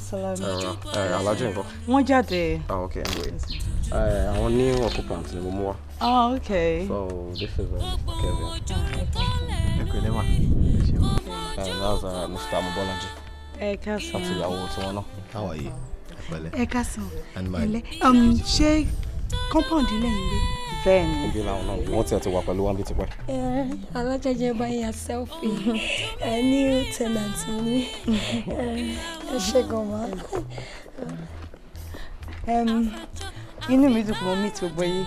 salami. wọ́n jáde. ah okay anyway eh, àwọn ní occupant ni mo mú wa. ah okay. so this is uh, Kevin. ẹ kò lè wà. that uh, Mr. Mobolaji. ẹ ká àti ìyàwó tiwọn náà. how are you. ẹ ká ilé um, ṣé compound ilé yìí lé bẹ́ẹ̀ ibi làwọn náà wọ́n ti àti wà pẹ̀lú wa tipẹ́. Eh, alájẹjẹ báyìí ya selfie eh, ẹ ní tenant mi. ẹ ṣe gan ma inú mi dùn kí mo meet gbogbo yìí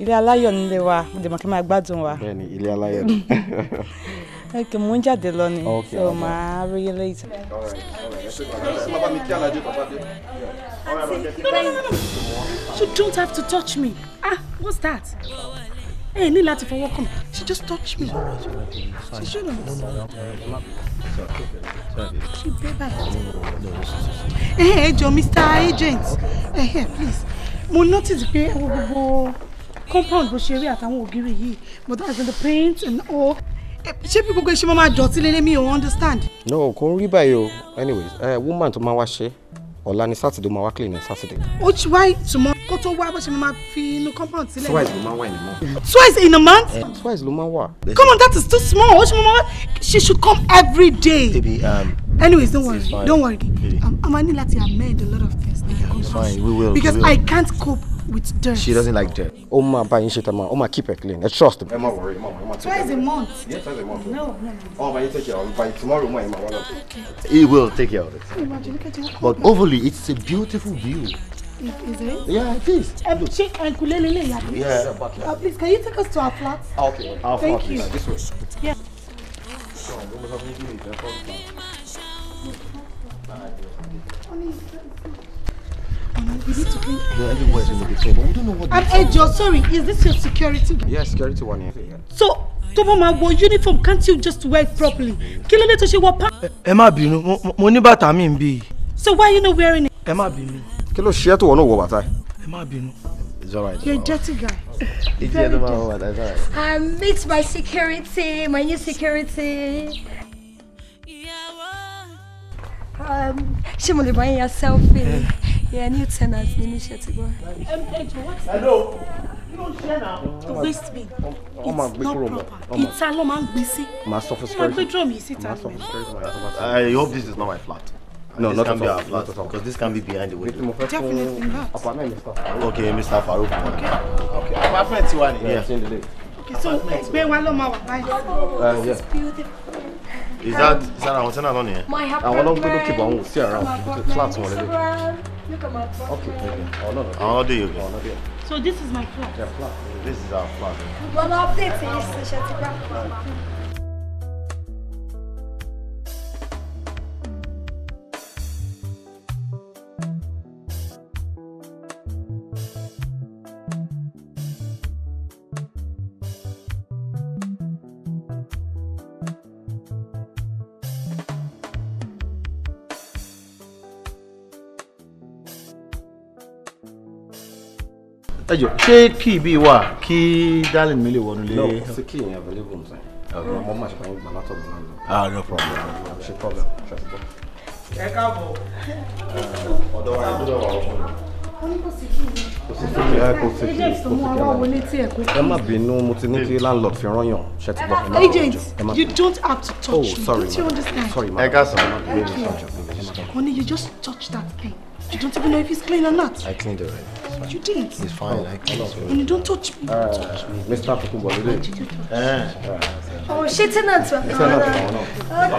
ilé aláyọ̀ nílé wa mo dẹ̀ máa gbádùn wa. bẹ́ẹ̀ni ilé aláyọ̀ ni. ok mo ń jáde lọ ni so màá rí yín later. you don't have to touch me. Ah, what's that? ẹ ní láti fọwọ́ kàn she just touched me she should have. she dey by. ẹ ẹ jọ mr agent ẹ ẹ please mo notice pé ẹ wo gbogbo compound bó ṣe rí àtàwọn ògiri yìí but as in the paint and all ṣé bí gbogbo iṣẹ́ máa dọ̀tí lélẹ́ mi ò understand. no kò ń rí báyìí o anyways uh, woman tó máa wá ṣe é ọ̀la ni sátidé máa wá clean ní sátidé. ó ti wá tomorrow kó tó wá bó ṣe máa fi inú compound sílẹ̀. twice ló máa wà in a month. twice in a month. Uh, twice ló máa wà. come on that is too small ó ṣe máa wá she should come every day. baby um, anyways don't worry don't worry um, I might need láti amend a lot of things. Yeah, fine we will. because we will. I can't cope with dirt. She doesn't like dirt. Oma my, buy shit, man. Oma keep her clean. I trust me. Emma, worry, Emma, Emma. Twice a month. Yeah, twice a month. No, no. no. Oma, you take care of it. By tomorrow, my Emma, okay. He will take care of it. Imagine, look at your But overly, it's a beautiful view. Is it? Eh? Yeah, it is. Um, check and kulele yeah. Yeah, backyard. Uh, please, can you take us to our flat? Ah, okay, our Thank flat. You. Is, this way. Yeah. Honey, We need to bring. No, everywhere is in the detail, but we don't know what. I'm Ejo. Sorry, is this your security? Yes, yeah, security one here. So. tó bá máa uniform can't you just wear it properly Kill ló dé tó what? Emma binu, money má bínú mo ní so why you not wearing it. Emma binu, bínú. kí ló ṣe é tó wọ It's alright. You're a dirty guy. It's the other one. That's alright. I meet my security, my new security. Um, she mo lè bá selfie? Eh. Yeah, new tenant ni mi ṣe ti gbọ́. Hello. You don't share now. To waste me. It's not proper. Ìta ló máa ń gbé sí. Màá sọ fún spirit. Màá gbé drum I hope this is not my flat. No, this not can be our flat because this can be behind the window. Definitely not. Okay, Mr. Farouk. Okay. Okay. Apartment tiwa ni. Yeah. Okay, so it's been ló máa wà báyìí. Uh, uh yeah. Is that is that our tenant on here? My apartment. Àwọn ọlọ́gbọ́n ló kìbọn òun sí àrà òun. Flat wọn lélẹ̀. Look at my plug. Okay, okay. All over. All over. All over. So this is my plug. Yeah, plug. This is our plug. Bana update değilsin şatıklar. ẹ ṣé kí ibi wà kí darling mi lè wọnú lé. no sí kí yẹn available nsọ ọmọ ọmọ máa ṣàpàyàn gbà látọ̀ mi náà. ah no problem. ṣe problem ṣàtúbọ̀. ẹ káàbọ̀. Eh, ọ̀dọ̀ wa ẹ̀ dúró wà ọkùnrin ẹ má bínú mo ti ní kí landlord fi rányàn ṣe ti gbọ́ agent you don't have to touch oh, me sorry, you understand. sorry ma ẹ ká sọ ma bí ẹ ní sọ jọ. you just touch that thing you don't even know if it's clean or not. I cleaned it already fine. You didn't. It's fine. Oh, uh, I kissed you. And you don't touch eh? me. Uh, don't touch me. Mr. Fukumbo, you didn't. Did you touch me? Oh, she tenant. Okay.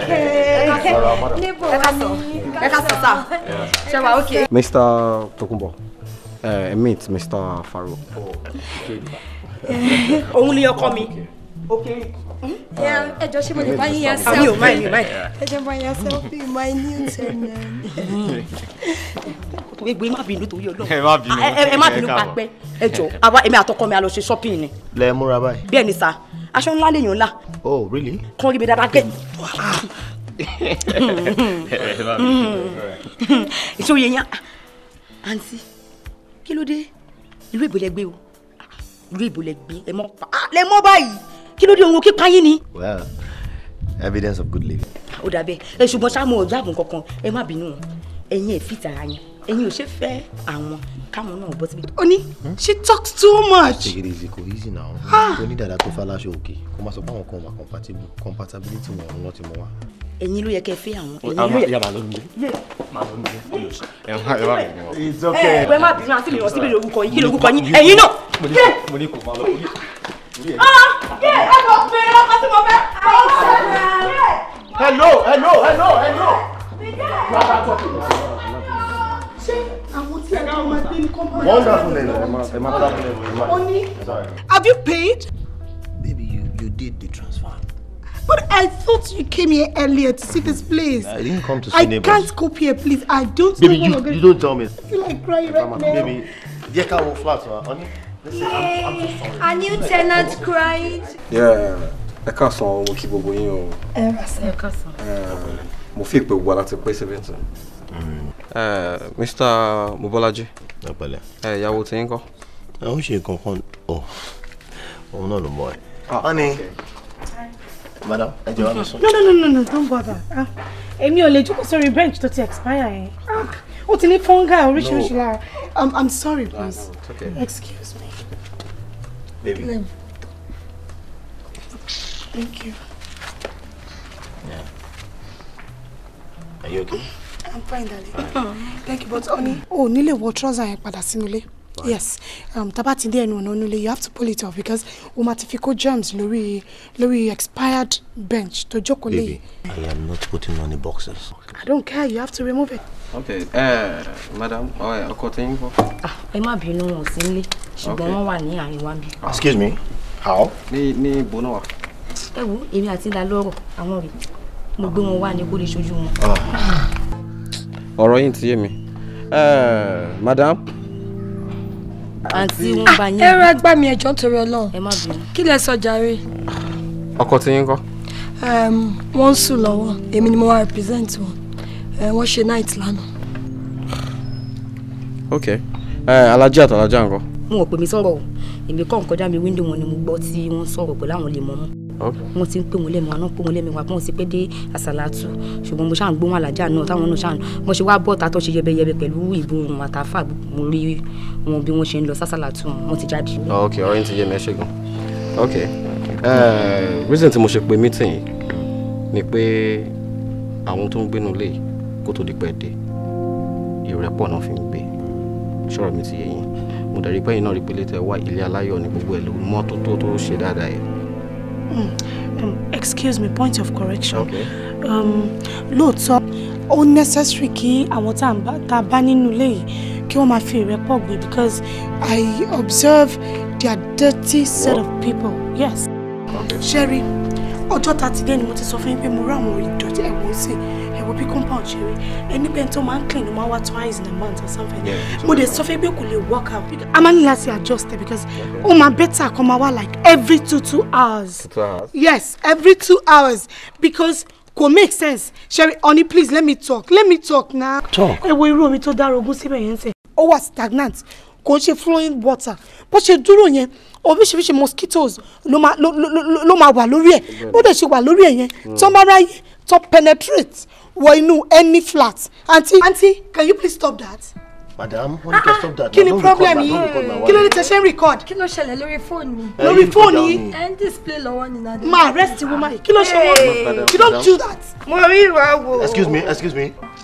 Okay. Neighbor. Eh, Ekaso. okay. Mr. Fukumbo, uh, meet Mr. Farouk. Oh, okay. Only your coming. Okay. Uh, ẹ jọ ṣé mo lè bá yín ya selfie. mi ò máa mi ò máa. buy jẹ́ bá ya selfie my new tenant. gbogbo ẹ má bínú torí Ọlọ́run ẹ má bínú ẹ má bínú pápẹ ẹ jọ àwa èmi àtọkọ mi a lọ ṣe shopping ni. lẹ múra báyìí. bẹ́ẹ̀ ni sá aṣọ ńlá lèèyàn ńlá. oh really. kàn rí mi dáadáa gẹ. ìṣòro yẹn yẹn àǹtí kí ló dé ìlú ìbò lẹ gbé o ìlú ìbò lẹ gbé ẹ mọ ah, báyìí kí ló dé ohun kípa yín ni. well evidence of good living. ó dàbẹ́ ẹ ṣùgbọ́n ṣáà mo ọ̀jáàbùn kankan ẹ má bínú ẹ̀yin ẹ̀ fìtà ara yín ẹ̀yin ò ṣe fẹ́ àwọn káwọn náà bọ́ síbi. ó ní hmm? she talks too much. take it easy easy now. ó ní dàda tó faláṣọ òkè kó máa sọ pé àwọn kan wà compatible compatibility wọn ọ̀run náà ti mọ wa. ẹ̀yin ló yẹ kẹ́ fẹ́ àwọn. ẹ̀yin ló yẹ kẹ́ fẹ́ àwọn. ẹ̀yin ló yẹ kẹ́ fẹ́ àwọn. ẹ̀yin ló yẹ kẹ́ fẹ́ àwọn. ẹ̀yin ló yẹ kẹ́ fẹ́ àwọn. ẹ̀yin hello hello hello hello. ṣé àwọn tí ẹ̀ka máa gbé ní kọ́mpọ́nì. wọ́n dàbò lẹ́nu ẹ̀ have you paid? Maybe you you did the transfer. But I thought you came here earlier to see this place. I didn't come to see I neighbors. I can't cope here, please. I don't Baby, know you, you don't tell me. I feel like crying right Mama, now. Baby, Yeka will flat, honey. A new tenant cried. Yeah. I ká san ọmọ kí gbogbo yín o. Ẹ rà sí. Ẹ ká san. Mo fi ìpè wà láti pé seventy. Mr. Mobolaji. Ẹ pẹ̀lẹ́. Ẹ ìyàwó tí ń kọ́. Ẹ ó ṣe nǹkan kan ọ̀ oh, òun náà ló mọ ah, ẹ. Honey. Madam, I do have mi No no no no no don't bother. Ah, èmi ò lè jókòó sórí bench tó ti expire yẹn. Ah, ó ti ní fọ́ngà oríṣiríṣi lára. I'm sorry please. No, no, it's okay. Excuse me baby. Love. Thank you. Yeah. Are you okay? I'm fine, darling. Right. Thank you, but honey. Oh, nílé wọ trouser yẹn padà sínú ilé. Right. Yes, um, tá a bá ti you have to pull it off because we máa ti fi germs lórí lórí expired bench tó jókòó Baby, I am not putting on the boxes. I don't care, you have to remove it. Okay, uh, madam, oh, eh, ọkọ tẹ̀yìn kọ. Ah, ẹ má bínú wọn sí nílé ṣùgbọ́n wọ́n wà ní àríwá mi. Ah. Excuse me, how? Ní ní bono náà wà. Ẹ wo èmi àti ìlà lọ́rọ̀ àwọn rẹ̀ mo gbé wọn wá ní kó lè ṣojú wọn. Ah. Ọ̀rọ̀ yìí ti yé mi. Eh, madam àǹtí ah, wọn bá yín. ẹ rà gbà mí ẹjọ́ torí Ọlọ́run. ẹ má bínú. kí lẹ sọ jàre. ọkọ tí yín kọ́. wọ́n ń sùn lọ́wọ́ èmi ni mo wá represent wọn wọ́n ṣe night lánàá. ok alájà àtàlájà ńkọ́. mo ò pè mí sọ̀rọ̀ o èmi kàn kọjá mi wíńdò wọn ni mo gbọ́ tí wọ́n sọ̀rọ̀ pẹ̀lú àwọn lè mọ́ mọ́ mo ti ń pè wọ́n lẹ́mi wọn náà pè wọ́n wọn pé wọ́n ti pé dé àsàlátù ṣùgbọ́n mo ṣáà ń gbóhùn àlàjá náà táwọn náà ṣáà mo ṣe wá bọ́ ta ṣe yẹbẹyẹbẹ pẹ̀lú ìbò àtàfà mo rí wọn bí wọ́n ṣe ń lọ sàsàlátù wọn ti jáde. Oh, ok ọ̀rẹ́ ti yé mi ẹ ṣe ok uh, reason tí mo ṣe pe meeting yìí ni pé àwọn tó ń gbénu lé kó tó di pẹ́ dé ìrẹ́pọ̀ náà fi ń gbé ṣọ́rọ̀ mi ti yé yín mo dẹ̀ rí pé yín náà rí pé létẹ̀ wá ilé aláyọ̀ ní gbogbo ẹ̀ lórí mọ́tò tó tó ṣe dáadáa yìí Hmm. Um, excuse me, point of correction. Okay. Um, lóòótọ́ ó necessary kí àwọn tá a bá nínú ilé yìí kí wọ́n máa fi ìrẹ́pọ̀ gbé because I observe their dirty set of people. Yes. Okay. Sherry, ọjọ́ tatidé ni mo ti sọ fún yín pé mo rí àwọn ìdọ̀tí ẹ̀wọ̀n sí i wo be compound ṣe Any ẹni bẹ́ẹ̀ tó clean máa wá twice in a month or something Yeah. dey sọ fẹ́ pé kò lè walk out I'm only ní láti adjust it because ó máa better kó máa like every two two hours Two hours. yes every two hours because kò make sense sherry honey please let me talk let me talk now. talk ẹ wo irú omi tó dára ogún see my ń sẹ̀ ó stagnant kò she flowing water but she bó ṣe dúró she oríṣiríṣi mosquitoes ló máa ló máa wà lórí ẹ̀ bó dẹ̀ ṣe wà lórí ẹ̀ yẹn hmm. tó máa ráyè tó penetrate wọ inú any flat aunty aunty can you please stop that. madam wọ́n ní kẹ́ stop that kí ni problem yìí kí ló ní tẹ ṣe ń record. kí ló ṣẹlẹ̀ lórí fóònù mi. lórí fóònù yìí. ẹ ń display lọ́wọ́ ní nàdí. ma arrest woman yìí kí ló ṣe wọ́n you don't do that. mo rí ìwà wo. excuse me excuse me.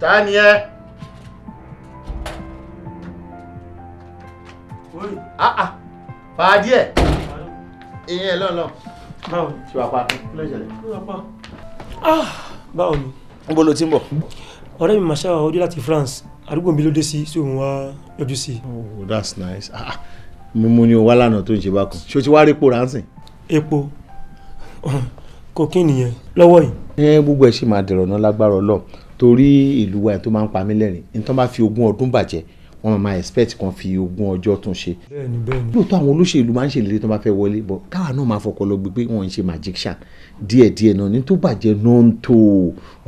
ta ni ẹ. fàdí ẹ Eh, no, no. báwo ni. ṣùgbọ́n apá Pleasure. ló ṣẹlẹ̀. báwo ni. níbo ló ti ń bọ̀. ọ̀rẹ́ mi màṣá ó dé láti France àdúgbò mi ló dé sí sí òun wá yọjú sí. oh that's nice mi ah, ah. mú ni o wá lánàá tó ń ṣe bákan ṣé o ti wá rí epo ránṣẹ́. epo kò kí nìyẹn lọ́wọ́ yìí. ẹ eh, gbogbo ẹ ṣì máa dẹ̀rọ̀ náà lágbára Ọlọ́run torí ìlú wa tó máa ń pa mí lẹ́rìn ní tó bá fi ogún ọdún bàjẹ́ wọ́n máa expect kan fi ogún ọjọ́ tún ṣe. bẹ́ẹ̀ni bẹ́ẹ̀ni. lóòótọ́ àwọn olóṣèlú máa ń ṣèlérí tó máa fẹ́ wọlé bọ̀ káwa náà máa fọkọ lọ gbé pé wọ́n ń ṣe magician díẹ̀díẹ̀ náà ní tó bàjẹ́ náà ń tó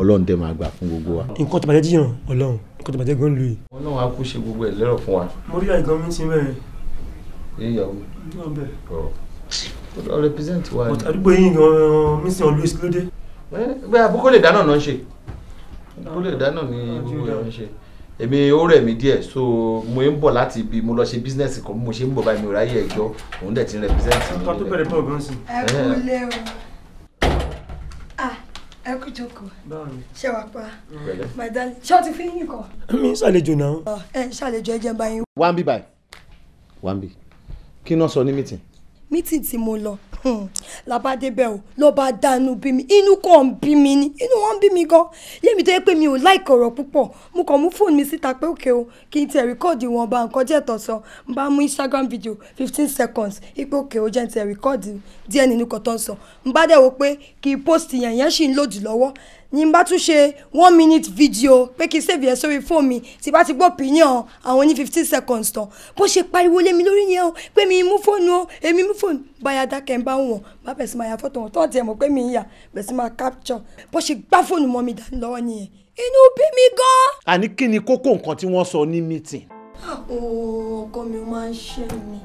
ọlọ́run dẹ̀ máa gbà fún gbogbo wa. nǹkan tó bàjẹ́ jiyàn ọlọ́run nǹkan tó bàjẹ́ gan lu yìí. ọlọ́run á kú ṣe gbogbo ẹ̀ lẹ́rọ̀ fún wa. mo rí àìgàn mi ti bẹ́ẹ̀. ìyàwó. ó represent wa kúlè ìdáná ni gbogbo ẹ̀ ń ṣe èmi ó rẹ̀ mí díẹ̀ so mo ń bọ̀ láti ibi mo lọ ṣe bísínẹ́sì kan mo ṣe ń bọ̀ báyìí mi ò ráyè ẹ̀jọ́ òun dẹ̀ ti represent mi. ọkọ tó bẹ̀rẹ̀ bọ̀ gan sí. ẹ kú lé o ah, ẹ kú jókòó ṣe wà pa madam ṣé o ti fi yín kọ. mi ń ṣàlejò náà. ẹ ṣàlejò ẹ jẹ́ báyìí. wá ń bí kí náà sọ ní mítìn. mítìn tí mo lọ Hmm. labadebẹ o ló bá dánú bí mi inú kàn ń bí mi ni inú wọn ń bí mi gan yémi tó yẹ pé mi ò láìka ọ̀rọ̀ púpọ̀ mo kàn mú fóònù mi síta pé òkè o kí n tiẹ̀ rìkọ́ọ̀dì wọn bá nǹkan díẹ̀ tó sọ n bá mú Instagram video fifteen seconds ipò òkè o jẹ́ n tiẹ̀ rìkọ́ọ̀dì díẹ̀ nínú kan tó ń sọ n bá dẹ̀ wo pé kí post yẹn yẹn ṣì ń lòdì lọ́wọ́ ní bá tún ṣe one minute video pé kí n save yẹn sórí fóònù mi tí bá ti gbọ́ opinion àwọn ní fifteen seconds tán bó ṣe pariwo lé mi lórí yẹn o pé mi mú fóònù o èmi mú fóònù báyà dákẹ́ ń bá wọn bá bẹ̀rẹ̀ sí máa ya fọ́tò wọn tó tiẹ̀ mọ̀ pé mi ń yà bẹ̀rẹ̀ sí máa capture bó ṣe gbá fóònù mọ́ mi dání lọ́wọ́ nìyẹn inú bí mi gan. àní kí ni kókó nǹkan tí wọ́n sọ ní meeting. Ah, ooo ọkọ mi máa ń ṣe mi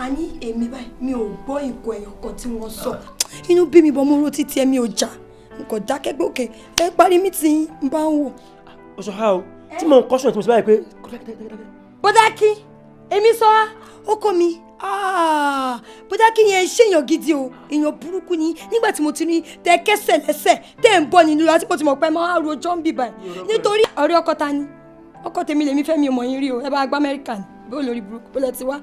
àní èmi báyìí mi ò gbọ́ nǹkan ẹ̀yọ̀kan tí wọ́n sọ inú bí mi bọ́ mo rò títí ẹ mi ò n kò dákẹ́ pé òkè ẹ parí mi tí n bá ń wò. oṣù ha o tí mò ń kọ́ sùn tí mo sì báyìí pé. bọ́dákì èmi sọ wá ọkọ mi ah, bọ́dákì yẹn ṣèyàn gidi o èèyàn burúkú ni nígbà tí mo ti rí tẹ kẹsẹ̀ lẹ́sẹ̀ tẹ ń bọ̀ nílùú àti mo ti mọ̀ pé máa rojọ́ ń bì báyìí nítorí ọ̀rẹ́ ọkọ ta ni ọkọ tèmi lèmi fẹ́ mi ò mọ̀ yín rí o ẹ bá gbá amẹ́ríkà ni bí olórí burúkú bọ́lá ti wá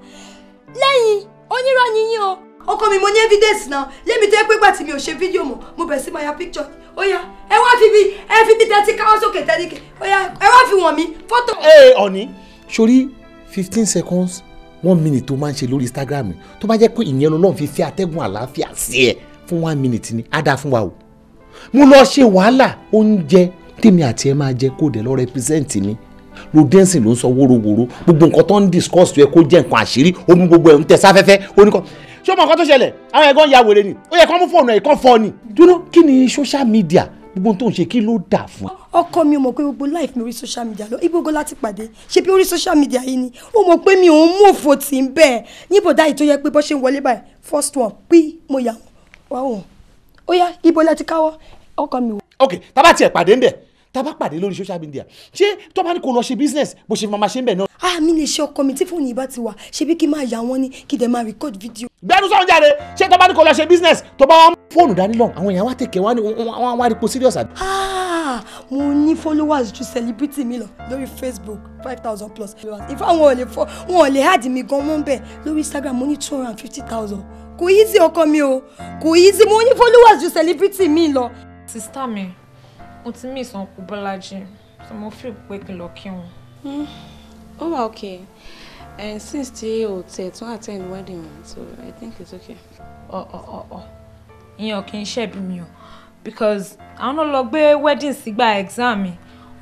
lẹ́yìn onírọ̀ nìyí o ọkọ mi mo ní evidence náà lẹ́mi tó yẹ pé gbà tí mi ò ṣe fídíò mọ̀ mo bẹ̀rẹ̀ sí máa ya picture ó yá ẹ wá fi bí ẹ fi bí tẹ́tí káwọ́ sókè tẹ́tí kẹ ó yá ẹ wá fi wọ̀n mi fọ́tò. ẹ ọ̀ní sórí fifteen seconds one minute tó máa ń ṣe lórí Instagram tó bá jẹ́ pé ìyẹn lọ́lọ́run fi fi atẹ́gùn àlàáfíà sí ẹ fún one minute ni á dáa fún wa o mo lọ ṣe wàhálà oúnjẹ tèmi àti ẹ máa jẹ kó dẹ lọ represent mi rodensin ló ń sọ wóróworó gbogbo nǹkan tó ń discuss tó yẹ kó jẹ́ nǹkan àṣírí ó mú gbogbo ẹ̀ ń tẹ sáfẹ́fẹ́ ó ṣé o mọ nǹkan tó ṣẹlẹ̀ àwọn ẹ̀gbọ́n ya wèrè ni ó yẹ kó mú fóònù ẹ̀ kó fọ́ ni. dúró kí ni social media gbogbo tó ń ṣe kí ló dà fún. ọkọ mi ò mọ̀ pé gbogbo life mi orí social media lọ igbógo láti pàdé ṣé bí orí social media yìí ni ó mọ̀ pé mi ò ń mú òfò tì ń bẹ́ẹ̀ níbo dáì tó yẹ pé bó ṣe ń wọlé báyìí first one pí mo yà wọ́n wá òun ó yá ibo láti káwọ́ ọkọ mi. ok tá bá tiẹ̀ pàdé ń bẹ̀ tá a bá pàdé lórí social media ṣé tó bá ní kó lọ ṣe business bó ṣe máa ṣe ń bẹ̀ náà. a ah, mi lè ṣe ọkọ mi tí fóònù ìbá ti wà ṣebí kí máa yà wọ́n ni kí dẹ̀ máa record video. gbẹ́nu sọ̀rọ̀ jáde ṣé tó bá ní kó lọ ṣe business tó bá wà. fóònù dání lọ àwọn èèyàn wá tẹ̀kẹ̀ wá ní wọ́n wá rí po serious àbí. Ah, mo ní followers ju celebrity mi lọ lórí facebook five thousand plus followers if àwọn ò lè fọ wọn ò lè hard mi gan mọ́ bẹ́ẹ̀ lórí instagram mo ní two hundred and fifty thousand kò easy ọkọ mi o kò easy mo ní followers ju celebrity mi lọ. sista mi mo ti mí ìsan kú bọ́lájì so mo fi pé kí n lọ kí wọn. Hmm, ó wà okay and eh, since tí o tẹ̀ tún attend wedding wọn so i think it's okay. ọ̀ ọ̀ ọ̀ ọ̀ ìyẹn ò kí n ṣẹ̀bi mi o because àwọn náà lọ gbé wedding sígbà exam mi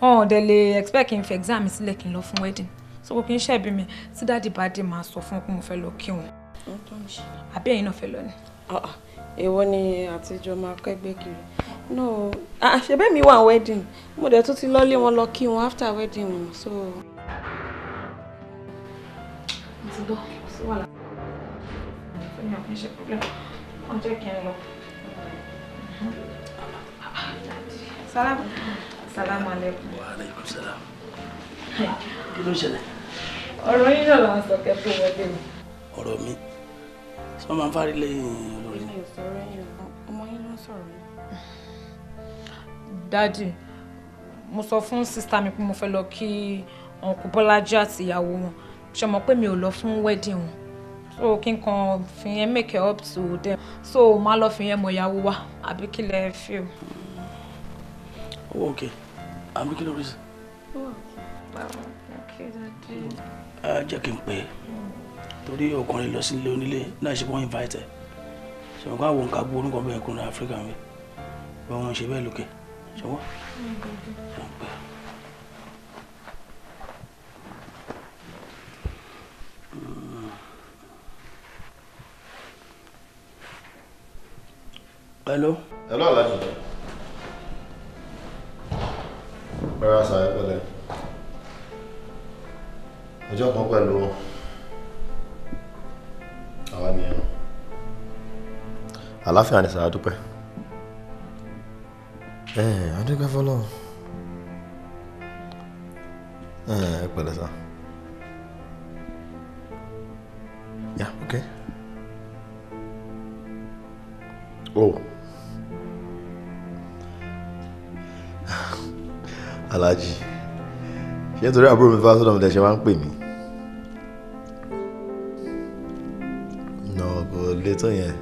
wọn ò dẹ̀ lè expect kí n fi exam mi sílẹ̀ kí n lọ fún wedding so kò kí n ṣẹ̀bi mi tí dáàdì bá dé máa sọ fún un pé mo fẹ́ lọ kí wọn. àbí ẹ̀yin náà fẹ́ lọ ni èwo ni àtijọ́ máa kẹ́gbẹ́ kiri no àṣebẹ́ mi wà wedding mo dẹ̀ tún ti lọ́lé wọn lọ kí wọn after wedding so. mo ti gbọ́ kò Salam. alaikum. Wa alaikum salam. Kí ló ṣẹlẹ̀? Ọ̀rọ̀ yín náà la sọ kẹ́kọ̀ọ́ wọlé mi. mi ṣé wọ́n máa ń fárí lẹ́yìn olórí. ọmọ yín ló ń sọ̀rọ̀ yìí. dádì mo sọ fún sísá mi pé mo fẹ́ lọ kí ọ̀nkù bọ́lájí àti ìyàwó wọn ṣe mọ̀ pé mi ò lọ fún wedding wọn so kí n kàn fi yẹn make up to them so má lọ fi yẹn mọ ìyàwó wa àbí kí lẹ fi o. owó òkè àbí kí ló rí sí. owó òkè báwo ẹ jẹ́ kí n pè é torí ọkùnrin lọ sílé onílé náà ṣe wọ́n invite ẹ̀ ṣùgbọ́n káwọn òǹkà gbó orúkọ bẹ́ẹ̀ kúrò ní áfíríkà mi bí wọ́n ṣe bẹ́ẹ̀ lókè ṣọwọ́. Hmm. hello. hello alhaji. rárá sàrẹ́ pẹ̀lẹ́ ọjọ́ kan pẹ̀lú wọn àwa ni ẹran. àlàáfíà ni sàrà dúpẹ́. ẹ ẹ adúgbò fọlọ ẹ ẹ pẹ̀lẹ́ sá. yà ok. oh. Alhaji ṣé nítorí àbúrò mi fásitì ọ̀dọ̀ mi lẹ ṣe máa ń pè mí. nà kò lè tó yẹn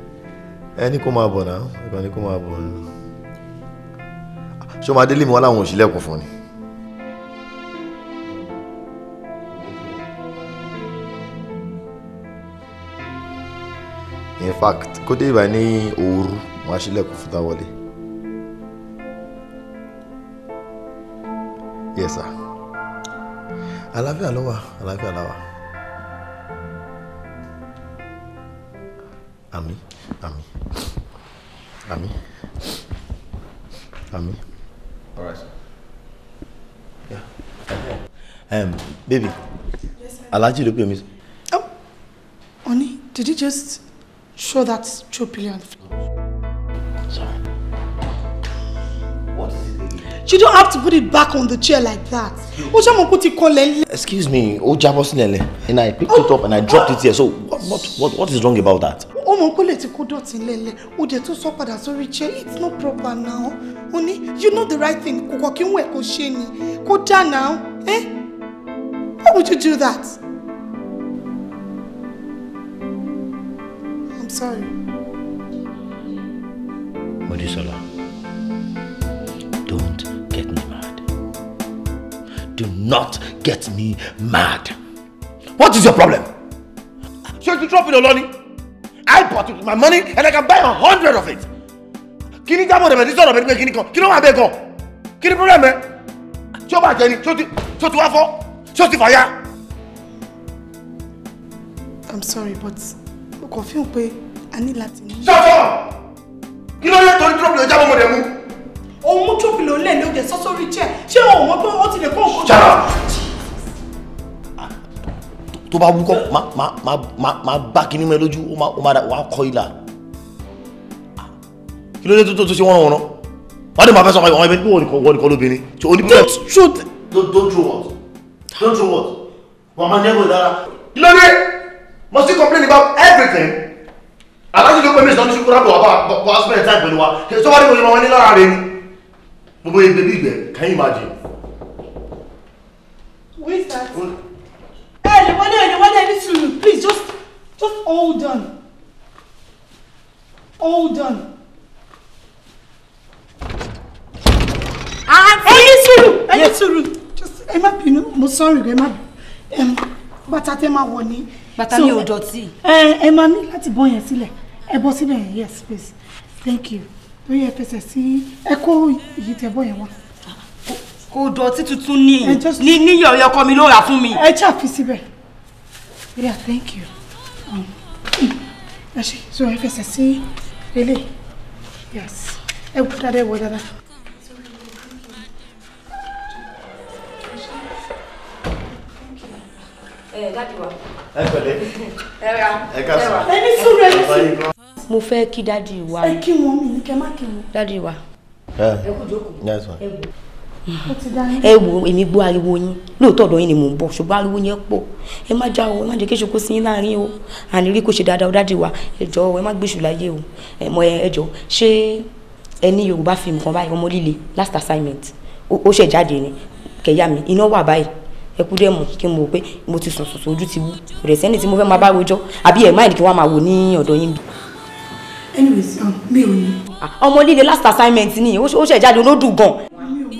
ẹ ní kó máa bọ̀ náà ẹ̀kọ́ ní kó máa bọ̀ nù. ṣé o máa délé mi wá in fact kote dé ìbá ní òru wọn á ṣílẹ̀kùn fún táwọlé. yes sir. Alavi ló Alavi àlàáfíà ló wà. Ami, ami, ami, ami. all right. Yeah. Um, baby. Yes, sir. Alhaji ló pè Oh, Oni, did you just show that two billion? You don't have to put it back on the chair like that. Oja ṣe mo kó ti Excuse me, Oja jábọ́ sílẹ̀ and I picked it up and I dropped it here so what, what, what, what is wrong about that? Omo mọ̀ pé lè ti kó dọ̀tí lẹ́lẹ̀, o dẹ̀ chair, it's not proper now. Oni, you know the right thing, kò kọ̀ kí n wẹ̀ ni, kó now, eh? Why would you do that? I'm sorry. Mọ̀dísọ́lá. not get me mad. What is your problem? So you drop in Oloni? I bought it with my money and I can buy a hundred of it. Kí ni jábọ̀ dẹ̀bẹ̀ tí sọ̀rọ̀ bẹ̀rẹ̀ pé kí ni kan? Kí ló wà bẹ́ẹ̀ gan? Kí problem me? Ṣé o bá jẹ ni? Ṣé o ti wá fọ́? Ṣé ti fàya? I'm sorry but mo kàn fi hàn pé a ní láti. Ṣé o sọ̀rọ̀? Kí ló yẹ torí drop lè jábọ̀ mọ̀ dẹ̀ mú? òun mú trófìlò lẹ̀ lóde sọ́sórí chair ṣé òun mọ̀ ó ti lè kó nǹkan. tó bá wúkọ́ máa bá kinní mẹ́ lójú ó máa wà á kọ́ ilà kí ló dé tó tó ṣe wọ́n wọ́n wọ́n dẹ̀ máa fẹ́ sọ àwọn ẹgbẹ́ wọ́n nìkan lóbìnrin tí ó ní pẹ́ẹ́. don't don't do what don't do what mama never dara kí ló dé must you complain about everything alájú ló pẹ́ mi sọ́dún ṣùkúrà bọ̀ wá bọ̀ wá spend time pẹ̀lú wa sọ́wọ́n ní mo ní lára rẹ ni. Bobo is baby there. Can you imagine? Who is that? Oh. Hey, the one, the one, listen. Please, just, just hold on. Hold on. ẹni sùúrù ẹni sùúrù ẹ má bínú mo sọrí rẹ má bínú bàtà um, but wọ ní. my mi ò dọ̀tí. ẹ ẹ máa ní láti bọ́ yẹn sílẹ̀ ẹ bọ́ síbẹ̀ yes please thank you tó yẹ fẹsẹ̀ sí ẹ kó èyí tẹ bọ́ yẹn wá. kò dọ̀tí tuntun ni ní níyọ̀ ọ̀yọ́ ọkọ mi ló rà fún mi. ẹ jà fi síbẹ̀ yeah thank you um, ẹ ṣe so ẹ fẹsẹ̀ sí relé yes ẹ wọ dáadáa ẹ wọ dáadáa. Eh, ẹ pẹ̀lẹ́ ẹ ra ẹ ká sọ ẹ ní sùúrù ẹ ní sùúrù. mo fẹ́ kí dádì wa. ẹ kí wọn mi kẹ má kí wọn. dádì wa. ẹ kú jókòó ẹ wò ẹ wo èmi gbọ́ ariwo yín lóòótọ́ ọ̀dọ̀ yín ni mò ń bọ̀ ṣùgbọ́n ariwo yín pọ̀ ẹ má já o ẹ má jẹ́ kí ṣokó sí yín láàrin o àní rí kó ṣe dáadáa ó wa ẹ jọ ẹ má gbèsù láyé o ẹ mọ ẹ jọ ṣé ẹ ní Yorùbá fíìmù kan báyìí ọmọ líle last assignment ó ṣẹ̀ jáde ni kẹ̀yà mi iná wà báyìí ẹkú dẹ̀ mọ̀ kí n mọ̀ pé mo ti sùn sùn ojú ti wú kò dẹ̀ sẹ́ni tí mo fẹ́ máa bá rojọ́ àbí ẹ̀ máìlì kí wọ́n máa wò ní ọ̀dọ̀ yín. anyways um, mi ò ní. ọmọ líle last assignment ni ó ṣẹ̀ jáde olódù gan. mi ò ní.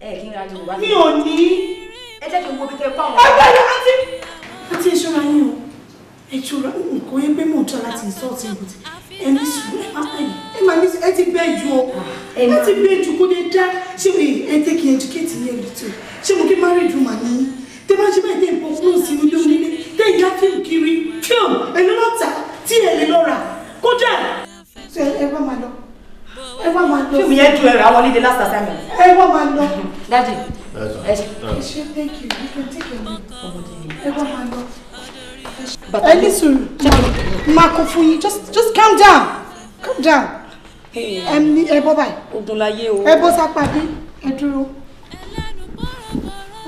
ẹ jẹ́ kí n wo bí kẹ́ kọ́ àwọn. ọ̀gbẹ́ni àti. àti ìṣúra yín o ẹ ṣúra nǹkan ẹgbẹ́ mọ̀ ọ́ tó láti ìṣọ́ọ̀tì ìbùtì ẹni sùn ẹ máa ní ẹ ti bẹ́ẹ̀ ju o ah, ẹ ti bẹ́ẹ̀ ju kó lè dá ṣé ẹ tẹ́ kí educate yẹ ẹ̀rí tó ṣé mo kí marriage woman ní tẹ́ bá ṣe báyìí tẹ́ ìbọn kúrò sínú ilé onílé tẹ́ ìyá fíìmù kiri fíìmù ẹ̀lú lọ́ta tí ẹ̀ lè lọ́ra kódà ṣe ẹ wá máa lọ ẹ wá máa lọ. fíìmù yẹn ju ẹ̀rọ àwọn onídìí last assignment. ẹ wá máa lọ. dájú ẹ ṣe thank you you can take your money ẹ wá máa lọ ẹ ní sùúrù máa kó fún just just calm down calm down Hey, ní ẹ bọ́ báyìí Odulaye. láyé o ẹ bọ́ sápá Oh, ẹ dúró ó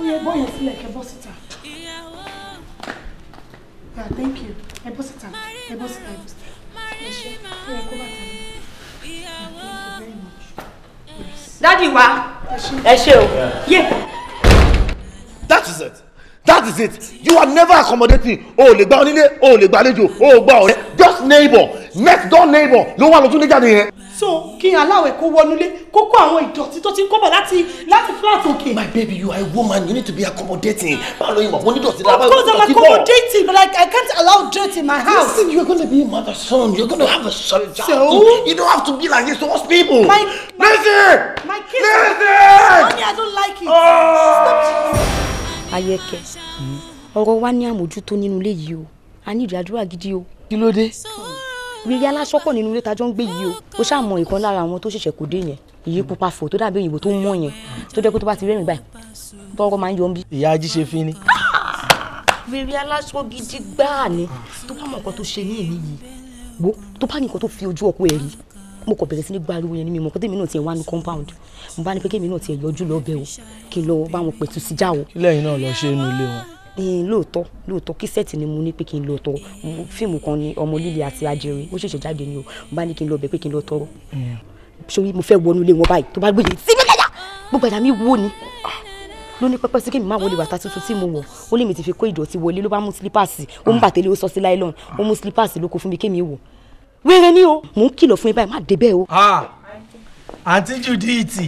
like bọ́ yẹn yeah thank you ẹ bọ́ síta ẹ bọ́ síta ẹ bọ́ síta ẹ thank you very much. Daddy wa ẹ ṣe That is it that is it you are never accommodating o ò lè gba onílé o ò lè gba àlejò o ò gba ọ̀rẹ́ just neighbor next door neighbor ló wà lọ́tún níjàde yẹn. so kí aláwẹ̀ kó wọnúlé kó kó àwọn ìdọ̀tí tó ti ń kọ́bọ̀ láti láti flat òkè. my baby you are a woman you need to be accommodating báwo ló yẹ wà onídọ̀tí lára bọ̀. of course i'm accommodating but like, i can't allow dirt in my house. listen you are gonna be a mother soon you are gonna have a son. so you don't have to be like this to towards people. my my listen my kids listen. honey i don't like it. Oh. stop ayẹkẹ ọ̀rọ̀ wa ní àmójútó nínú ilé yìí o a ní ìdádúrà gidi o. kí ló dé. rírí aláṣọ́pọ̀ nínú ilé tajọ́ ń gbé yìí o ó ṣàmọ ìkan lára àwọn tó ṣẹ̀ṣẹ̀ kò dé yẹn èyí pupa fò tó dàbí òyìnbó tó mọ̀ yẹn tó jẹ́ pé tó bá ti rẹ́rìn báyìí tọrọ máa ń yọ bí. ìyá ají ṣe fi ni. rírí aláṣọ gidi gbáà ni tó bá mọ̀ nǹkan tó ṣe ní èmi yìí wo tó bá nǹkan mo kàn bẹ̀rẹ̀ sí ní gbariwo yẹn ní mímọ́ kó tèmi náà tiẹ̀ wá ní compound mo bá ní pé kémi náà tiẹ̀ yọjú lọ bẹ̀ o kí n lọ bá wọn pẹ̀tù sí já lẹ́yìn náà lọ ṣe inú ilé wọn. lóòótọ́ lóòótọ́ kí sẹ́ẹ̀tì ni mo ní pé kí n lọ tọ fíìmù kan ní ọmọ líle àti ajere ó ṣẹ̀ṣẹ̀ jáde ni o mo bá ní kí n lọ bẹ̀ pé kí n lọ tọrọ. sori mo fẹ́ wọnú ilé wọn báyìí ni ló ní pẹ́pẹ́ sí kí mi máa wọlé bàtà tuntun tí mo wọ̀ ó lè mi ti fi kó ìdọ̀tí wọlé ló bá mú sílípàsì ó mú bàtẹ́lẹ̀ ó sọ sí láìlọ́n ó mú sílípàsì ló fún mi kémi wọ̀ wéré ni o mò ń kìlọ̀ fún yín báyìí má débẹ̀ o. àǹtí judith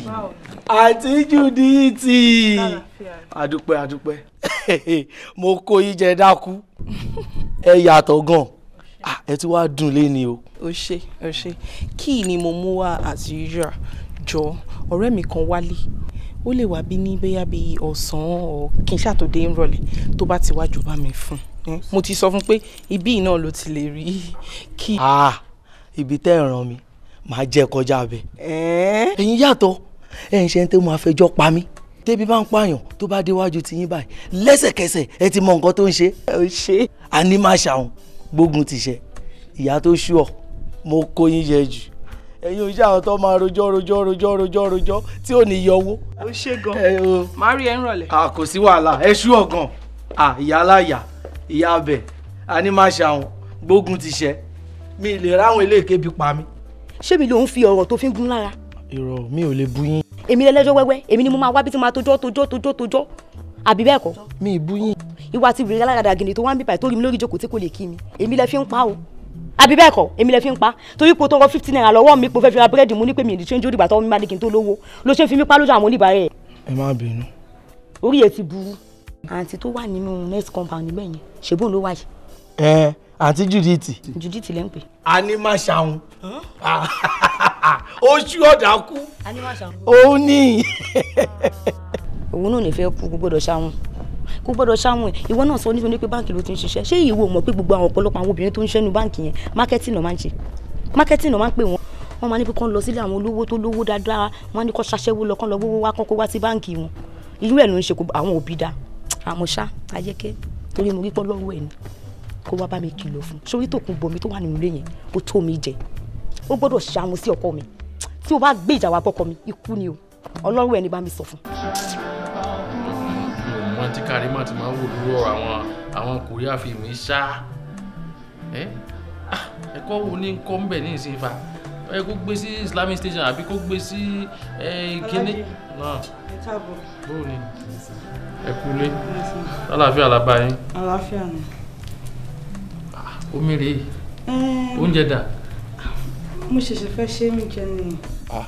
àǹtí judith àdúpẹ́ àdúpẹ́ mo kó yín jẹ dákú ẹ yàtọ̀ gan-an ẹ ti wá dùn léni o. o ṣe o ṣe kí ni mo mú wá as usual jọ ọ̀rẹ́ mi kan wálé ó lè wá bí ní bóyá bíi ọ̀sán ọ̀ kí n ṣàtòdé ń rọlẹ̀ tó bá ti wá jọba mi fún un. Mm, mo ti sọ fún pé ibí náà ló ti lè rí kí. Ah, ibi tẹ́ ẹ̀ ràn mí màá jẹ́ kọjá abẹ. ẹ̀yin yàtọ̀ ẹ̀yin ṣe ń tẹ́ mo àfẹjọ́ pa mí tẹ́bí bá ń pààyàn tó bá déwájú tiyín báyìí lẹ́sẹ̀kẹsẹ̀ ẹ ti mọ nǹkan tó ń ṣe. ẹ ṣe. àní máa ṣàwọn gbógun ti ṣe ìyá tó ṣú ọ mo kó yín yẹ jù ẹ̀yin ojú àwọn tó máa rojọ́ rojọ́ rojọ́ rojọ́ rojọ́ tí ò ní yọ owó. ó ṣe gan-an máa rí ẹ ń rọ̀lẹ́. Ah, kò sí wàhálà ẹ ṣú ọ̀gàn ah, ìyá aláya ìyá ọbẹ̀ anímáṣàwọn gbógun ti ṣẹ mi lè ráwọn eléèké bí pa mi. ṣébi ló ń fi ọ̀rọ̀ tó fi ń gún lára. irọ́ mi ò lè bu yín. èmi lẹ́lẹ́jọ́ wẹ́wẹ́ èmi ni mo máa wá bí tí mo máa tójọ́ tójọ́ tójọ́ tójọ́ àbí bẹ́ẹ̀ kọ́. mi ì bu yín. ìwà ti bèrè aláradà gèdè tó wá ń bíbà tó rí mi lórí ìjókòó tí kò lè kí mi èmi lẹ fi ń pa o àbí bẹ́ẹ̀ kọ́ èmi lẹ fi ń pa torí pé o tọrọ fifty naira lọ́wọ́ mi pé o fẹ́ fi ra búrẹ́dì mu ní pé mi ìdí ṣéńjú ìdìgbà tó mi máa di kí n tó lówó ló ṣe ń fi mí pa lójú àwọn oníbàárẹ̀. ẹ má bínú. orí ẹ ti burú àǹtí tó wà nínú next compound níbẹ̀ yẹn ṣèbó ló wáyé. ẹ àǹtí Judith. Judith lẹ́ ń pè. a ní má ṣàwọn oṣù ọ̀dà kú òun ní. òun náà lè fẹ́ kú gbọ́dọ̀ ṣàwọn kó gbọ́dọ̀ ṣáwọn ẹ̀ ìwọ náà sọ nítorí pé báǹkì ló ti ń ṣiṣẹ́ ṣé ìwọ mọ̀ pé gbogbo àwọn ọ̀pọ̀lọpọ̀ àwọn obìnrin tó ń ṣẹ́ nu báǹkì yẹn mákẹ́tì náà máa ń ṣe mákẹ́tì náà máa ń pè wọ́n wọ́n máa ní pé kán lọ sílé àwọn olówó tó lówó dáadáa wọ́n á ní kán ṣaṣẹ́wó lọ kán lọ wówó wá kán kó wá sí báǹkì wọn irú ẹ̀ ló ń ṣe àwọn òbí dáa àmọ́ ṣá ayéké torí mo rí pọ́ lọ́wọ́ ẹ̀ ni kó wá bá mi kìlọ̀ fún sórí tòkun bomi tó wà nínú ilé yẹn ó tó mi jẹ ó gbọ́dọ̀ ṣàwọn sí ọkọ mi tí o bá gbé ìjà wa bọ́kọ mi ikú ni o ọlọ́run ẹni bá mi sọ fún. mo ti kárí má ti máa wò lórí ọ̀rọ̀ àwọn àwọn kòríà fíìmù ṣá ah, ẹ̀kọ́ wo ni ń kọ́ ń bẹ̀ ní ìsinfa ẹ kó gbé sí islamic station àbí kó gbé sí kíní náà bóò ni ẹ kúlé àlàáfíà làbá yín. àlàáfíà ni. Ah, omi rèé oúnjẹ dà. mo ṣẹ̀ṣẹ̀ fẹ́ ṣe mí jẹ ni. Ah.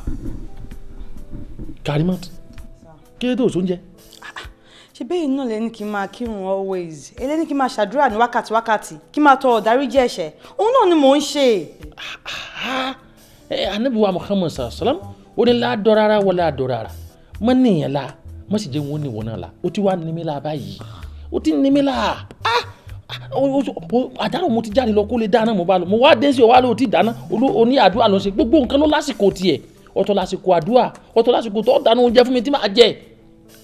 Karimat kí ló dé òṣòúnjẹ ṣe bẹ́ẹ̀ náà lẹ́ni kí n máa kírun always eléni kí n máa ṣàdúrà ní wákàtí wákàtí kí n máa tọrọ dáríjì ẹ̀ṣẹ̀ òun náà ni mò ń ṣe. Ah, anabi eh, wa muhammad sallam ó ní láàdọ́ rárá wọ́n láàdọ́ rárá mọ́ nìyẹn la mọ́ sì jẹ́ wọn ní wọn náà la o ti wá nímí la báyìí ó ti nímí la ah! Ah! àdánù mo ti jáde lọ kó lè dáná mo bá lọ mo wá dé sí o wá lóò tí dáná oní àdúrà lọ sí gbogbo nǹkan ló lásìkò tiẹ̀ ọ̀tọ̀ lásìkò àdúrà ọ̀tọ̀ lásìkò tó dáná oúnjẹ fún mi tí máa jẹ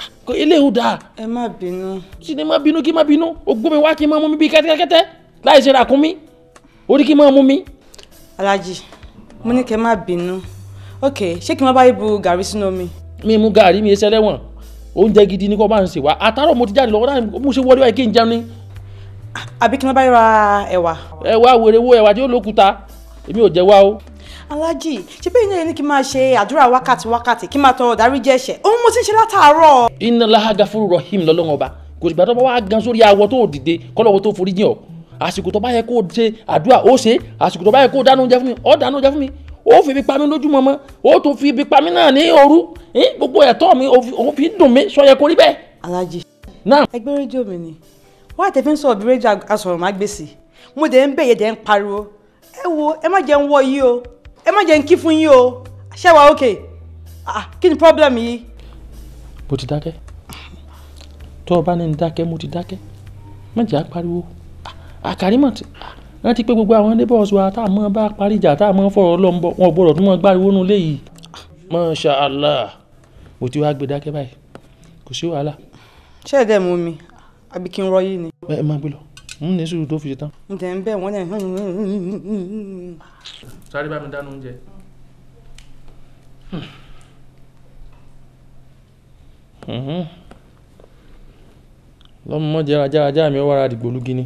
ah! eléyìí dáa. ẹ má bínú. ṣì ni má bínú kí binu bínú ogún mi wá kí n máa mú mi bíi kẹ́tẹ́kẹ́tẹ́ láì ṣe ra kún mi orí kí n máa mú mi. alájì mo ní kẹ́ má bínú ok ṣé kí n má bá yín bu gàrí sínú omi. mi mú gàrí mi ṣe lẹ́wọ̀n oúnjẹ gidi ni kò bá ń ṣe wá àtàrọ̀ mo ti jáde lọ́wọ́ náà mo ṣe wọlé wáyé kí n jẹun ni. àbí kí n má bá yín ra ẹ̀wà. ẹ̀wà wèrè wo ẹ̀wà tí ó lókuta èmi ò jẹ wá o. alájì ṣé bẹ́ẹ̀ náà ni kí n máa ṣe àdúrà wákàtí wákàtí kí n máa tọrọ dárí jẹ́ ẹ̀ṣẹ̀ òun mo ti ń ṣe látàárọ̀. inna laha gafuru rahim lọ́lọ́wọ́n ọba kò sì gbàdọ́ bá wá gan àsìkò tó bá yẹ kó o ṣe àdúrà ó ṣe àsìkò tó bá yẹ kó o dáná oúnjẹ fún mi ó dáná oúnjẹ fún mi ó fi ibi pamí lójúmọmọ ó tún fi ibi pamí náà ní òru gbogbo ẹ̀tọ́ mi òun fi dùn mí sọ yẹ kó rí bẹ́ẹ̀. alájí ẹgbẹ́ rédíò mi ni wọ́n àti fi ń sọ ọ̀bí rédíò asọ̀rọ̀ má gbèsè mo dẹ̀ ń bẹ̀yẹ̀ dẹ̀ ń pariwo ẹ wo ẹ má jẹ́ ń wọ yìí o ẹ má jẹ́ ń kí fún yìí o ṣé wàá òkè ah, kí ni problem yìí. mo ti dákẹ́ tó o bá ní dákẹ́ mo ti dákẹ́ má jẹ́ á pariwo àkàrímọ̀ tí rántí pé gbogbo àwọn neighbors wa tá a mọ̀ bá parí ìjà tá a mọ̀ fọ̀rọ̀ lọ́nbọ̀ wọn ò gbọ́dọ̀ tún mọ̀ gbáriwó nulẹ̀ yìí Masha Allah mo ti wá gbé dákẹ́ báyìí kò sí wàhálà. ṣé ẹ dẹ́ mú mi àbí kí n rọ yìí ni. ẹ ẹ máa gbé lọ n ní sùúrù tó fi tán. ǹjẹ́ ń bẹ̀ wọ́n dẹ̀. sáré bá mi dáná oúnjẹ. lọ́mọ jẹ́ra jára mi ó wára dìgbòlugi ni.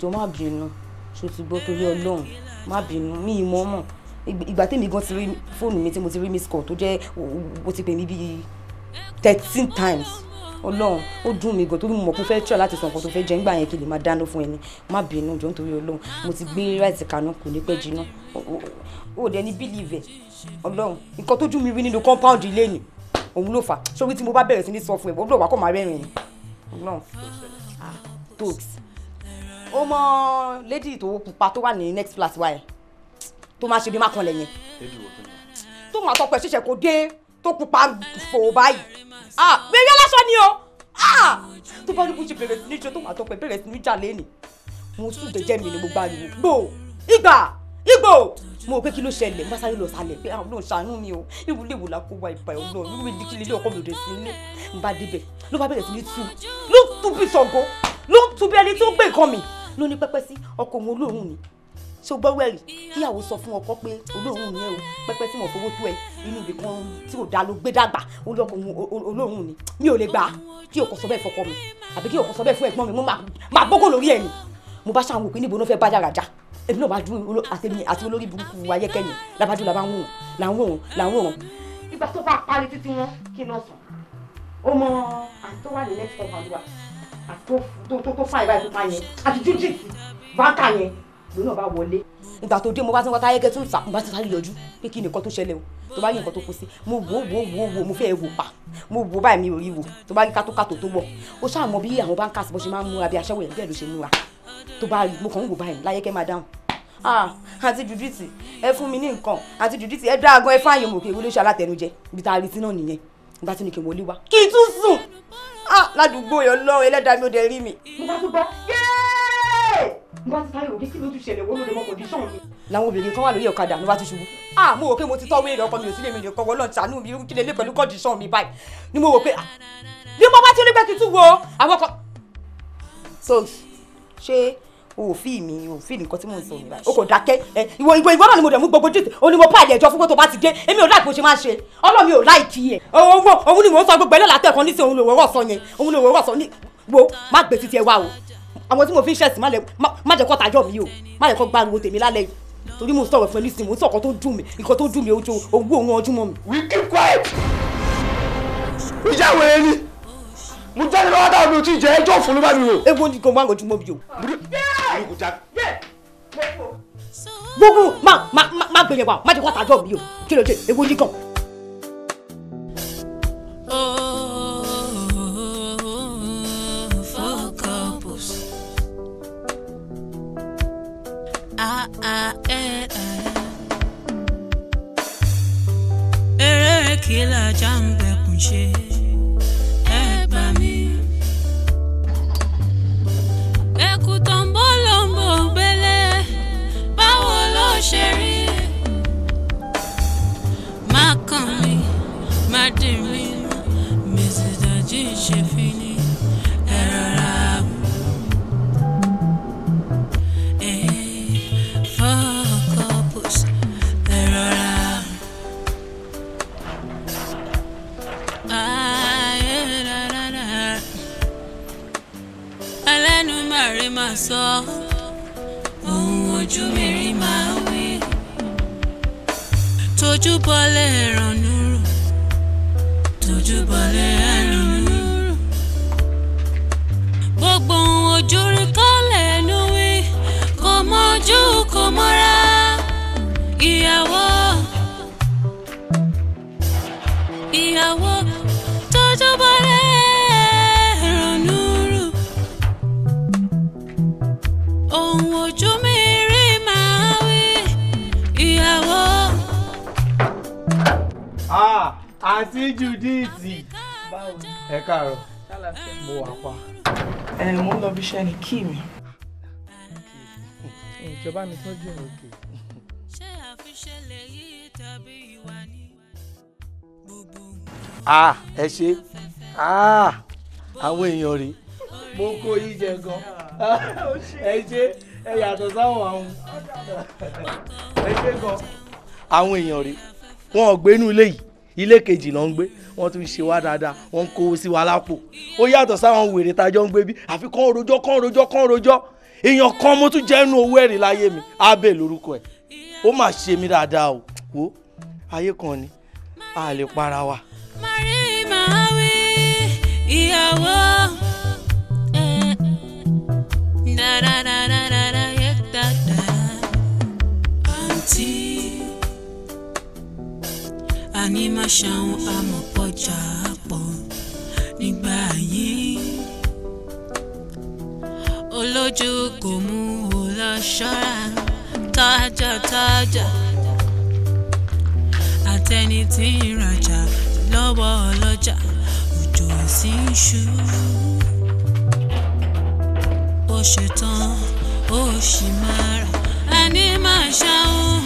jọ má bínú ṣó ti gbọ́ torí ọlọ́run má bínú mi ì mọ́ mọ̀ ìgbà tèmi gan ti rí fóònù mi tí mo ti rí miss call tó jẹ́ o ti pè mí bíi thirteen times ọlọ́run ó dùn mí gan torí mo mọ̀ pé fẹ́ tíra láti sọ nǹkan tó fẹ́ jẹ nígbà yẹn kí lè máa dáná fún ẹni má bínú jọ nítorí ọlọ́run mo ti gbé ráìtì kaná kò ní pẹ́ jiná ó dẹ̀ ní bílíìvẹ̀ ọlọ́run nǹkan tó dùn mí rí nínú compound ilé ni òun ló fà sórí tí mo bá bẹ̀rẹ̀ sí ní sọ fún ẹ bọ́dọ̀ wà kọ́ máa rẹ́rìn-ín ọlọ́run ah toks o mọ lady tó pupa tó wà ní next class wa yẹn tó máa ṣe bí má kanlẹ̀ yẹn tó máa tọpẹ ṣẹṣẹ kó dé tó pupa fò báyìí ah bẹ́ẹ̀ lásán ni o ah tó bá ní bó ṣe bẹ̀rẹ̀ sí ní jọ tó máa tọpẹ bẹ̀rẹ̀ sí ní jà lẹ́nì mo sùn jẹ́jẹ́ mi ni mo gbà yìí gbò ìgbà ìgbò mo rò pé kí ló ṣẹlẹ̀ mo bá sáré lọ sálẹ̀ pé àwọn náà ṣàánú mi o ewu léwu la kó wa ìbà ọ̀nà ìwé ìdí kílílé ọkọ mi ò dé sí ilé n bá débẹ̀ ló bá bẹ̀rẹ̀ sí ní tú ló tú bí sọ̀gọ́ ló tú bí ẹni tó gbé nǹkan mi ló ní pẹ́pẹ́ sí ọkọ òun olóòórùn ni ṣó gbọ́wọ́ ẹ̀rì kíyàwó sọ fún ọkọ pé olóòórùn ni ẹ o pẹ́pẹ́ tí mo fowó tó ẹ inú ibì kan tí ò dá ló gbé dàgbà olóòkọ òun olóòórùn ni mi ò lè gbà á kí òkò sọ bẹ́ẹ̀ fọkọ mi àbí kí òkò sọ bẹ́ẹ̀ fún ẹ̀gbọ́n mi mo máa bọ́kọ̀ lórí ẹ̀ ni mo bá ṣàwọn òpin níbo ló fẹ́ bá yàrá já èmi náà bá dún àtẹ̀mí àti olórí burúkú ayẹ́kẹ́yìn labájú la bá ń wò là ń wò wọn là ń wò wọn. ìgbà tó bá parí títí wọn kí n lọ sùn ó mọ àtọwálé lẹ́tọ̀ọ́ Ah, tó fà ìbá ìfúnpá yẹn àti jújì bàtà yẹn ló náà bá wọlé. ìgbà tó dé mo bá ti ń wá táyé kẹtù ìsàkùn bá ti sáré yọjú pé kí nìkan tó ṣẹlẹ̀ o tó bá yí nǹkan tó kó sí mo wò wò wò wò mo fẹ́ wò pa mo wò báyìí mi ò rí wò tó bá yí kátó tó wọ̀ ó ṣáà mọ bí àwọn báńkà bó ṣe máa ń múra bí aṣẹ́wó yẹn bẹ́ẹ̀ ló ṣe múra tó bá rí mo kàn ń wò báyìí láyé kẹ́ máa dáhùn ah àti judith ẹ fún mi ní nǹkan àti judith ẹ dá agan ẹ fáyọ̀ mọ̀ pé olóṣèlú alátẹnujẹ Ah, ládùúgbò yẹn lọ́rùn ẹlẹ́dàá mi ò dẹ̀ rí mi. mo bá tún bá yéé mo bá ti sáré òkè kí ló tún ṣẹlẹ̀ wọ́n ló lè mọ condition mi. làwọn obìnrin kan wà lórí ọ̀kadà ló bá ti ṣubú. a ah, mo rò pé mo ti tọ́ wéèrè ọkọ mi ò sí lè mi nìkan wọ́n lọ́n tànú mi kí lè lé pẹ̀lú condition mi báyìí ni mo rò pé ah, ni mo bá tún rí pé kí tún wo àwọn kan. so ṣé o mi o ò tí mo ń sọ o kò dákẹ́ ẹ ìwọ ìwọ ìwọ náà ni mo dẹ̀ mú gbogbo dìtì o ni mo pàdé ẹjọ́ fún pé tó bá ti dé èmi ò láì bó ṣe máa ṣe ọlọ́mi ò láì kí ẹ owó òun ni mo ń sọ gbogbo ẹlẹ́lá tẹ̀kan ní sí òun lòwòrán sọ yẹn òun lòwòrán sọ ní wo má gbé títí ẹ wá o àwọn tí mo fi ń ṣẹ̀sìn má jẹ́ kó tajọ́ mi o má jẹ́ kó gbárùn mo we keep quiet. ó jẹ́ àwọn ẹni mo jáde lọ́wọ́ táwọn mi ò tí ì jẹ́ ẹjọ́ òfin mi rò. ewu ni kò máa ń o báyìí. gbogbo má má má gbèrè wa má ti wá tàjọ mi o kí ló dé ewu nìkan. Ah, ah, eh, eh. Eré kìlà já ń bẹ̀kùn ṣe. ṣe rí má kàn mí má dì mí mèsìdá jí ṣe fi ní ẹ̀rọ ra. alẹ́nu máa rí máa sọ ohun ojú mi rí máa ń tójú bọ́lẹ̀ ẹ̀ràn nùrù tójú bọ́lẹ̀ ẹ̀ràn nùrù gbogbo ojú rí kọ́lẹ̀ ẹnu wí kò mọ́jú kò mọ́ra ìyàwó ìyàwó tójú bọ́lẹ̀. Ah, àti Judith ẹ káàárọ̀ mo wà pa. ẹ mo ń lọ bí iṣẹ́ ni kí mi. ìjọba mi tọ́jú ẹ̀ òkè. Ah, ẹ ṣe ah, àwọn èèyàn rèé mo kó yí jẹ gan ẹ ṣe ẹ yàtọ̀ sáwọn àwọn ẹ ṣe gan àwọn èèyàn rèé wọn ò gbé inú ilé yìí ilé kejì ló ń gbé wọn tún ṣe wá dáadáa wọn ń kó sí wa lápò ó yàtọ̀ sáwọn wèrè tájọ́ ń gbé bí àfi kán rojọ́ kán rojọ́ kán rojọ́ èèyàn kan mo tún jẹ́nu owó ẹ̀rí láyé mi abẹ́ lórúkọ ẹ̀ ó mà ṣe mí dáadáa o wo ayé kan ni a lè para wa. ìyàwó. na na na na Ani má ṣàwọn amọ̀pọ̀jà pọ̀ nígbà yìí olójú kò mú o lọ ṣọ́ra tájà tájà àtẹni tí ń rajà lọ́wọ́ ọlọ́jà òjò sì ń ṣú ó ṣetán ó ṣì máa rà àní má ṣàwọn.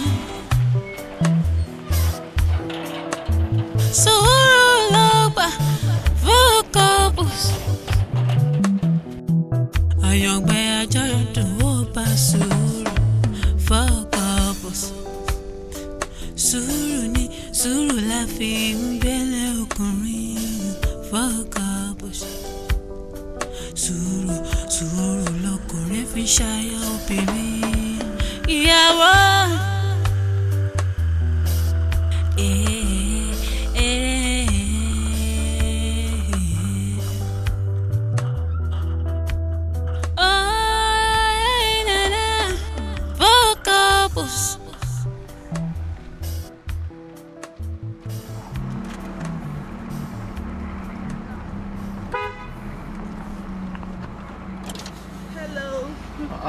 Suruluba vocabos. Ayọ̀gbẹ́ ajọ́dún ó bá sùúrù vocabos. Sùúrù ni sùúrù la fi ń gbélé ọkùnrin fi ṣayọ obìnrin ìyàwó.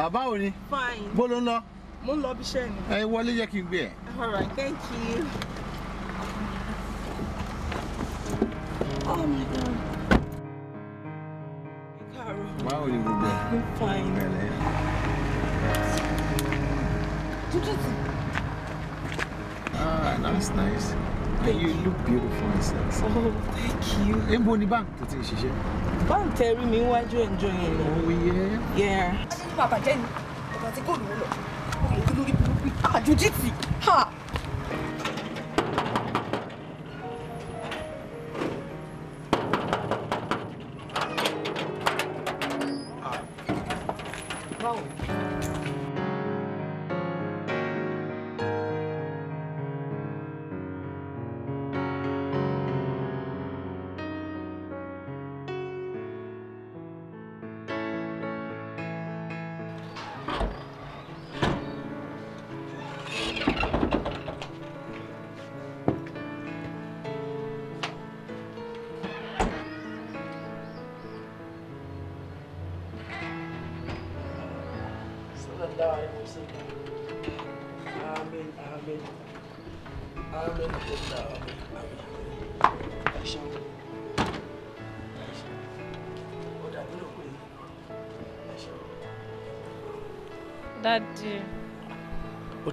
Ah, báwo ni. fine. bó ló ń lọ. mo ń lọ bí iṣẹ́ ni. ẹ wọlé jẹ́ kí n gbé ẹ. all right thank you. oh my god. báwo ni gbogbo ẹ. fine. bẹ̀rẹ̀ tuntun. ah that's nice. Thank you. you look beautiful and sexy. Oh, thank you. Ẹ ń bo ni bank tó ti ń Bank tẹ̀rí mi wájú ẹ̀jọ́ yẹn lọ. Oh yeah. Yeah bàbá jẹ́ ni bàbá ti kò lówó lọ òye tó lórí burúkú àjòjì tì í.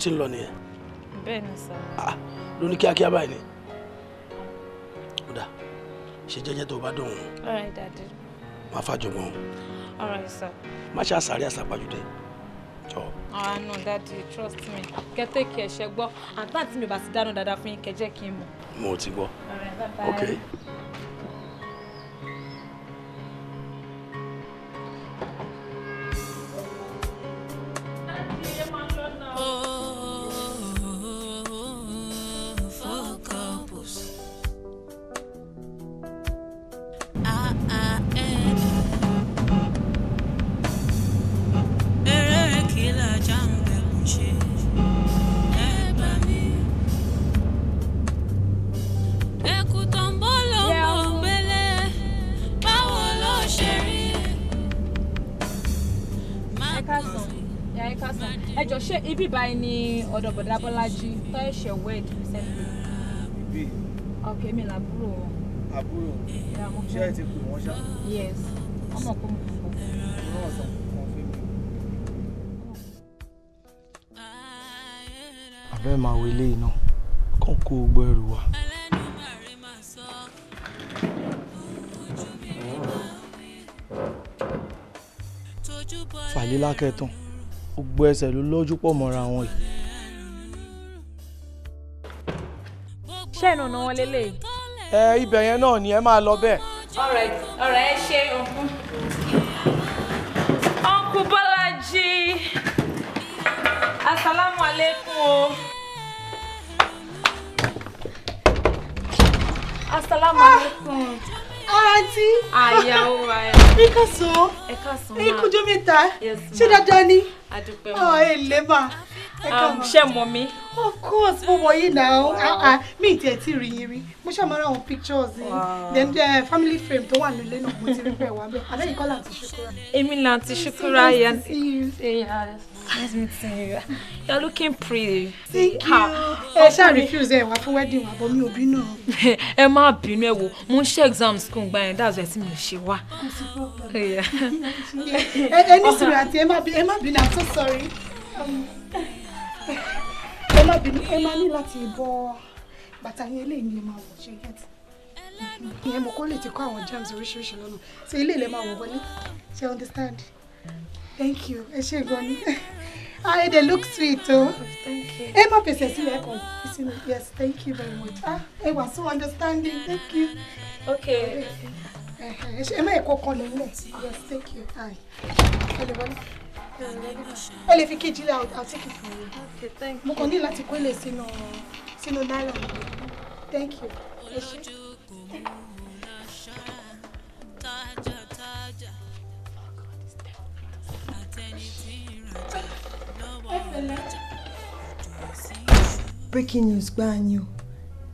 ti ń lọ nìyẹn. bẹ́ẹ̀ ni sir. ah ló ní kíákíá báyìí ni ó dà ṣe jẹ́jẹ́ tó o bá dùn ún. all right daddy. máa fàjọ mọ́ ọ́n. all right sir. má ṣe àṣàrí àṣàpàjùdé. ah no daddy trust me kẹtẹ kí ẹ ṣe gbọ́ àgbà tí mi bá ti dáná dáadáa fún yín kẹjẹ kí n mọ̀. mo ti gbọ́. all right bye. okay. ọ̀dọ̀ bọ̀dá Bọ́lájí tó ẹ̀ṣẹ̀ wed recently. bíbí. ọkọ èmi làbúrò wọn. àbúrò ṣé ẹ ti pè wọ́n ṣá. yes ọmọ kò mú kókó. náà sọ wọn fi mi. abẹ́ máa wo eléyìí náà kàn kó o gbọ́ ẹrù wa. fàlílákẹ́ tán gbogbo ẹsẹ̀ ló lọ́jú pọ̀ mọ́ra wọn yìí. bẹ́ẹ̀ nù náà lélẹ̀. ẹ ibẹ̀ yẹn náà ni ẹ máa lọ bẹ́ẹ̀. ọ̀rẹ́ ọ̀rẹ́ ẹ ṣe ọ̀hún. ọ̀nkú bọ́lájí asalaamu o. asalaamu aleykum. Ah, aunty. Aya o aya. Ẹ káàsán. Ẹ káàsán máa. Ẹ kújọ́ mẹ́ta. Yes ma. Ṣé dáadáa ni? Adúpẹ́ ah, mọ́. Ọ̀ ẹ lè mà. Ẹ um, ká mà. Ṣé mọ mi? of course mo wọ yìí náà ah ah mi ì tiẹ̀ ti rí yín rí mo ṣàmọ́ ra àwọn pictures yìí then the eh, family frame tó wà nílé náà mo ti rí pẹ̀ wá bẹ́ẹ̀ abẹ́yìn kọ́ láti ṣukura. èmi náà ti ṣukura ya nice meeting you you are looking pretty. thank you ẹ ṣáà refuse ẹ wá fún wedding wa bọ mi ò bínú. ẹ má bínú ẹ wò mo ń ṣe exam school gba yẹn that's why tí mi ò ṣe wá. ẹ ní sùúrù àti ẹ má bínú i'm so sorry. Um, ẹ má bínú ẹ má ní láti bọ bàtà yẹn eléyìí ni ẹ máa wọ̀ ṣe yẹtì ìyẹn mo kó lè ti kó àwọn germs oríṣiríṣi lọ́nà ṣe ilé ilẹ̀ máa wọ̀ wọlé ṣe understand thank you ẹ ṣe gan ni ah it look sweet o oh. ẹ má fèsì sílẹ̀ ẹ̀kọ́ ìsinmi yes thank you very much ah ẹ wà so understanding thank you. okay ẹ ṣe ẹ má ẹ̀kọ́ kan lọ́nà yes thank you. Hi ẹ lè fi kejì lẹ àti mo kàn ní láti kó lè sínú sínú náírà mi thank you ẹ ṣe. breaking news gbáà ni o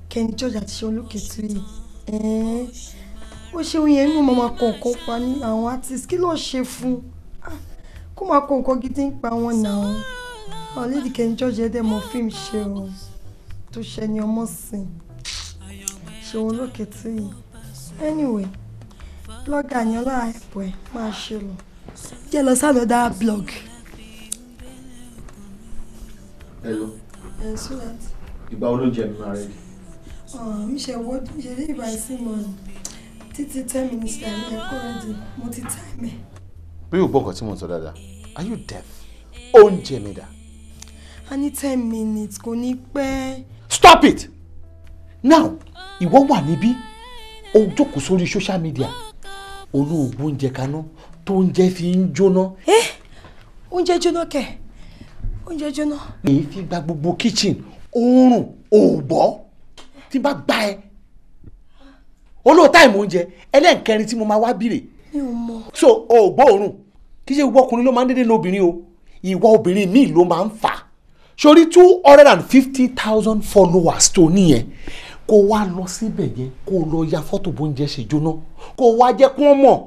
Kenny George àti Ṣeun Lókìtì yìí ó ṣeun yẹn nínú mọ́mọ́ kọ̀ọ̀kan pa ní àwọn artiste kí ló ṣe fún un kó máa kó nǹkan gidi ń pa wọn náà ọ lady Kenny George ẹdẹ mọ fíìmù ṣe o tó ṣe ni ọmọ sìn ṣòwò lókè tí yìí anyway blogger ni ọlọ́ra ẹ̀pọ̀ ẹ̀ máa ṣe lọ jẹ́ lọ sáà lọ́dá blog. hello. ẹ̀ sùlẹ̀t. ìgbà wo ló jẹ mi máa rẹ̀ di. mi ṣe wọ́n mi ṣe rí ìbáyìí sí mọ́ títí ten minutes ẹ̀ ẹ̀kọ́ rẹ̀ di mo ti time ẹ̀ bí o gbọ́ nǹkan tí mo ń sọ dáadáa are you deaf oúnjẹ mi dà. a ten minutes kò ní pẹ́. stop it now ìwọ wà níbí o jókòó sórí social media olóògùn oúnjẹ kaná tó oúnjẹ fi ń jóná. ẹ eh! oúnjẹ jóná kẹ oúnjẹ jóná. èyí fi gba gbogbo kitchen oorun òògbọ́ tí n bá gbá ẹ olóòótá ìmọ̀ oúnjẹ ẹlẹ́nkẹrin tí mo máa wá bìrè mi ò mọ. so o ò gbóòórùn kì í ṣe ìwọ ọkùnrin ló máa ń dédé lóbìnrin o ìwọ obìnrin míì ló máa ń fà á two hundred and fifty thousand followers tó nìyẹn kó wá lọ síbẹ̀ yẹn kó lọ ya fọ́tò bóúnjẹ ṣe jóná kó wá jẹ́ kí wọ́n mọ̀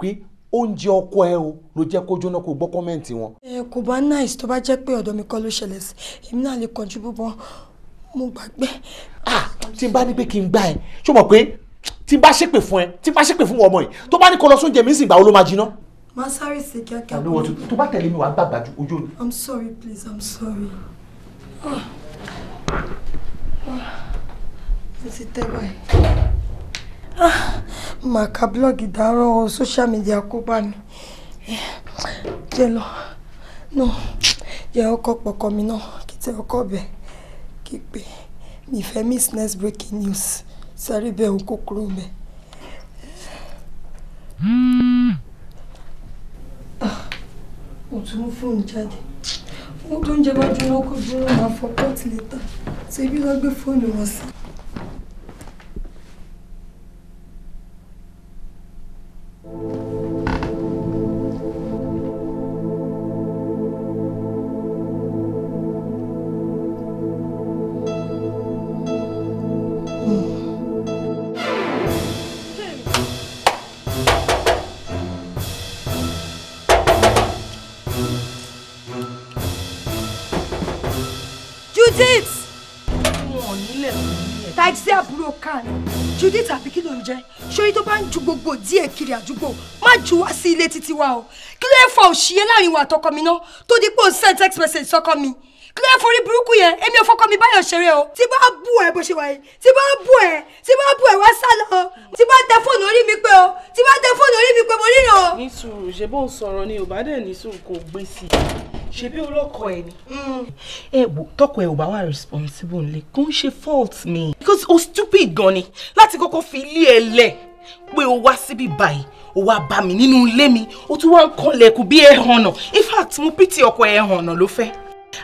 pé oúnjẹ ọkọ ẹ o ló jẹ́ kó jóná kó gbọ́ kọ́mẹ́ǹtì wọn. ẹ kò bá nice tó bá jẹ́ pé ọ̀dọ̀ mi kọ́ ló ṣẹlẹ̀ sí èmi náà lè kọjú bọ́bọ́ mo gbàgbé. ah tí n bá ní pé kí n gbá ẹ ṣó mọ̀ pé tí bá ṣépè fún ẹ tí bá ṣépè fún ọmọ yìí tó bá ní kó lọ sóúnjẹ mi ń sìn gbà ó ló máa jiná. máa sáré sí kíákíá. àbí wọ́n tó bá tẹ̀lé mi wàá gbàgbà ju ojú mi. i'm sorry please i'm sorry. Ah. mo ti tẹ́ báyìí. Ah, màá ka búlọ́ọ̀gì dárọ́ social media kó bá mi jẹ lọ no jẹ ọkọ pọkọ mi náà kí tẹ ọkọ bẹ kí pé mi fẹ́ miss next breaking news sáré bẹ́ẹ̀ òun kó kúrò mẹ́. Hmm. Ah, mo tún mú fóònù jáde fún tó ń jẹ bá dúró kó dúró máa fọ pọ́ọ̀tì lẹ́tà ṣé ibi ló gbé fóònù wọn sí. thank you Judith. wọn ò nílẹ̀ fún mi ẹ̀. taxi àbúrò kan Judith àbí kí ló ń jẹ́ ṣóyí tó bá ń ju gbogbo díẹ̀ kiri àdúgbò má ju wá sí ilé títí wa o kí ló yẹ fa òṣìyẹ láàrin wa àtọkọ mi náà tó dípò send text message sọ́kọ mi kí ló yẹ forí burúkú yẹn èmi ò fọkọ mi báyọ̀ ṣeré o tí bá bú ẹ bó ṣe wáyé tí bá bú ẹ tí bá bú ẹ wá sá lọ tí bá tẹ fóònù orí mi pé o tí bá tẹ fóònù orí mi pé mo ríran o. ní sùúrù ṣe bó ń sọ̀rọ̀ ni ò ṣebí olóko ẹ ni. Mm. ẹ wo tọkọ ẹ ò bá wà responsible nílé kò ń ṣe fault mi. because o stupid gan ni láti kọ́kọ́ fi ilé ẹ lẹ̀ pé o wá síbí báyìí o wá bá mi nínú ilé mi o tún wá ń kanlẹ̀kùn bí ẹ̀hànà in fact mo pity ọkọ ẹ̀hànà ló fẹ́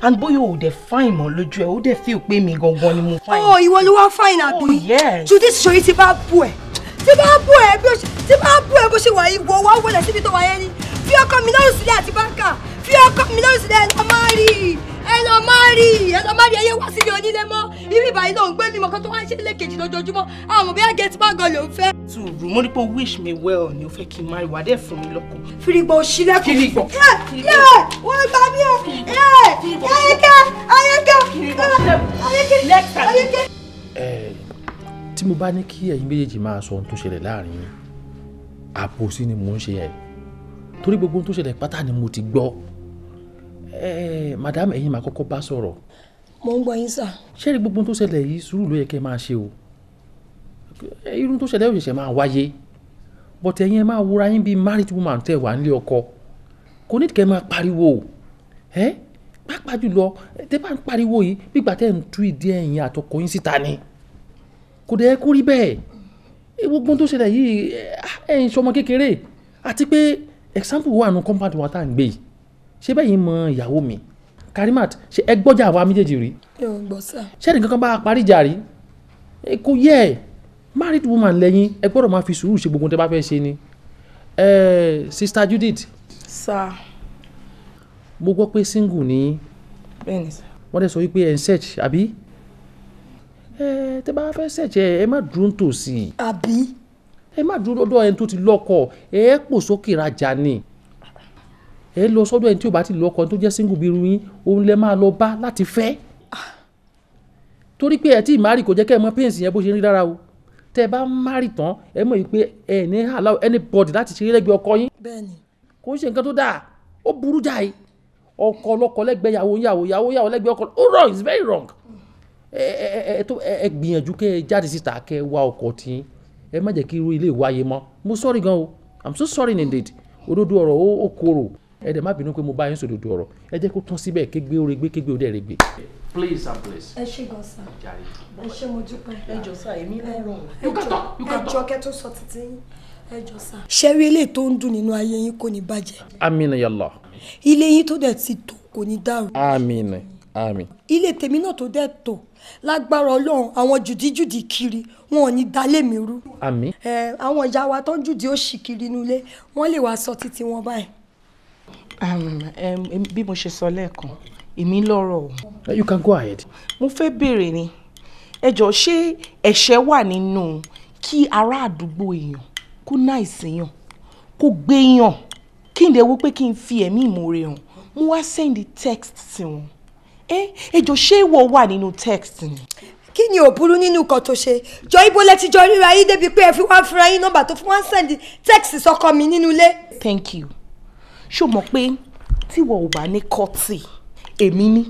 and bóyá o dẹ̀ fine mọ́ lójú ẹ̀ o dẹ̀ feel pé mi gangan ni mo fine. ọ oh, ìwọ ló wá fine oh, àbí judith sori ti bá bú ẹ ti bá bú ẹ bí o ti bá bú ẹ bó ṣe wà yìí wọ wá wọlé síbi tó wà yẹn ni fi ọkọ mi náà sílẹ̀ àti bá fi ọkọ mi lórí sílẹ̀ ẹ lọ má rí ẹ lọ má rí ẹ lọ má rí ẹyẹ wá sílé onílé mọ́ ibi ìbàyí ló gbé mi mọ̀kàn tó wá ń ṣe lẹ́ẹ̀kejì lójoojúmọ́ àwọn òbí àgẹ́ ti bá fẹ́. tùrù mo ní pé wish me well ni o fẹ́ kí n máa wà dé fún mi lọ́kọ. firigbọ òṣìlẹ́kùn firigbọ. yẹ wọ́n gbà mí o yẹ ayẹkẹ ayẹkẹ ayẹkẹ ayẹkẹ. ẹ tí mo bá ní kí ẹ̀yin méjèèjì máa sọ ohun tó ṣẹlẹ̀ láàrin yín àpòsí ni mò ń ṣe ẹ̀ torí gbogbo ohun tó ṣẹlẹ̀ pátá ni mo ti gbọ́ ẹ madam ẹ̀yin máa kọ́kọ́ bá sọ̀rọ̀. mo ń gbọ́ yín sà. ṣẹ́ẹ̀rì gbogbo tó ṣẹlẹ̀ yìí sùúrù ló yẹ kẹ́ máa ṣe o irun tó ṣẹlẹ̀ yóò ṣẹ̀ṣẹ̀ máa wáyé but ẹ̀yin ẹ máa wúra yín bíi married woman tẹ̀ wá nílé ọkọ kò ní kẹ́ máa pariwo ẹ pàápàá jùlọ tẹ́ bá ń pariwo yìí gbígbà tẹ́ ń tú ìdí ẹ̀yin àtọkọ yín síta ni kò dẹ̀ kú rí bẹ́ẹ̀ gbogbo tó ṣẹlẹ̀ yìí ẹ̀yin sọmọ kékeré àti pé example wà nù compound wa tá à ń gbé yìí ṣé bẹ́ẹ̀ yín mọ ìyàwó mi Karimat ṣe ẹ gbọ́jà àwa méjèèjì rí. ṣé ẹnì kankan bá a parí ìjà rí kò yẹ married woman lẹ́yìn ẹ gbọ́dọ̀ máa fi sùúrù ṣe gbogbo tẹ́ bá fẹ́ ṣe ni sister Judith. Sa, mo gbọ́ pé single ni. bẹ́ẹ̀ni sir. wọ́n dẹ̀ sọ wípé ẹ̀ ń search àbí. ẹ tẹ́ bá fẹ́ search ẹ ẹ má dúró nítòsí. àbí. ẹ má dúró lọ́dọ̀ ẹni tó ti lọ́kọ ẹ pò sókè rajà ni ẹ lọ sọ́dọ̀ ẹni tí ò bá ti lọ ọkọ tó jẹ́ single bí irú yín òun lẹ máa lọ bá láti fẹ́ torí pé ẹ tí ìmárì kò jẹ́ kẹ́ ẹ mọ pains yẹn bó ṣe ń rí dára o tẹ ẹ bá márì tán ẹ mọ̀ yìí pé ẹ ní allow anybody láti ṣe lẹ́gbẹ̀ẹ́ ọkọ yín kò ń ṣe nǹkan tó dáa ó burú jáì ọkọ ọlọ́kọ lẹ́gbẹ̀ẹ́ yàwó yàwó yàwó yàwó lẹ́gbẹ̀ẹ́ ọkọ ó wrong it's very wrong ẹ gbìyànjú kẹ́ ẹ jáde síta kẹ́ ẹ wá ọkọ tí ẹ má jẹ́ kí irú ilé ìwáyé mọ́ mo sorry gan o i'm so sorry indeed òdodo ọ̀rọ̀ ó korò ẹ dẹ̀ má bínú pé mo bá yín sòdodo ọ̀rọ̀ ẹ jẹ́ kó tán síbẹ̀ kégbé ó regbé kégbé ó dẹ̀ regbé. please and please. ẹ ṣe gan ẹ ṣe mo dúpẹ́. ẹ jọ sa èmi náà rọ ọ. ẹ jọ kẹ tó sọ títí ẹ jọ sa. ṣẹ́rí eléyìí tó ń dùn nínú ayé yín kò ní bàjẹ́. amina yàlla. ilé yín tó dẹ̀ ti tò kò ní dàrú. amina àmín. ilé tèmi náà tó dẹ̀ tó lágbára ọlọ́run àwọn jùdíjùdí kiri wọn ò ní dalé mi rú. àmín. ẹ àwọn ìyá wa tó jùdí ó ṣì kiri inú wọ́n lè wá sọ títí wọn báyìí bí mo ṣe sọ lẹ́ẹ̀kan èmi lọ́rọ̀ o. you can go ahead. mo fẹ́ béèrè ni ẹ jọ ṣé ẹ̀ṣẹ̀ wà nínú kí ará àdúgbò èèyàn kó ná ìsìnyàn kó gbéyàn kí n dẹ̀ wo pé kí n fi ẹ̀mí ìmoore hàn mo wá send text sí wọn ẹ jọ ṣé ìwọ wà nínú text ni kí ni ò burú nínú nǹkan tó ṣe jọ ibo lẹ ti jọ ríra yín débi pé ẹ fi wá fúnra yín nọ́mbà tó fún wá ń sẹ́ndì tẹ́ẹ̀sì mi nínú ilé. thank you ṣó mọ̀ pé tí wọ́n ò bá ní kọ́tì èmi ní.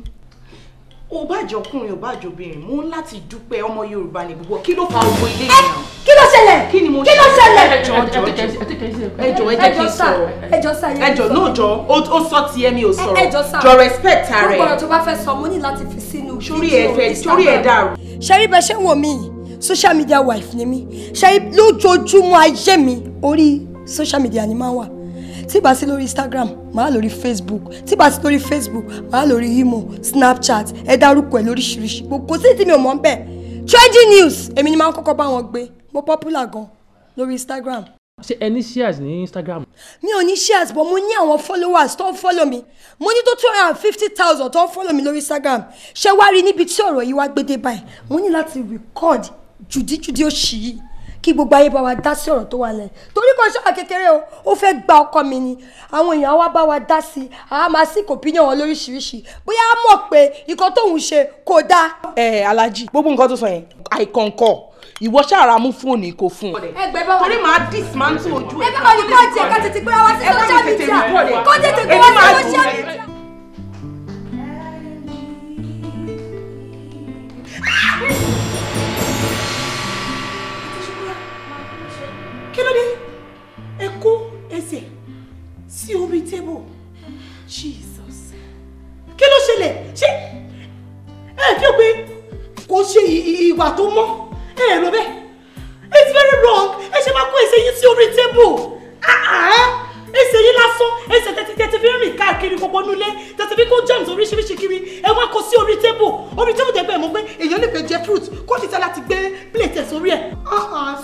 o bá jọ ọkùnrin o bá jọ obìnrin mo ń láti dúpẹ́ ọmọ yorùbá ní gbogbo kí ló fa owó ilé yìí náà. kí ló ṣẹlẹ̀ kí ni mo ṣe kí ló ṣẹlẹ̀. ẹjọ ẹjọ ẹjọ kí n sọ̀rọ̀ ẹjọ sáyé ẹjọ náà jọ ó sọ ti ẹmi ò sọ̀rọ̀ jọ respect rẹ. gbogbo ọ̀rọ̀ tó bá fẹ́ sọ mo ní láti fi sínú sórí ẹ̀ dàrú. ṣe rí bẹ ṣé ń wò mí social media wife ni mí ṣe lójoojúmọ́ ayé mi orí social media ni máa wà tí bá sí lórí Instagram màá lórí Facebook tí bá sí lórí Facebook màá lórí Imo Snapchat ẹ dárúkọ ẹ lóríṣiríṣi gbogbo sí tí mi ò mọ̀ ń bẹ̀ trending news èmi ni máa ń kọ́kọ́ bá wọn gbé mo popular gan lórí Instagram. ṣé ẹ ní shares ní Instagram. mi ò ní shares but mo ní àwọn followers tó ń follow mi mo ní tó two hundred and fifty thousand tó ń follow mi lórí Instagram ṣé wàá rí níbi tí ọ̀rọ̀ yìí wá gbé dé báyìí mo ní láti record jùdíjùdí òṣì yìí kí gbogbo ayé bá wa dá sí ọ̀rọ̀ tó wà lẹ̀ torí kan ṣọ́ra kékeré o ó fẹ́ gba ọkọ mi ni àwọn èèyàn wa bá wa dá sí i àá máa sí kò bíyàn wọn lóríṣiríṣi bóyá á mọ̀ pé nǹkan tóun ṣe kò dáa. ẹ alájí gbogbo nǹkan tó sọ yẹn àìkọ̀ǹkọ̀ ìwọ ṣàrà mú fóònù kò fún un. ẹgbẹ́ bá wà torí màá dismantle ojú ẹ. ẹgbẹ́ bá wà ní kọ́ọ̀tì ẹ̀ka tètè gbéra wá sí social media kọ́ọ̀tì tètè gbéra wá sí social media. sí orí tébù Jesus kí ló ṣẹlẹ̀ ṣé ẹ fi pé kò ṣe ìwà tó mọ́ ẹ rò bẹ́ẹ̀ it's very wrong ẹ ṣe máa kó ẹsẹ̀ yín sí orí tébù ah, ah, ẹsẹ̀ yín lásán ẹsẹ̀ tẹ́tí tẹ́tí fi rìn káàkiri gbogbo nulẹ̀ tẹ tàbí kó germs oríṣiríṣi kiri ẹ wá kó sí orí tébù orí tébù tẹ gbẹ mọ pé èèyàn lè fẹ́ jẹ fruit kó ṣiṣẹ́ láti gbé plate ẹ̀ sórí ẹ̀.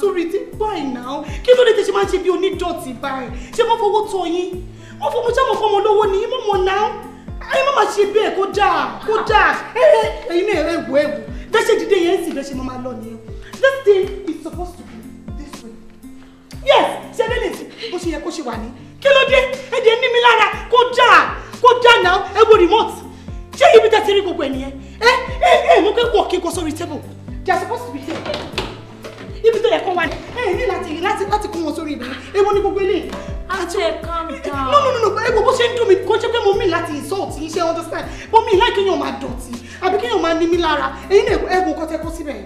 sórí ti báyìí náà kí ló dé tí ṣe máa ń ṣe bí onídọ̀tí báyìí ṣé mo fowó tọ yín mo fowó ṣé mo fọmọ lówó ni mo mọ náà ayé má máa ṣe bẹ́ẹ̀ kó dáa kó dáa ẹ̀yin náà ẹ wò ẹ wò bẹ́ẹ̀ yẹn sì bẹ́ẹ̀ mo máa lọ nìyẹn this day is supposed to be this way yes ṣe lè lè ṣe bó ṣe yẹ kó ṣe wà ní kí ló dé ẹ̀jẹ̀ ní mi lára kó kó dáná ẹ wo remote ṣé ibi tẹ́ ti rí gbogbo ènìyàn ẹ ẹ ẹ mú kẹ́kọ̀ọ́ kí n sórí table they are supposed to be there ibi tó yẹ kán wá ní ẹ ní láti láti láti kó wọn sórí ibùdó ewu ní gbogbo eléyìí. àti calm down. no no no no ewu bó ṣe ń dùn mí kó ṣe pé mo mí láti insult yín ṣe understand bó mi láì kéèyàn máa dọ̀tí àbí kéèyàn máa ní mí lára èyí ni ewu kọ́tẹ́ kó síbẹ̀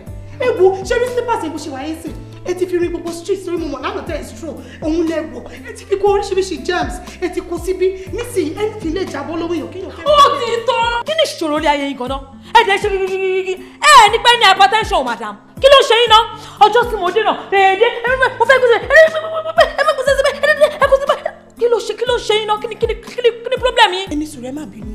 ewu ṣe rí slippers ewu ṣe wáyé sí i ẹ ti fi rin gbogbo street sórí mo mọ̀ lánàá tẹ̀ ṣòro òun lẹ wò ẹ ti fi kó oríṣiríṣi germs ẹ ti kó síbí nísìnyí anything lè jábọ́ lọ́wọ́ èèyàn kéèyàn fẹ́. ó ti tán. kí ni ìṣòro ilé ayé yìí gan-an ẹ dẹ̀ ṣe bíbíbíbí ẹ ní pẹ́ ní hypertension madam kí ló ṣe yín náà ọjọ́ tí mo dé náà èdè mo fẹ́ gúnṣe ẹ fẹ́ gúnṣe síbẹ̀ ẹ gúnṣe síbẹ̀ kí ló ṣe kí ló ṣe yín náà kí ni kí ni kí ni problem yín. ẹni sùrẹ́ má bínú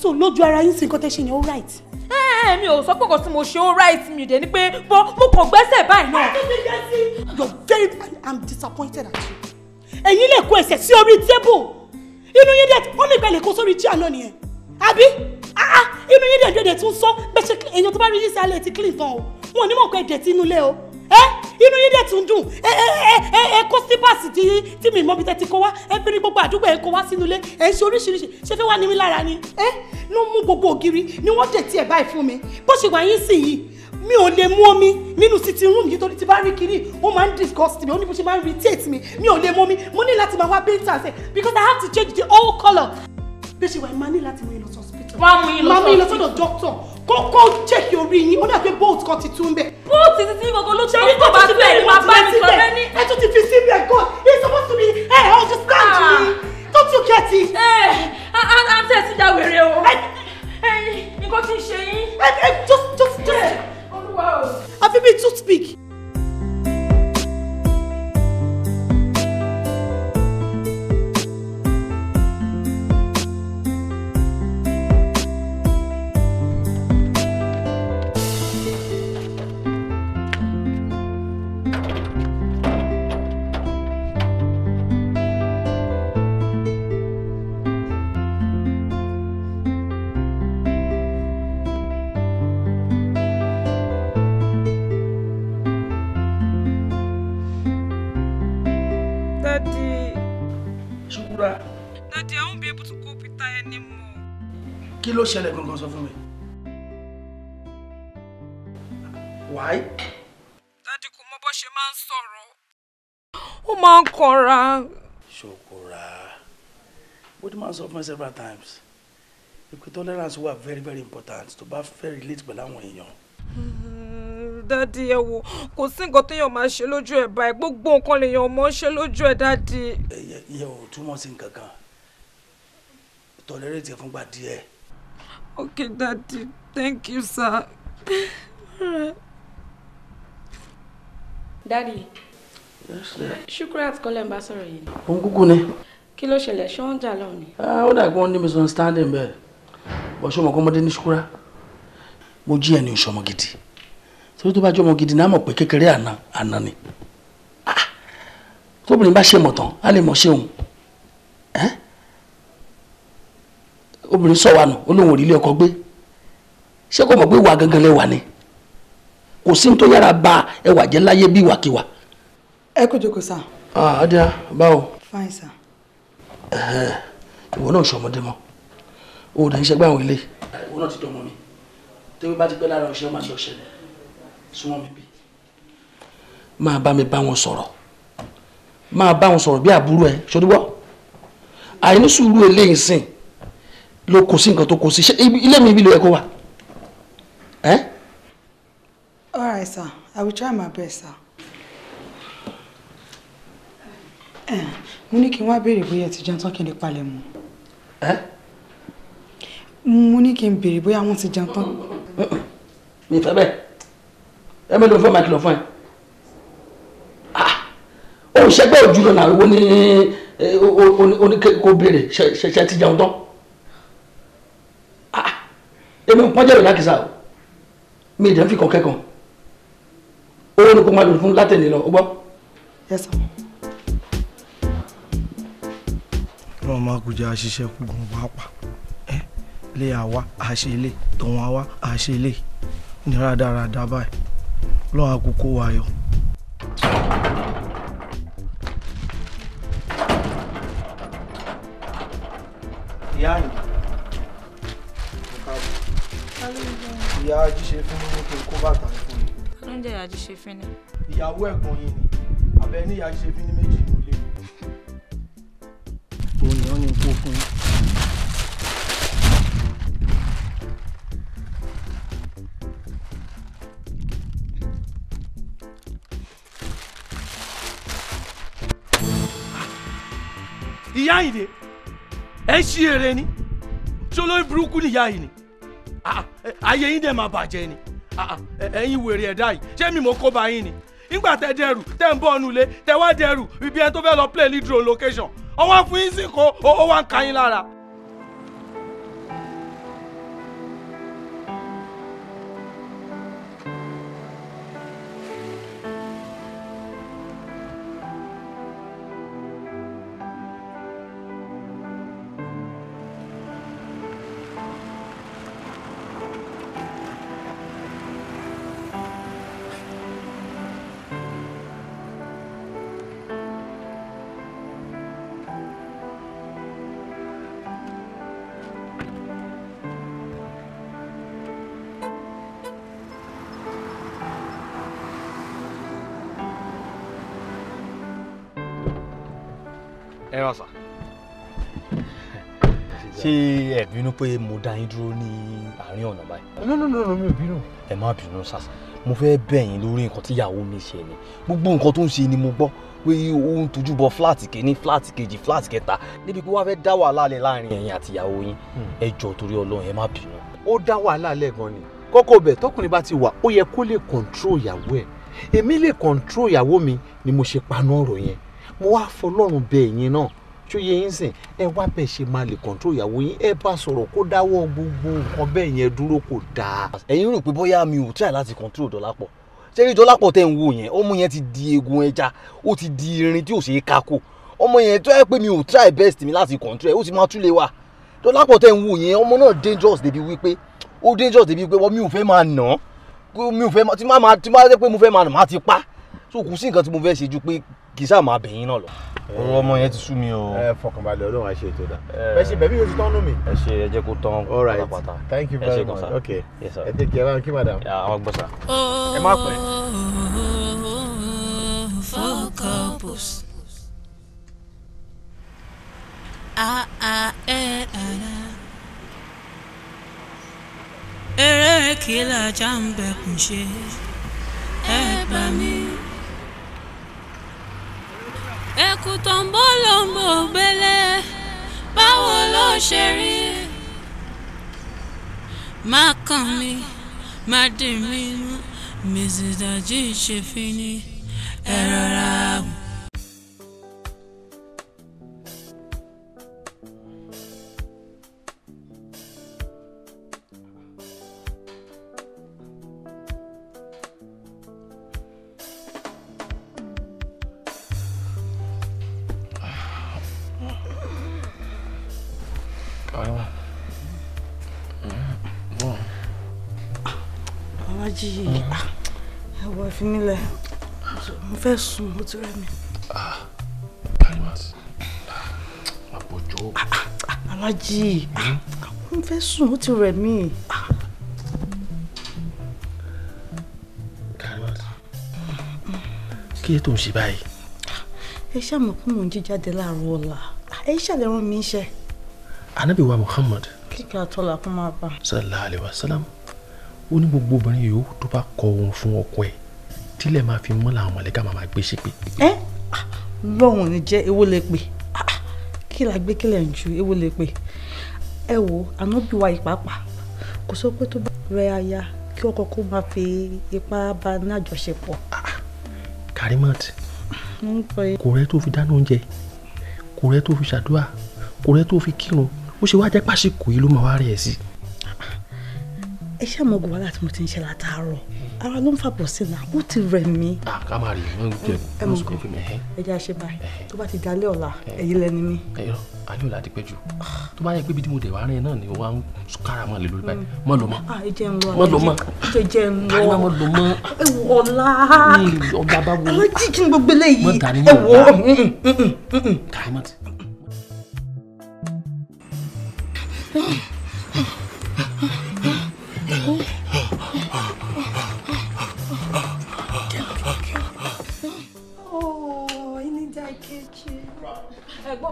so lójú ara yín sí nǹkan right Eh, mi ò sọ pé nǹkan tí mo ṣe ó right mi dẹ̀ ni pé mo kò gbẹ́sẹ̀ báyìí náà. you are very i'm disappointed at you. ẹ̀yin lè kó ẹsẹ̀ sí orí tébù inú yín dẹ̀ wọ́n mi gbẹ̀lẹ̀ kó sórí chair náà nìyẹn àbí ah, ah, inú yín dẹ̀ dẹ̀ tún sọ bẹ́ẹ̀ ṣe èèyàn tó bá rí yín sí alẹ́ ti clean tán o wọn ò ní mọ̀ pé ẹ̀dẹ̀ tí inú lé o ẹ eh, inú yín dẹ̀ tún dùn ẹ ẹ ẹ ẹ kó sípàsì tí tí mi mọ́bi tẹ́tí kó wá ẹ fi ní gbogbo àdúgbò ẹ kó wá sínú ilé ẹ eh, ṣe oríṣiríṣi ṣé fẹ́ wá ní mi lára ni ẹ eh, ló mú gbogbo ògiri ni wọ́n dẹ̀ tiẹ̀ báyìí fún mi bó ṣe wà yín sì yìí mi ò lè mú omi nínú sitting room yìí torí ti bá rí kiri ó máa ń disgust mi ó ní bó ṣe máa ń irritate mi mi ò lè mú omi mo ní láti máa wá painter sẹ because i have to change the whole colour bí ṣe wà ní láti mú yín lọ sí hospital mú yín lọ doctor kókó jẹ́ kí orí yín ó dàgbé bolt kan ti tún bẹ̀. bolt ti ti gbogbo ló tún kó bá bẹ́ẹ̀ ni màá bá mi sọ bẹ́ẹ̀ ni. ẹ tún ti fi síbi ẹ̀ god it's supposed to be ẹ eh, ẹ understand me ah. don't you get it. Eh, ẹ ẹ à eh. ń tẹ̀sí ìjà wèrè o nǹkan ti ṣe yín. ẹ ẹ just just just. olúwa o. àfi bíi toothpick. kí ló ṣẹlẹ̀ gangan sọ fún mi. why. dádì kò mọ bó ṣe máa ń sọ̀rọ̀ ó máa ń kanra. ṣokora bó ti máa ń sọ fún mi several times ìpè tolerance wà very very important tó bá fẹ́ relate pẹ̀lú àwọn èèyàn hmm, dádì ẹ wò kò sí nǹkan téèyàn máa ṣe lójú ẹ báyìí gbogbo nǹkan lèèyàn mọ ṣe lójú ẹ dádì. ẹ yẹ ò túmọ̀ sí nǹkan kan tọ́lẹ́rẹ́tì ẹ fúngbà díẹ̀ Okay, Daddy. Thank you, sir. Daddy. Yes, sir. Shukrat kọ́lẹ̀ ń bá sọ̀rọ̀ yìí. Òun kúkú ni. Kí ló ṣẹlẹ̀? Ṣé wọ́n ń jà lọ́wọ́ ni? Ó dàgbé wọn ní misunderstanding bẹ́ẹ̀. Bọ̀ ṣé ọmọ kọ́mọdé ní Shukura? Mo jí ẹni ìṣọmọ gidi. Ṣé tó bá jẹ́ ni? Ah! Tóbìnrin bá ṣe mọ̀ tán, obìnrin sọ wa nù olóhùn òrìlé ọkọ gbé ṣé kò mọ̀ pé ìwà gangan lẹ́wà ni kò sí tó yára ba ẹwà jẹ́ láyé bí ìwàkiwà. ẹ kò jókòó sá. àdìyà báwo. fine sá. ìwọ náà ṣọmọdé mọ o ò dẹ̀ ń ṣe gbáwọn ilé. ìwọ náà ti dán ọmọ mi tẹ́wé bá ti pẹ́ lára ọ̀ṣẹ́ máa lọ ṣẹlẹ̀ súnmọ́ mi bí. máa bá mi bá wọn sọ̀rọ̀ máa bá wọn sọ̀rọ̀ bí àbúrò ẹ ṣòdúbọ̀ àìní sùúrù eléyìí sìn ló kó sí nǹkan tó kó sí ṣé ilé mi ibi ló yẹ kó wà. all right sir i will try my best sir. mo ní kí n wá béèrè bóyá ti jẹun tán kí n lè palẹ̀ mọ́. mo ní kí n béèrè bóyá wọ́n ti jẹun tán. mi fẹ́ bẹ́ẹ̀ ẹ mẹ́lẹ́ o fẹ́ máa kìlọ̀ fún ẹ. òun ṣẹgbẹ́ òjú lọ làwọn oní oní kò béèrè ti jẹun èmi ń pọ́njẹ́rò lákìsà o mi ìdẹ́ fi kọ̀ọ̀kẹ́ kan owó ni kò máa lò fún látẹ̀lé lọ ó gbọ́. Yes sir. ọlọ́run máa kú jẹ́ àṣìṣe kúgun wá pa ẹ́ lé àwa àṣẹlé tọ̀hún àwa àṣẹlé ní rádaràda báyìí ọlọ́run àkókò wa yọ. ìyá mi. ìyá ajíṣefín ní kí n kó bàtà ní fún mi. ló ń jẹ́ ìyá ajíṣefín ni. ìyàwó ẹ̀gbọ́n yìí ni àbẹ̀ ní ìyá ajíṣefín ní méjì ní ilé. ònìyàn ni kó fún yín. ìyá yìí ni ẹ ń ṣí eré ni ṣó lórí burúkú ni ìyá yìí ni Ah, ayé yín dẹ̀ máa bàjẹ́ ni ah, ah, ẹ̀yin wèrè ẹ̀dá yìí ṣé mi mo kó ba yín ni nígbà tẹ dẹrù tẹ ń bọ̀ ọ́nù ilé tẹ wá dẹrù ibi ẹni tó fẹ́ lọ play lead role location ọwọ́ fún yín sì kó ó wá ń ka yín lára. ẹ má sà. ṣé ẹ bínú pé mo dá yín dúró ní àárín ọ̀nà báyìí. no no no mi ò bínú. ẹ má bínú sàṣà mo fẹ́ bẹ̀ yín lórí nǹkan tíyàwó mi ṣe ni gbogbo nǹkan tó ń ṣe ni mo gbọ́ pé ó ń tojú bọ fúláàtì kìíní fúláàtì kejì fúláàtì kẹta níbi pé wọ́n fẹ́ dá wàhálà lẹ̀ láàrin ẹ̀yin àti ìyàwó yín hmm. ẹ jọ̀ọ́ torí ọlọ́run ẹ má bínú. ó dá wàhálà lẹ̀ gan ni kókó bẹ̀ tọkùnrin bá ti wà ó yẹ kó lè kọ̀ǹtró ìyàwó ẹ̀ èmi lè kọ̀ǹtró ìyàwó mi ni mo ṣe paná ọ̀rọ̀ yẹn mo wá fọlọ́run bẹ ẹ̀yin náà tí ó yẹ yín sìn ẹ wá bẹ̀ ṣe máa lè control ìyàwó yín ẹ bá sọ̀rọ̀ kó dáwọ́ gbogbo nǹkan bẹ́ẹ̀ yẹn dúró kò dáa. ẹ̀yin rò pé bóyá mi ò try láti control Dọ́lápọ̀ ṣé rí Dọ́lápọ̀ tẹ̀ ń wò yẹn ọmọ yẹn ti di eegun ẹja ó ti di irin tí ò ṣeé kákò ọmọ yẹn tó yẹ pé mi ò try best mi láti control ẹ ó sì máa túlẹ̀ wá Dọ́lápọ̀ tẹ̀ ń wò yẹn ọmọ náà dangerous débi wípé ó dangerous débi wípé mi ò fẹ́ máa nà án mi ò fẹ́ máa tí máa tí máa jẹ́ pé mo fẹ́ máa nà má ti pa so kò sí nǹkan tí mo fẹ́ ṣe ju pé kì í sáà máa bẹ̀yìn náà lọ. ọ̀rọ̀ ọmọ yẹn ti sú mi o. ẹ fọkànbalẹ̀ ọlọ́run àṣẹ ètò dà. ẹ ṣe bẹ̀bí yóò ti tán nù ẹ ṣe ẹ kó tán pátápátá. thank you very much okay ẹ tẹ kí ẹ bá kí madam. àwọn gbọ́ sà. ẹ má pẹ́. eré kìlà já ń bẹ̀kùn ṣe ẹ gbà mí ẹkú tó ń bọ́ ló ń bò gbélé báwo ló ṣe rí má kàn mí má dì mí mú mrs dajì ṣe fi ní ẹ rọra wò. méjì yìí ẹ̀wọ̀ ah, ìfimilẹ̀ ah, mo fẹ́ sùn mo ti rẹ̀ mi. Ah, alájí hmm? mo fẹ́ sùn mo ti rẹ̀ mi. kí ló tó ń ṣe báyìí. ẹ ṣàmọ̀ pé mò ń jí jáde láàárọ̀ ọ̀la ẹ ṣàlẹ̀ rán mi iṣẹ́. ànábì Muhammad. kíkà tọ́lá kó máa bá. sallallahu alayhi wa sallam ó ní gbogbo obìnrin yòówù tó bá kọ ohun fún ọkọ ẹ̀ tílẹ̀ máa fi mọ́ làwọn mọ̀lẹ́kà máa gbé ṣépè. ẹ lọ́wọ́n ah, ni jẹ́ èwo lè pè ah, ah, kí la gbé kílẹ̀ ń ju èwo lè pè ẹ wo ànábì wa ìpàpà kò sọ pé tó bá rẹ aya kí ọkọ kó máa fi ipá bá ní àjọṣepọ̀. Karimat kò rẹ tó fi dáná oúnjẹ kò rẹ tó fi ṣàdúrà kò rẹ tó fi kírun ó ṣe wá jẹ́ pàṣípò yìí ló máa wá rẹ̀ sí i ẹ ṣáà mọ gbogbo wàhálà tí mo ti ń ṣe látàárọ̀ ara ló ń fàbọ̀ sí náà ó ti rẹ̀ mí. Ah, ká máa rí wọn jẹ wọn sọ fún mi. ẹ jẹ́ àṣẹ báyìí tó bá ti dalẹ́ ọ̀la ẹ̀yìn lẹ́ni mi. ẹyọ alẹ́ ọ̀la ti pẹ́ jù tó bá yẹ pé ibi tí mo dẹ̀ wá rẹ̀ náà ni wà ń kára mọ́ lè lórí báyìí mm. mọ́ lọ mọ́ mọ́ lọ mọ́ jẹjẹ ń lọ mọ́ lọ mọ́. ẹ wọ ọ̀la ọ̀la bá wọ mm, mm, kárí Oh, Ẹ̀gbọ́n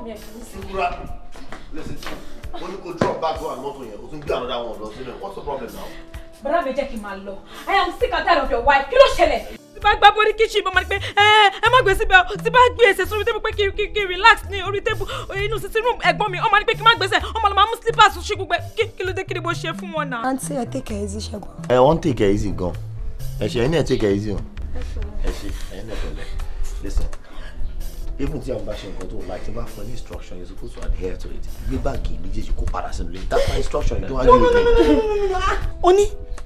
mi ẹ̀sìn ń sìn. Wúra, listen to me. Wọ́n ní kò drop back one mọ́tò yẹn, o tún get another one What's the problem now? But I'm a kí n I am sick and tired of your wife. Kí ló ṣẹlẹ̀? tí bá gbá bórí kíchìn mo máa ní pé ẹ má gbé síbẹ̀ o tí bá gbé ẹsẹ̀ sórí tébù pé kí kí relax ní orí tébù inú sisi room ẹ̀gbọ́n mi ó máa pé kí má gbèsè ó máa mú slippers ṣí gbogbo kí kí ló dé kí ni mo ṣe fún wọn náà. àǹtí ẹ take it easy ṣẹ́gun. ẹ wọ́n take it easy gan ẹ̀ṣẹ̀ ẹ̀yin náà take it easy o listen even tí a bá ṣe nǹkan tó like tí a bá fún instruction you suppose to adhere to it gbé báàgì méjèèjì kó padà sínú lẹ́yìn that's my instruction you don't argue with me. oni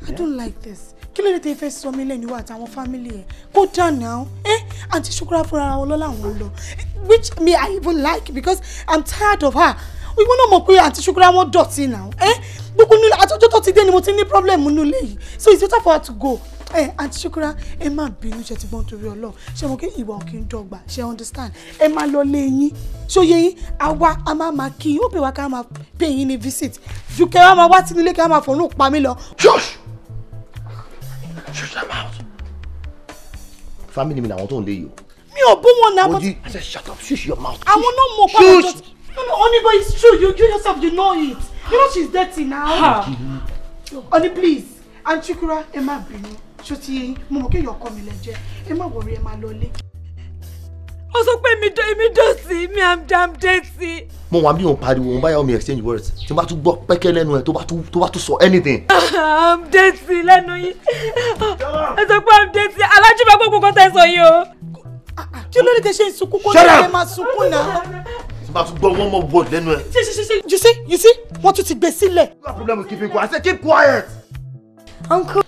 i don't like this kí ló dé tẹ́ fẹ́ sọ mí lẹ́nu wa àtàwọn fámìlì ẹ̀ kó dànù àwọn ẹ́ àǹtí ṣúkúrà fúnra wọn lọ́la àwọn lọ which me I even like because I'm tired of her ìwọ náà mọ̀ pé àǹtí ṣúkúrà wọn dọ̀tí náà ẹ́ eh, gbogbo nílò àtọ́jọ́ tó ti dé ni mo ti ní problem nínú ilé yìí so it's better for her to go ẹ eh, àti ṣukura ẹ má bínú ṣe ti gbọ́n torí ọlọ́run ṣe mo kí ìwà òkè ń dọ́gba ṣe understand ẹ má lọ lé yín ṣóyè yín àwa a má máa kí yín ó bẹ̀ wá ká máa pè yín ní visit ju kẹ́ wá máa wá sínú ilé kẹ́ wá máa fọ̀nù pa mí lọ. shush Shut your mouth. Family me na tó ń lé yìí o. Mi ò bú wọn náà. I said shut up shut your mouth. Àwọn náà mọ̀ pàtó. Shut. No no honey boy, it's true you you yourself you know it. You know she's dirty now. Honey please Antikura ẹ má bínú. Ṣé ti yẹ yín? Mo mọ̀ kí èèyàn mi lẹ́jẹ̀. Ẹ má wọrí ẹ má lọ lé ó sọ pé èmi dọ́ èmi dọ́ sí mi am dam dẹ́sí. mo wà bí òun pariwo òun báyà omi exchange words tí n bá tún gbọ́ pẹ́kẹ́ lẹ́nu ẹ̀ tó bá tún tó bá tún sọ anything. am dẹ́sí lẹ́nu yìí ẹ sọ pé am dẹ́sí alájú bá gbogbo kan tẹ̀ sọ yìí o. kí ló tẹ ṣe ìsunkún kó lè máa sunkún náà. tí n bá tún gbọ́ one more word lẹ́nu ẹ̀. ṣe ṣe you see you see wọ́n tún ti gbé sílẹ̀. you problem with keeping quiet I say keep quiet. uncle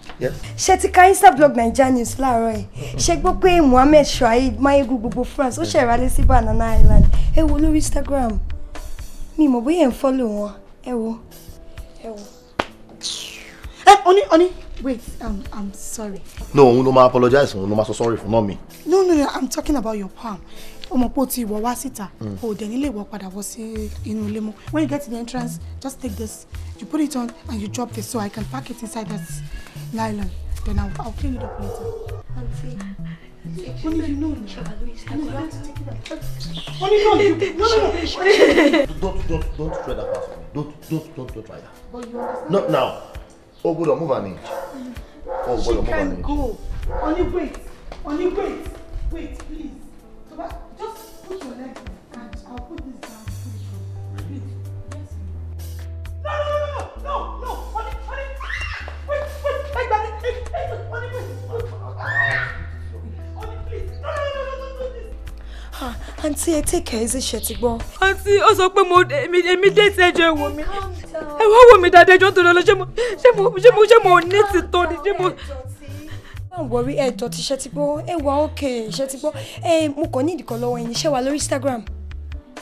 ṣe ti ka instablog naija news láàárọ̀ ẹ̀ ṣe gbọ́ pé Mohammed Shuaib mayegun gbogbo France ó ṣẹ̀rọ alẹ́ sí Banana Island ẹ wo lórí Instagram mi mọ̀ bóyá ẹ̀ ń fọ́lò wọn ẹ wo ẹ wo. ẹ oní oní wait um, i'm sorry. no òun ló máa apologize òun ló máa sọ sorry fún náà mi. no no no i'm talking about your palm ọmọ pé o ti wọ̀ wá síta mm. o dẹ̀ nílé ìwọ padà wọ sí inú ilé mọ́ when you get to the entrance just take this you put it on and you drop this so i can pack it inside that Nylon. Then I'll, I'll clean it up later. Auntie. What if you know? What if you know? No, no, no. Don't, don't, don't try that past me. Don't, don't, don't, don't try that. But you understand? Not now. Oh, good, move an inch. Oh, good, move an inch. She can go. On wait. On wait. Wait, please. just put your leg and I'll put this down. Really? Yes. No, no, no, no, no, no. honey, honey, Wait, wait, wait àǹtí ẹ tèkẹ́ ẹ sì ṣe ti gbọ́n. àǹtí ó sọ pé mo èmi dé ti ẹjọ́ ẹ̀wọ̀ mi ẹ̀wọ̀ wò mí dáadáa ẹjọ́ torí ọlọ́ṣẹ́ mo ṣé mo ṣé mo ṣé mo ní ti tọ́ ni ṣé mo. don't worry ẹ̀jọ̀ ti ṣe ti gbọ́ ẹ̀wà okay ṣe ti gbọ́ mo kàn ní ìdíkọ̀ lọ́wọ́ yín ṣé wà lórí Instagram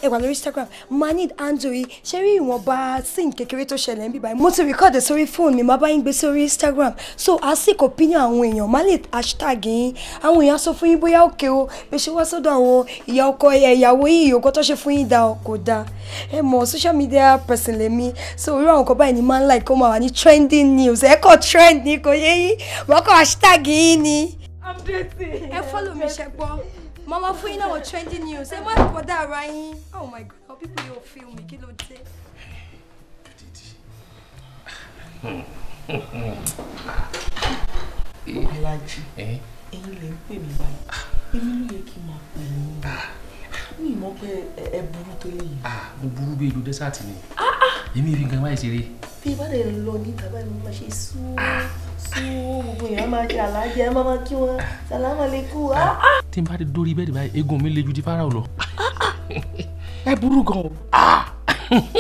ẹ lórí instagram máa need handle yìí ṣé rí ìwọ̀nba sin kékeré tó ṣẹlẹ̀ níbí báyìí mo ti record sórí fóònù mi máa bá yín gbé sórí instagram so asik opinion àwọn èèyàn máa lè hashtag yín àwọn èèyàn sọ fún yín bóyá òkè o bẹ ṣe wá sọ́dọ̀ àwọn ìyá ọkọ ìyàwó yìí ìyókò tó ṣe fún yín da kò da ẹ mọ̀ social media person lèmi so irú àwọn kan báyìí ni máa ń like kó máa wà ní trending news ẹ kọ trend ni kò yẹ yín mọ́kàn hashtag yín ni. i'm dating. ẹ follow mi ṣe mama fún yín náà wọ news ẹ má bọ́dá ara yín oh my god how people yóò feel me kí ló dé. Ìlàjì ẹ̀yin lè ń pè mí báyìí èmi ló yẹ kí n máa pè yín mi mọ̀ pé ẹ burú tó lè yìí. ah mo burú bí ejò dẹ́sàtì ni ah, ah. èmi ìfi nǹkan báyìí ṣeré. bí ẹ bá dẹ̀ lọ níta báyìí mo máa ṣe sùúrù ah. sùúrù gbogbo èèyàn máa ṣe àlàájẹ máa máa kí wọn sàlámà lè kú. tí n bá ti dórí bẹ́ẹ̀ báyìí eegun mi le ju ti fáráò lọ ẹ burú gan o.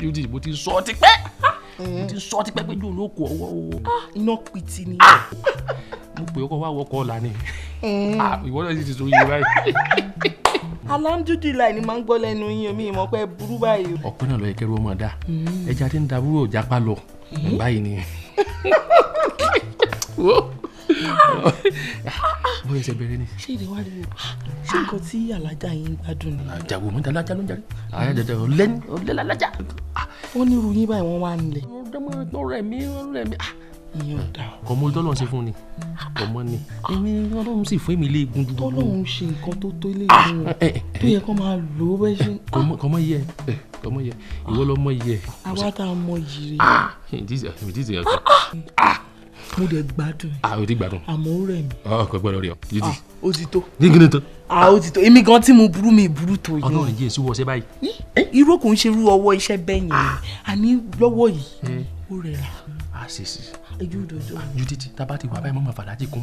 yóò mo ti sọ ọ ti pẹ́ mo ti sọ ọ ti pẹ́ pé jòló kò ọwọ́ o. iná pìtì ni mo pè ọkọ wa wọkọ ọ̀la ni eh. ìwọ náà sì ti sọ iye báyìí. alhamdulilayi ni máa ń gbọ́ lẹ́nu yín mi ìmọ̀ pé burú báyìí. ọ̀pẹ náà lọ yẹ kẹrù ọmọ dá mm. ẹja tí ń da búrò jápá lọ mm-hmm. báyìí ni ah. bóyá ẹsẹ bẹ̀rẹ̀ ni. ṣé èdè wa rí o ṣé nǹkan tí alájà yín gbádùn ni. àjàwò mọ alájà ló ń jàre àyà dẹdẹ ọlẹ́ni ọlẹ́ni alájà. wọ́n ní irú yín báyìí wọ́n wá nílẹ̀. ọ̀rẹ́ mi ọ̀rẹ́ mi ah ọmọ ojú ọlọ́run ṣe fún ni ọmọ ni èmi ọlọ́run sì fún èmi ilé egun dúdú. ọlọ́run ṣe nǹkan tó tó ilé egun eh, eh, eh. tó yẹ kó máa lò ó bẹ́ẹ̀ ṣe. kọ́mọ yẹ kọ́mọ yẹ ìwọ lọ́mọ yẹ. àwa tá a mọ yìí rẹ. Ah, ah. mo dẹ̀ gbádùn. a ah, ò ti gbádùn. àmọ́ ó rẹ̀ mí. ọ kò gbọ́dọ̀ rí ọ jíjí. ó ti tó. ní kíni tán. a ó ti tó èmi gan tí mo burú mi burú tó yẹ. ọlọ́run yìí èso wọ ṣẹ́ báyìí. irú kò ń ṣerú ọwọ́ iṣẹ́ bẹ́ẹ̀ yẹn àní lọ́wọ́ yìí ó rẹ̀ rà ojú dodo. Ah, ju títí tábà ti wà báyìí mọ́mọ́ fàdájì kún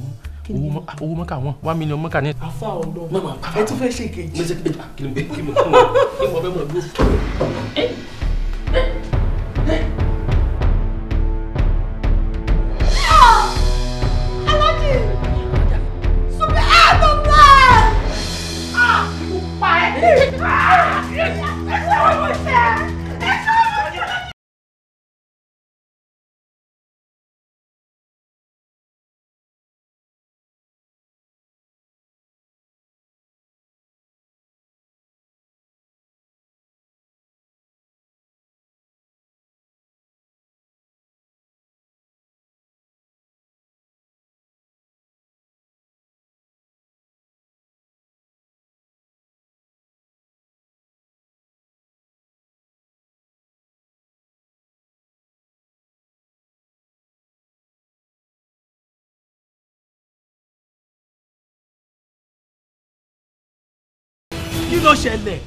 mọ́ ah, owó mọ́kà wọn one million mọ́kà ní. afa ọdọ mama ẹ tún fẹ́ ṣe kejì. mo ṣe ah, kí ni kí ni kí ni mo fẹ́ mọ̀ lófin. kí ló ṣẹlẹ̀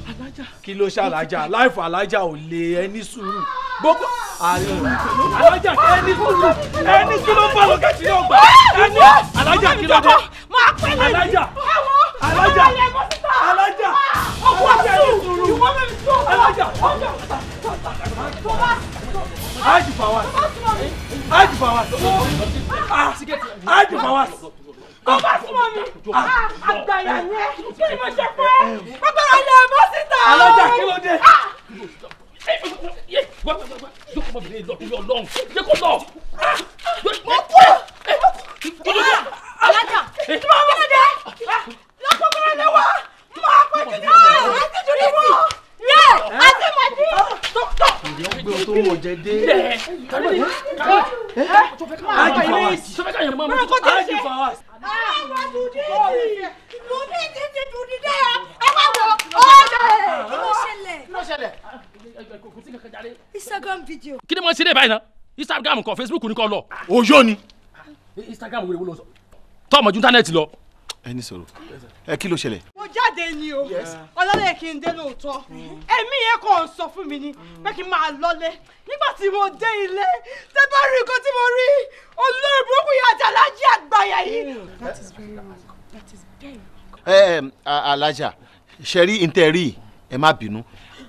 kí ló ṣàlàjà láìfọ àlàjà ò lè ẹni sùúrù gbogbo àlọ àlàjà ẹni sùúrù ẹni sùúrù ń bọ̀ lókè tí yóò gbà ẹni àlàjà kí ló dé àlàjà àlàjà àlàjà àlàjà ẹni sùúrù àlàjà àjùfàwà àjùfàwà àjùfàwà kó bá súnmọ́ mi ah, àgbàyà yẹn kí ni mo ṣe fẹ́ agbára lè bọ́ síta. alájà kí ló dé. Ah! wá wá wá jókòó mọ́bìnrin lọ ilé ọlọ́run jẹ́ kó lọ. Ah! mo kú alájà tí mo bá dé lọ́kọ̀ọ́kọ́rọ́ ni wá máa pẹ́ jù ní àtijọ́ ni wọ́n yẹ àti màdí. ìyá ń gbé o tó wọ̀ jẹ dé. báyìí náà instagram kan facebook ní kan lọ òjò ni instagram wèrè wo lọ sọ tọmọ ju íńtánẹ́ẹ̀tì lọ. ẹ ní sọ̀rọ̀ ẹ kí ló ṣẹlẹ̀. mo jáde ni o ọlọ́lẹ̀ kí n dé lóòótọ́ ẹ̀mí yẹn kàn sọ fún mi ni pé kí n máa lọ́lẹ̀ nígbà tí mo dé ilé tẹ́ bá rí nǹkan tí mo rí olórí burúkú yìí àti alájí àgbáyà yìí. that is very wrong that is very wrong. ẹ ẹ alájà ṣe rí ntẹ rí ẹ má bínú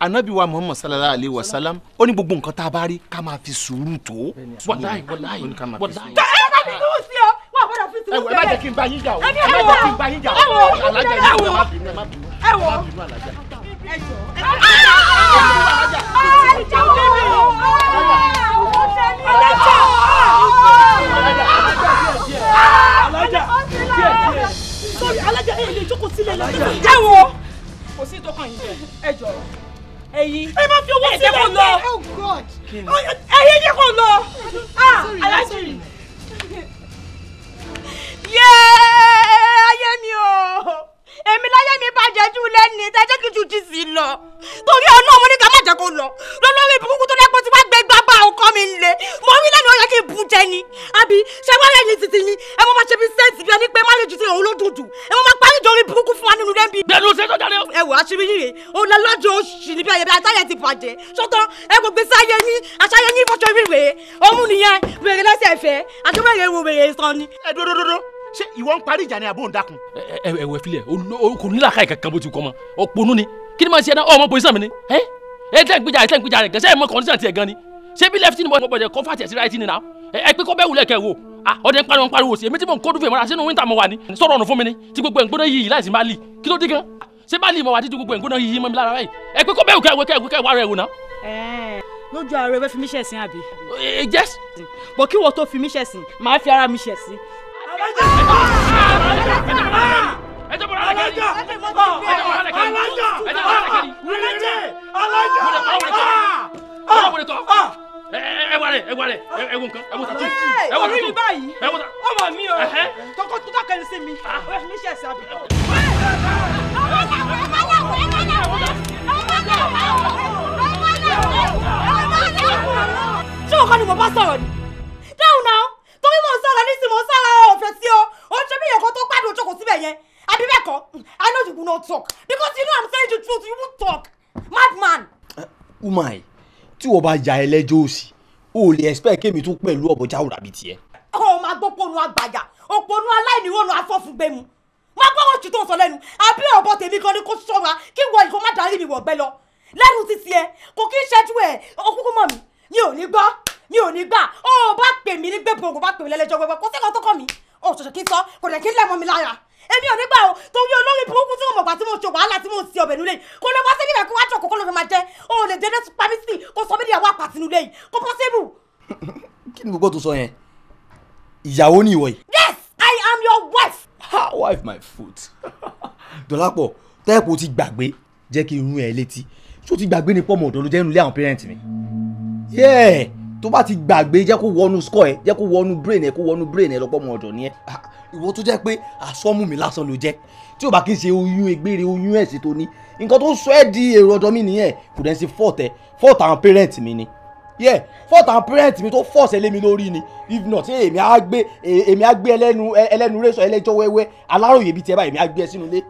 anabi wa muhammad sallallahu alayhi wa sallam ó ní gbogbo nǹkan tá a bá rí ká máa fi sùúrù tó. wàláyé wàláyé wàláyé. ẹ má fi sùúrù sí ọ wà á gbọ́dọ̀ fi sùúrù sí ọ. ẹ jẹ́ kí n bá yín jà o ẹ jẹ́ kí n bá yín jà o alájà yìí ẹ má bínú ẹ má bínú ẹ má bínú alájà. ẹ jọ ẹ má bínú alájà. alájà ẹ lè jókòó sílẹ̀ lọ́wọ́. ẹ wo kò sí ìtọ́kàn yìí jẹ ẹ jọ ẹ̀yin ẹ má fi owó sílẹ̀ oh, ẹ jẹ́ kó lọ ẹ̀yin jẹ́ kó lọ aláṣẹ yéé ayé mi o èmi láyé mi bàjẹ́ jù lẹ́ni tẹ́jẹ́ kí jùdí sí lọ torí ọ̀nà ọmọ ní ká má jẹ́ kó lọ lọ́lọ́rí burúkú tó lẹ́pọ̀ tí wàá gbé gbábà ọkọ mi lé mo rí lẹ́nu ọ̀yẹ́ kí n bu jẹ ni àbí ṣé wọ́n rẹ̀yìn títí yín ẹ mọ́ máa ṣe bí sẹ́ǹsì bí ẹni pé má lè jù sí òun ló dùn jù ẹ mọ́ máa parí ìjọ orí burúkú fún wa nínú lẹ́ńbí. bẹ́ẹ̀ni o ṣe tó jáde. ẹ wò aṣírí yìí o lẹ lọ́jọ́ oṣù níbi ayẹyẹ àtàyẹ ti bàjẹ́ sọ́tọ́ ẹ gbogbo sáyé yín àṣàyẹ yín fọ́jọ́ ìrìwé òun nìyẹn bèrè lẹ́sẹ̀ fẹ́ àti bèrè wo bèrè sọ ni. ẹ dúró dúró dúró ṣé ìwọ ń parí ìjà ni àbò ń dákun. ẹ ẹ ẹ wẹ filẹ kò ní làákàyè kankan bó ti kọ mọ ọpọnu ni kí ni máa ṣe ẹ náà ọmọ pòsíṣàn mi ni ẹ ẹ tẹ́ ń gbìjà ẹ tẹ́ ń gbìjà rẹ gẹ̀ẹ́sẹ̀ ẹ mọ kọ́ndíṣàn tiẹ̀ gan ni ṣé bí lẹ́fítì ni mo bọ̀dẹ̀ kọ́ fàtì ẹ̀sìn ráìtì ni náà ẹ pé kọ́ bẹ́ẹ̀ wulẹ̀ kẹ́ wo ọdẹ ń pariwo ń pariwo sí èmi tí mò ń kọ́ dúfẹ́ mọ́ra sínú wíńtà mo wà ní sọ̀rọ̀ ọ̀nà fún mi ni tí gbogbo ẹ̀ ń gbóná yìí láìsí máa lì kí ló dé gan ṣé bá lì mọ̀ wá títí gbogbo ẹ̀ ń gbóná yìí mọ́ mi lára báyìí ẹ pé kọ́ bẹ́ẹ̀ kẹ́wé kẹ́wé kẹ́wé ara ẹ̀ wò ná. lójú ààrẹ fẹ́ fi mí ṣẹ̀sín àbí. Eh, yes. bọ̀ kí wọ́n tó fi mí ṣẹ̀sín màá fi ara mi ṣẹ̀sín sọ̀rọ̀ ni dáhùn náà torí mò ń sọ̀rọ̀ nísìnyí mò ń sọ̀rọ̀ ọ̀fẹ́ sí o ó ṣe bí ìyẹ̀kọ́ tó gbádùn ojú kò síbẹ̀ yẹn àbí bẹ́ẹ̀ kọ́ I know you will not talk because you know I'm saying the truth you won't talk madman. Eh, umar tí wọ́n bá ya ẹlẹ́jọ́ òsì o ò lè expect kémi tún pẹ̀lú ọ̀bọ̀já òrà bíi tiẹ̀. ọ̀hún máa gbọ́ pọnú àgbàjà òpònú aláìníwònú afọ́fúngbẹ́mu máa gbọ́ wọn tuntun sọ lẹ́nu àbí ọ̀bọ tèmi kan ni kò ṣọ́ra kí wọ́n ìkọ́ má darí mi wọ̀ gbẹ́ lọ lẹ́nu títí ẹ kò kí ń ṣẹ́jú ẹ̀ ọkùnkùn mọ̀ mi mi ò ní gbọ́ mi ò ní gbà ó bá pè mí ní gbẹ̀bùn ògùn bá pè mí lẹ́lẹ́jọ́ gbẹ̀bùn kó sẹ́kọ̀ọ́ tó kàn mí ó ṣọ̀ṣọ̀ kí n sọ kò dẹ̀ kí n lẹ̀ mọ́ mi lára èmi ò ní gbà o torí olórí burúkú tí mo mọ̀ gbà tí mo ṣe wàhálà tí mo ṣe ọbẹ̀ nulẹ̀ yìí kò lè wá sí níbẹ̀ kó wá jọ kókó lórí máa jẹ́ o lè dédé tún pa mí sí kó sọ mí níyàwó àpàtì nulẹ̀ yìí kó pọ́sibú. kí ni gbogbo tó sọ yẹn ìyàwó ni ìwọ yìí. yes i am your wife. ha wife my foot. dọ́lápọ̀ tẹ́ẹ̀kù ti gbàgbé jẹ́ kí n rún ẹ létí ṣó ti gbàgbé ni pọ́ọ̀mù ọ̀dọ́ ló jẹ́ nulẹ̀ àwọn pẹ́rẹ́ǹtì mi yeah tó bá ti gbàgbé jẹ́ kó wọnú score ẹ jẹ́ kó wọnú brain ẹ kó wọnú brain ẹ lọ́pọ̀ ọmọ ọ̀dọ̀ ni ẹ ah, ìwọ tó jẹ́ pé àsọ́mù mi lásán ló jẹ́ tí o bá kí n ṣe oyún egbére oyún ẹ̀sìn tó ní nǹkan tó sọ ẹ́ di èrò ọ̀dọ̀ mi nìyẹn kò dẹ́n sí fault ẹ fault àwọn parent mi ni yeah fault àwọn parent mi tó force ẹlẹ́mi lórí ni if not èmi á gbé èmi á gbé ẹlẹ́nu ẹlẹ́nu rẹ́sọ ẹlẹ́jọ́ wẹ́wẹ́ aláròyè bíi tiẹ̀ báyìí èmi á gbé ẹ sínú ilé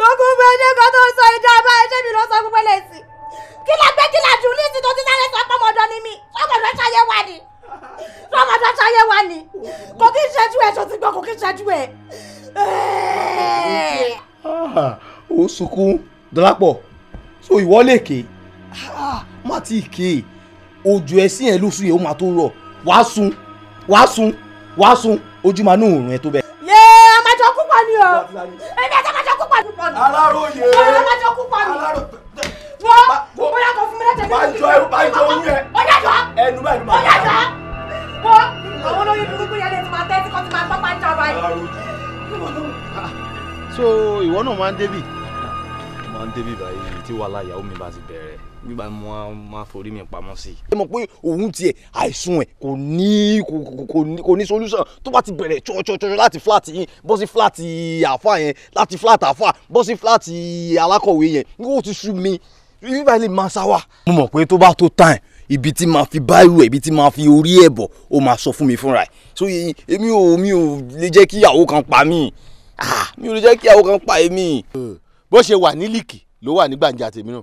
tó kún fún ẹni kan tó ń sọ ìjọba ẹṣẹ́ mi ló sọ gbogbo lè sí kí la gbé kí la jù ní ìsìn tó ti sáré sọ pọ́mọdọ́ ni mi pọ́mọdọ́ ṣayé wa ni pọ́mọdọ́ ṣayé wa ni kò kí ń ṣẹ́jú ẹ̀ ṣó ti gbọ́ kò kí ń ṣẹ́jú ẹ̀. Ah, ó sunkún dọ́lápọ̀ so ìwọ lè ké ah, má ti ké ojú ẹsìn ẹ lóṣù yẹn ó máa tó rọ wàá sun wàá sun wàá sun ojú ma ní ẹ tó bẹ jọ kú pọ̀ ni o èmi àti ọkọ̀ jọ kú pọ̀ ni. aláròye aláròye wo bóyá kò fún mi lẹ́tẹ̀ẹ́ bá jọ ẹrú bá jọ oyún ẹ ọ̀dàjọ́ ẹnu bá ẹnu bá ọ̀dàjọ́ wo àwọn olórí burúkú yẹn lè ti máa tẹ́tí kan ti máa pápá ń jà báyìí. so ìwọ náà máa ń débì máa ń débì báyìí tí wàhálà ìyàwó mi bá ti bẹ̀rẹ̀ bíbá mo máa forí mi pamọ́ sí. ẹ mọ̀ pé òun tiẹ̀ àìsùn ẹ̀ kò ní kò ní solution tó bá ti bẹ̀rẹ̀ tsọ́tsọ́tsọ́ láti fúláàtì yín bọ́ sí fúláàtì àfà yẹn láti fúláàtì àfà bọ́ sí fúláàtì alákọ̀wé yẹn ní kò ti sú mi bíbá ilé máa sá wa. mo mọ̀ pé tó bá tó tán ẹ̀ ibi tí máa fi báyìí ibi tí máa fi orí ẹ̀ bọ̀ ó máa sọ fún mi fúnra ẹ̀ so èmi ò mi ò lè jẹ́ kí ìyàwó kan pa mí ah, mi ò lè jẹ́ kí ìyàwó kan pa èmi. bó ṣe wà ní líìkì ló wà ní gbàǹjà tèmi náà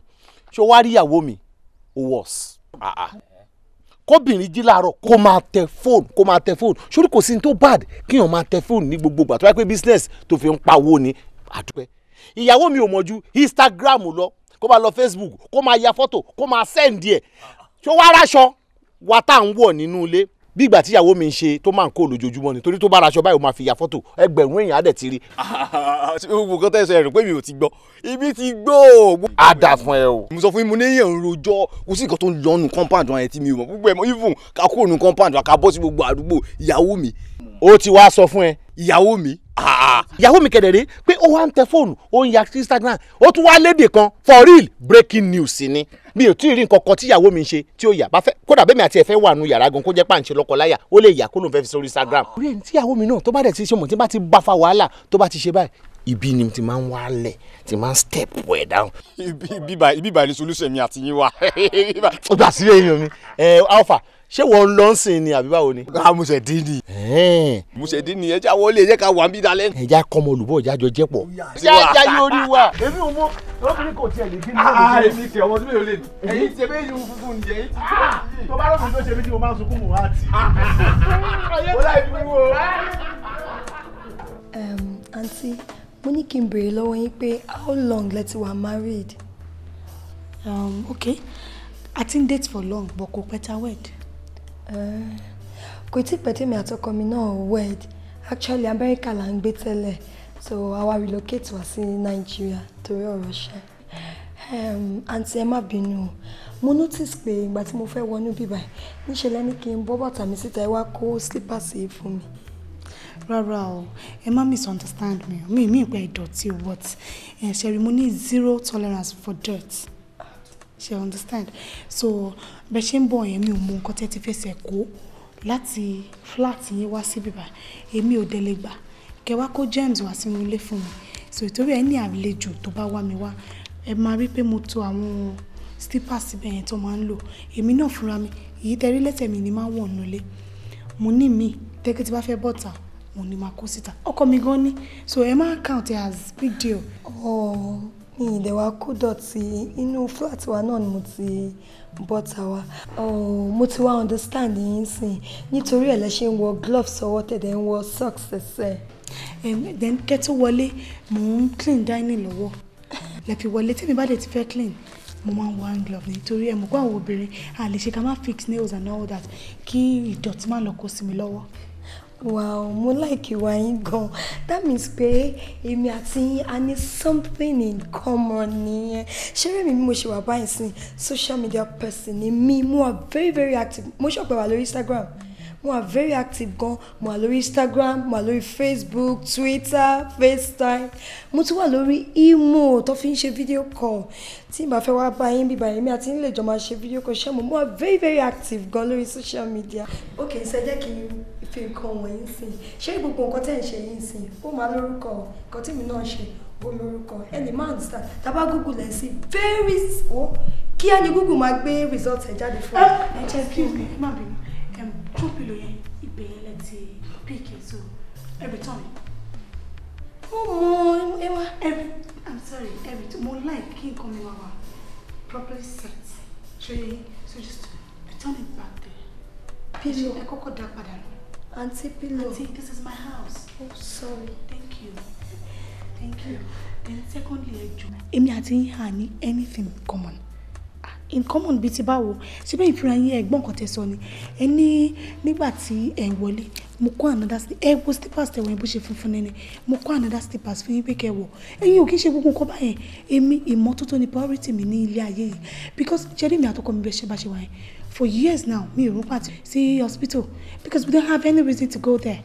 ṣó wá rí ìyàwó mi ó wọ̀s ah, ah. kóbìnrin jí láàárọ̀ kó máa tẹ fóònù kó máa tẹ fóònù sórí kò sí ní tó bad kíyàn máa tẹ fóònù ní gbogbo ìgbà tó bá pé business tó fi ń pawó ni àdúpẹ́ ìyàwó mi ò mọ̀ ju Instagram lọ kó máa lọ Facebook kó máa ya fọ́tò kó máa send ẹ̀ ṣó wá ráṣọ wa tá à ń wọ̀ nínú ilé bí ìgbà tí ìyàwó mi ń ṣe tó máa ń kó lójoojúmọ́ ni torí tó bá raṣọ báyìí ó máa fi ya fọ́tò ẹgbẹ̀rún èèyàn á dẹ̀ ti rí. gbogbo kan tẹ̀sán ẹ̀rù pé mi ò ti gbọ́ ibi ti gbọ́. a dà fún ẹ o. mo sọ fún mi mo ní èèyàn rojọ́ kò sí nǹkan tó ń lọ nù compound wọn yẹn mi ò gbogbo ẹ̀ mọ́ even ká kúrò nù compound wa ká bọ́ sí gbogbo àdúgbò ìyàwó mi. ó ti wá sọ fún ẹ. ìyàwó mi ah, Yahoo mi kẹ̀dẹ̀ rí pé ó wá ń tẹ fóònù ó ń ya Instagram ó tún wá léde kan for real breaking news ni mi ò tí ì rí nǹkan kan tí ìyàwó mi ń ṣe tí ó yà bá fẹ́ kódà bẹ́ẹ̀ mi àti ẹ̀fẹ́ wà nù yàrá gan kó jẹ́ pàǹṣẹ lọ́kọ láyà ó lè yà kó ló ń fẹ́ fi sórí Instagram. orí ẹni tí ìyàwó mi náà tó bá dẹ̀ ti ṣe mọ̀ tí bá ti bá fa wàhálà tó bá ti ṣe báyìí ibi ni ti máa ń wálẹ̀ ti máa ń step way down. ibi ìbá ìbí ìbá ni solution mi àti yín wà. ó gbà sílẹ̀ yín mi alpha ṣé wọn lọ ń sìn ni àbí báwo ni. a musẹ̀ dín ni. musẹ̀ dín ni ẹja wọlé ẹjẹ ká wà ń bí dalẹ̀. ẹja kọmọ olùbọ ìjà jọ jẹ pọ. ìjà ìjà yóò rí wa. èmi ò mọ lọ́kùnrin kò tiẹ̀ lè dín ní ọ̀dọ̀ tí èmi tẹ̀ ọmọ tí mi ò lè ní. ẹ̀yin tiẹ̀ bẹ́ẹ̀ yun funfun ni ẹ̀yin tí ah! tó bá lọ́kùnrin tó ṣe mí tí mo máa ń sunkún mọ̀ wá tì. ó láì fi wú o. àǹtí mo ní kí n béèrè lọ́wọ́ yín pé how long lẹ ti wà married? Um, okay. I think date for long but kò pẹ́ ta wed. Eh, kò tí pẹ́ tèmi àtọkọ mi náà wed. Actually Amẹ́ríkà là ń gbé tẹ́lẹ̀ so our relocate wá sí Nàìjíríà torí ọ̀rọ̀ ṣẹ́. Àǹtí ẹ má bínú o, mo notice pé ìgbà tí mo fẹ́ wọnú bíbà yìí níṣe lẹ ní kí n bọ́ bàtà mi síta ẹ wá kó slippers yìí fún mi. Rárá o, ẹ má misunderstand mi o, mi ò mean pé ìdọ̀tí o but ṣẹ̀rí mo ní zero tolerance for dirt ṣe understand so bẹ ṣe ń bọ̀ yẹn mi ò mọ nǹkan tẹ́ ti fẹsẹ̀ kó láti flat yín wá sí bíbá èmi ò délé gbà kẹ́ kó James wá sínú ilé fún mi so ìtorí ẹ ní àlejò tó bá wá mi wá ẹ máa rí pé mo to àwọn slippers síbẹ̀ yẹn tó máa ń lò èmi náà fúnra mi èyí tẹ́rí lẹ́sẹ̀ mi ni máa wọ̀ nulẹ̀ mo ní mi tẹ́kẹ́ tí bá fẹ́ bọ́ta mo ní máa kó síta ọkọ mi gan ni so ẹ máa count it as big deal. Oh mi ìdẹ̀ wa kó dọ̀tí inú flat wa náà ni mo ti bọ́ta wa oh, mo ti wá understand yín sìn nítorí ẹ̀ lẹ ṣe ń wọ gloves ọwọ́ tẹ̀dẹ̀ ń wọ socks ẹsẹ̀. then kẹ́tù wọlé mò ń clean dining lọ́wọ́ lẹ́fi wọlé tẹ́mi bá dẹ̀ ti fẹ́ clean mo máa ń wọ hand glove nítorí ẹ̀ mọ̀ pé àwọn obìnrin a lè ṣe ká má fix nails and all that kí ìdọ̀tí má lọ kó sí mi lọ́wọ́ wow mo like ìwà yín gan that means pé èmi àti yín a ní something in common nìyẹn ṣeré mi bí mo ṣe wà báyìí sí social media person ni mi mo wà very very active mo ṣọ̀pẹ̀ wà lórí Instagram mo are very active gan mo are lórí Instagram mo are lórí Facebook Twitter FaceTime mo tún wà lórí imo tó fi ń ṣe video call tí n bá fẹ́ wá bá yín bíbá yín mi àti nílé ìjọ máa ṣe video call ṣé mo mo wà very very active gan lórí social media. ok ṣe jẹ́ kí n fi nǹkan wọ̀nyí sìn ṣé gbogbo nǹkan tẹ̀ ń ṣe yìí sìn ó máa lórúkọ nǹkan tí mi náà ṣe ó lórúkọ ẹnì máa ń sà tábà Google ẹ̀ sí very ó kí á ní Google máa gbé result ẹ̀ jáde fún ẹ jẹ́ kí n má bínú true pillow it. ibẹ̀ yẹn lẹ ti pick it so every time. ó mọ Emma. every i'm sorry every time mo like kí nǹkan mi wá properly set tray so just return it back there. pillow ẹ kọ́kọ́ dá padà lọ. pillow aunty this is my house. oh sorry. thank you thank you then secondly ẹ jù. èmi àti yín hà ní anything common in common bíi ti báwo síbẹ̀ ìfura yín ẹ̀gbọ́n kan tẹ́ sọ ni ẹ ní nígbà tí ẹ wọlé mo kó another ẹ wo slippers tẹ̀wọ̀n yẹn bó ṣe funfun nẹ́ni mo kó another slippers fún yín pé kẹ́ wọ̀ ẹ̀yin ò kí ń ṣe gbogbo nǹkan báyẹn èmi ìmọ́tótó ni priority mi ní ilé ayé yìí because jẹ́rí mi àtọkọ mi bẹ́ẹ̀ ṣe bá ṣe wáyẹn for years now mi ò rún pàtó sí hospital because we don't have any reason to go there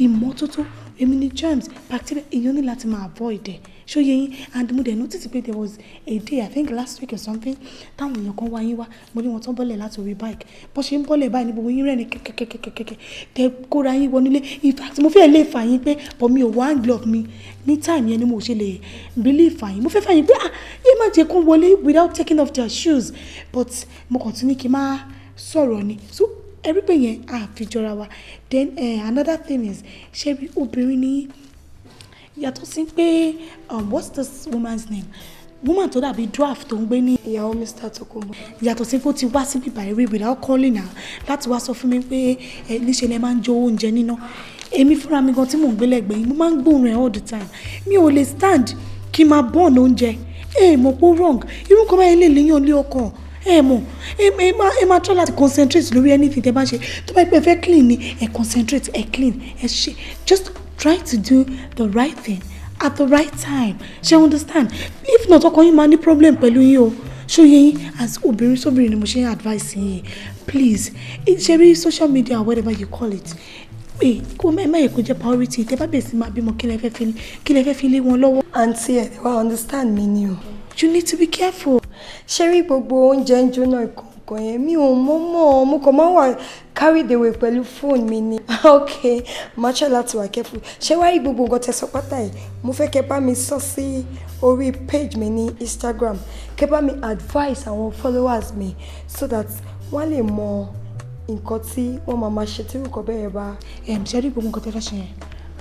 ìmọ́tótó èmi ni germs bacteria èèyàn ní láti máa avoid ẹ̀ ṣó yẹ yín and mo dẹ̀ notice pé there was a day i think last week or something táwọn èèyàn kan wá yín wá mo ní wọn tán bọ́lẹ̀ láti orí bike bó ṣe ń bọ́lẹ̀ báyìí ní gbogbo yín rẹ́ni kẹ́kẹ́kẹ́kẹ́kẹ́ tẹ kóra yín wọnú ilé in fact mo fẹ́ lè fà yín pé but me, ò wá glove mi ní time yẹn ni mo ṣe lè really fà yín mo fẹ́ fà yín pé ah yé má jẹ́ kó wọlé without taking off their shoes but mo continue, tún ní kí n má sọ̀rọ̀ ni so everybody yẹn á fi jọra wa then uh, another thing is ṣé bí obìnrin ní yàtọ̀ sí pé um, what's this woman's name woman tó dàbí draft tó ń gbé ní. ìyàwó Mr. Tokunbo. yàtọ̀ sí pé ó ti wá síbi bàírí without calling her láti wá sọ fún mi pé eh, ẹ níṣẹ́ lẹ máa ń jó oúnjẹ níná èmi fúnra mi gan tí mò ń gbé lẹ́gbẹ̀ẹ́ yìí mo máa ń gbóhùn rẹ̀ all the time mi ò lè stand kí n máa bọ́ọ̀nù oúnjẹ ẹ mọ̀ pé ó wrong irú kan báyìí lè léyàn lé ọkàn ẹ mọ̀ ẹ má ẹ má try to concentrate lórí anything tẹ bá ṣe tó bá pẹ́ fẹ́ clean ni ẹ concentrate ẹ clean ẹ ṣe just try to do the right thing at the right time ṣe understand if not ọkọ yín máa ní problem pẹ̀lú yín o ṣó yẹ yín as obìnrin sóbìnrin ni mo ṣe advice yín please ṣe rí social media or whatever you call it pé kó mẹ́mẹ́ yẹn kó jẹ́ priority tẹ bá bẹ̀rẹ̀ sí máa bímọ kí lẹ fẹ́ fi lé wọn lọ́wọ́. àǹtí ẹ̀ wá understand me, ni o you need to be careful. ṣé rí gbogbo oúnjẹ ń jóná ìkọ̀ọ̀kan yẹn mi ò mọ̀ mọ̀ mo kàn máa ń wà carried away pẹ̀lú fóònù mi ni. ok macha ṣe láti wà careful ṣé wàá rí gbogbo nǹkan tẹ̀sán pátá yìí mo fẹ́ kẹ́ bá mi sọ sí orí page mi ní Instagram kẹ́ bá mi advice àwọn followers mi so that wọ́n lè mọ nǹkan tí wọ́n máa ma ṣe tí nǹkan bẹ́ẹ̀ bá. ṣé rí gbogbo nǹkan tẹ́ fẹ́ ṣe yẹn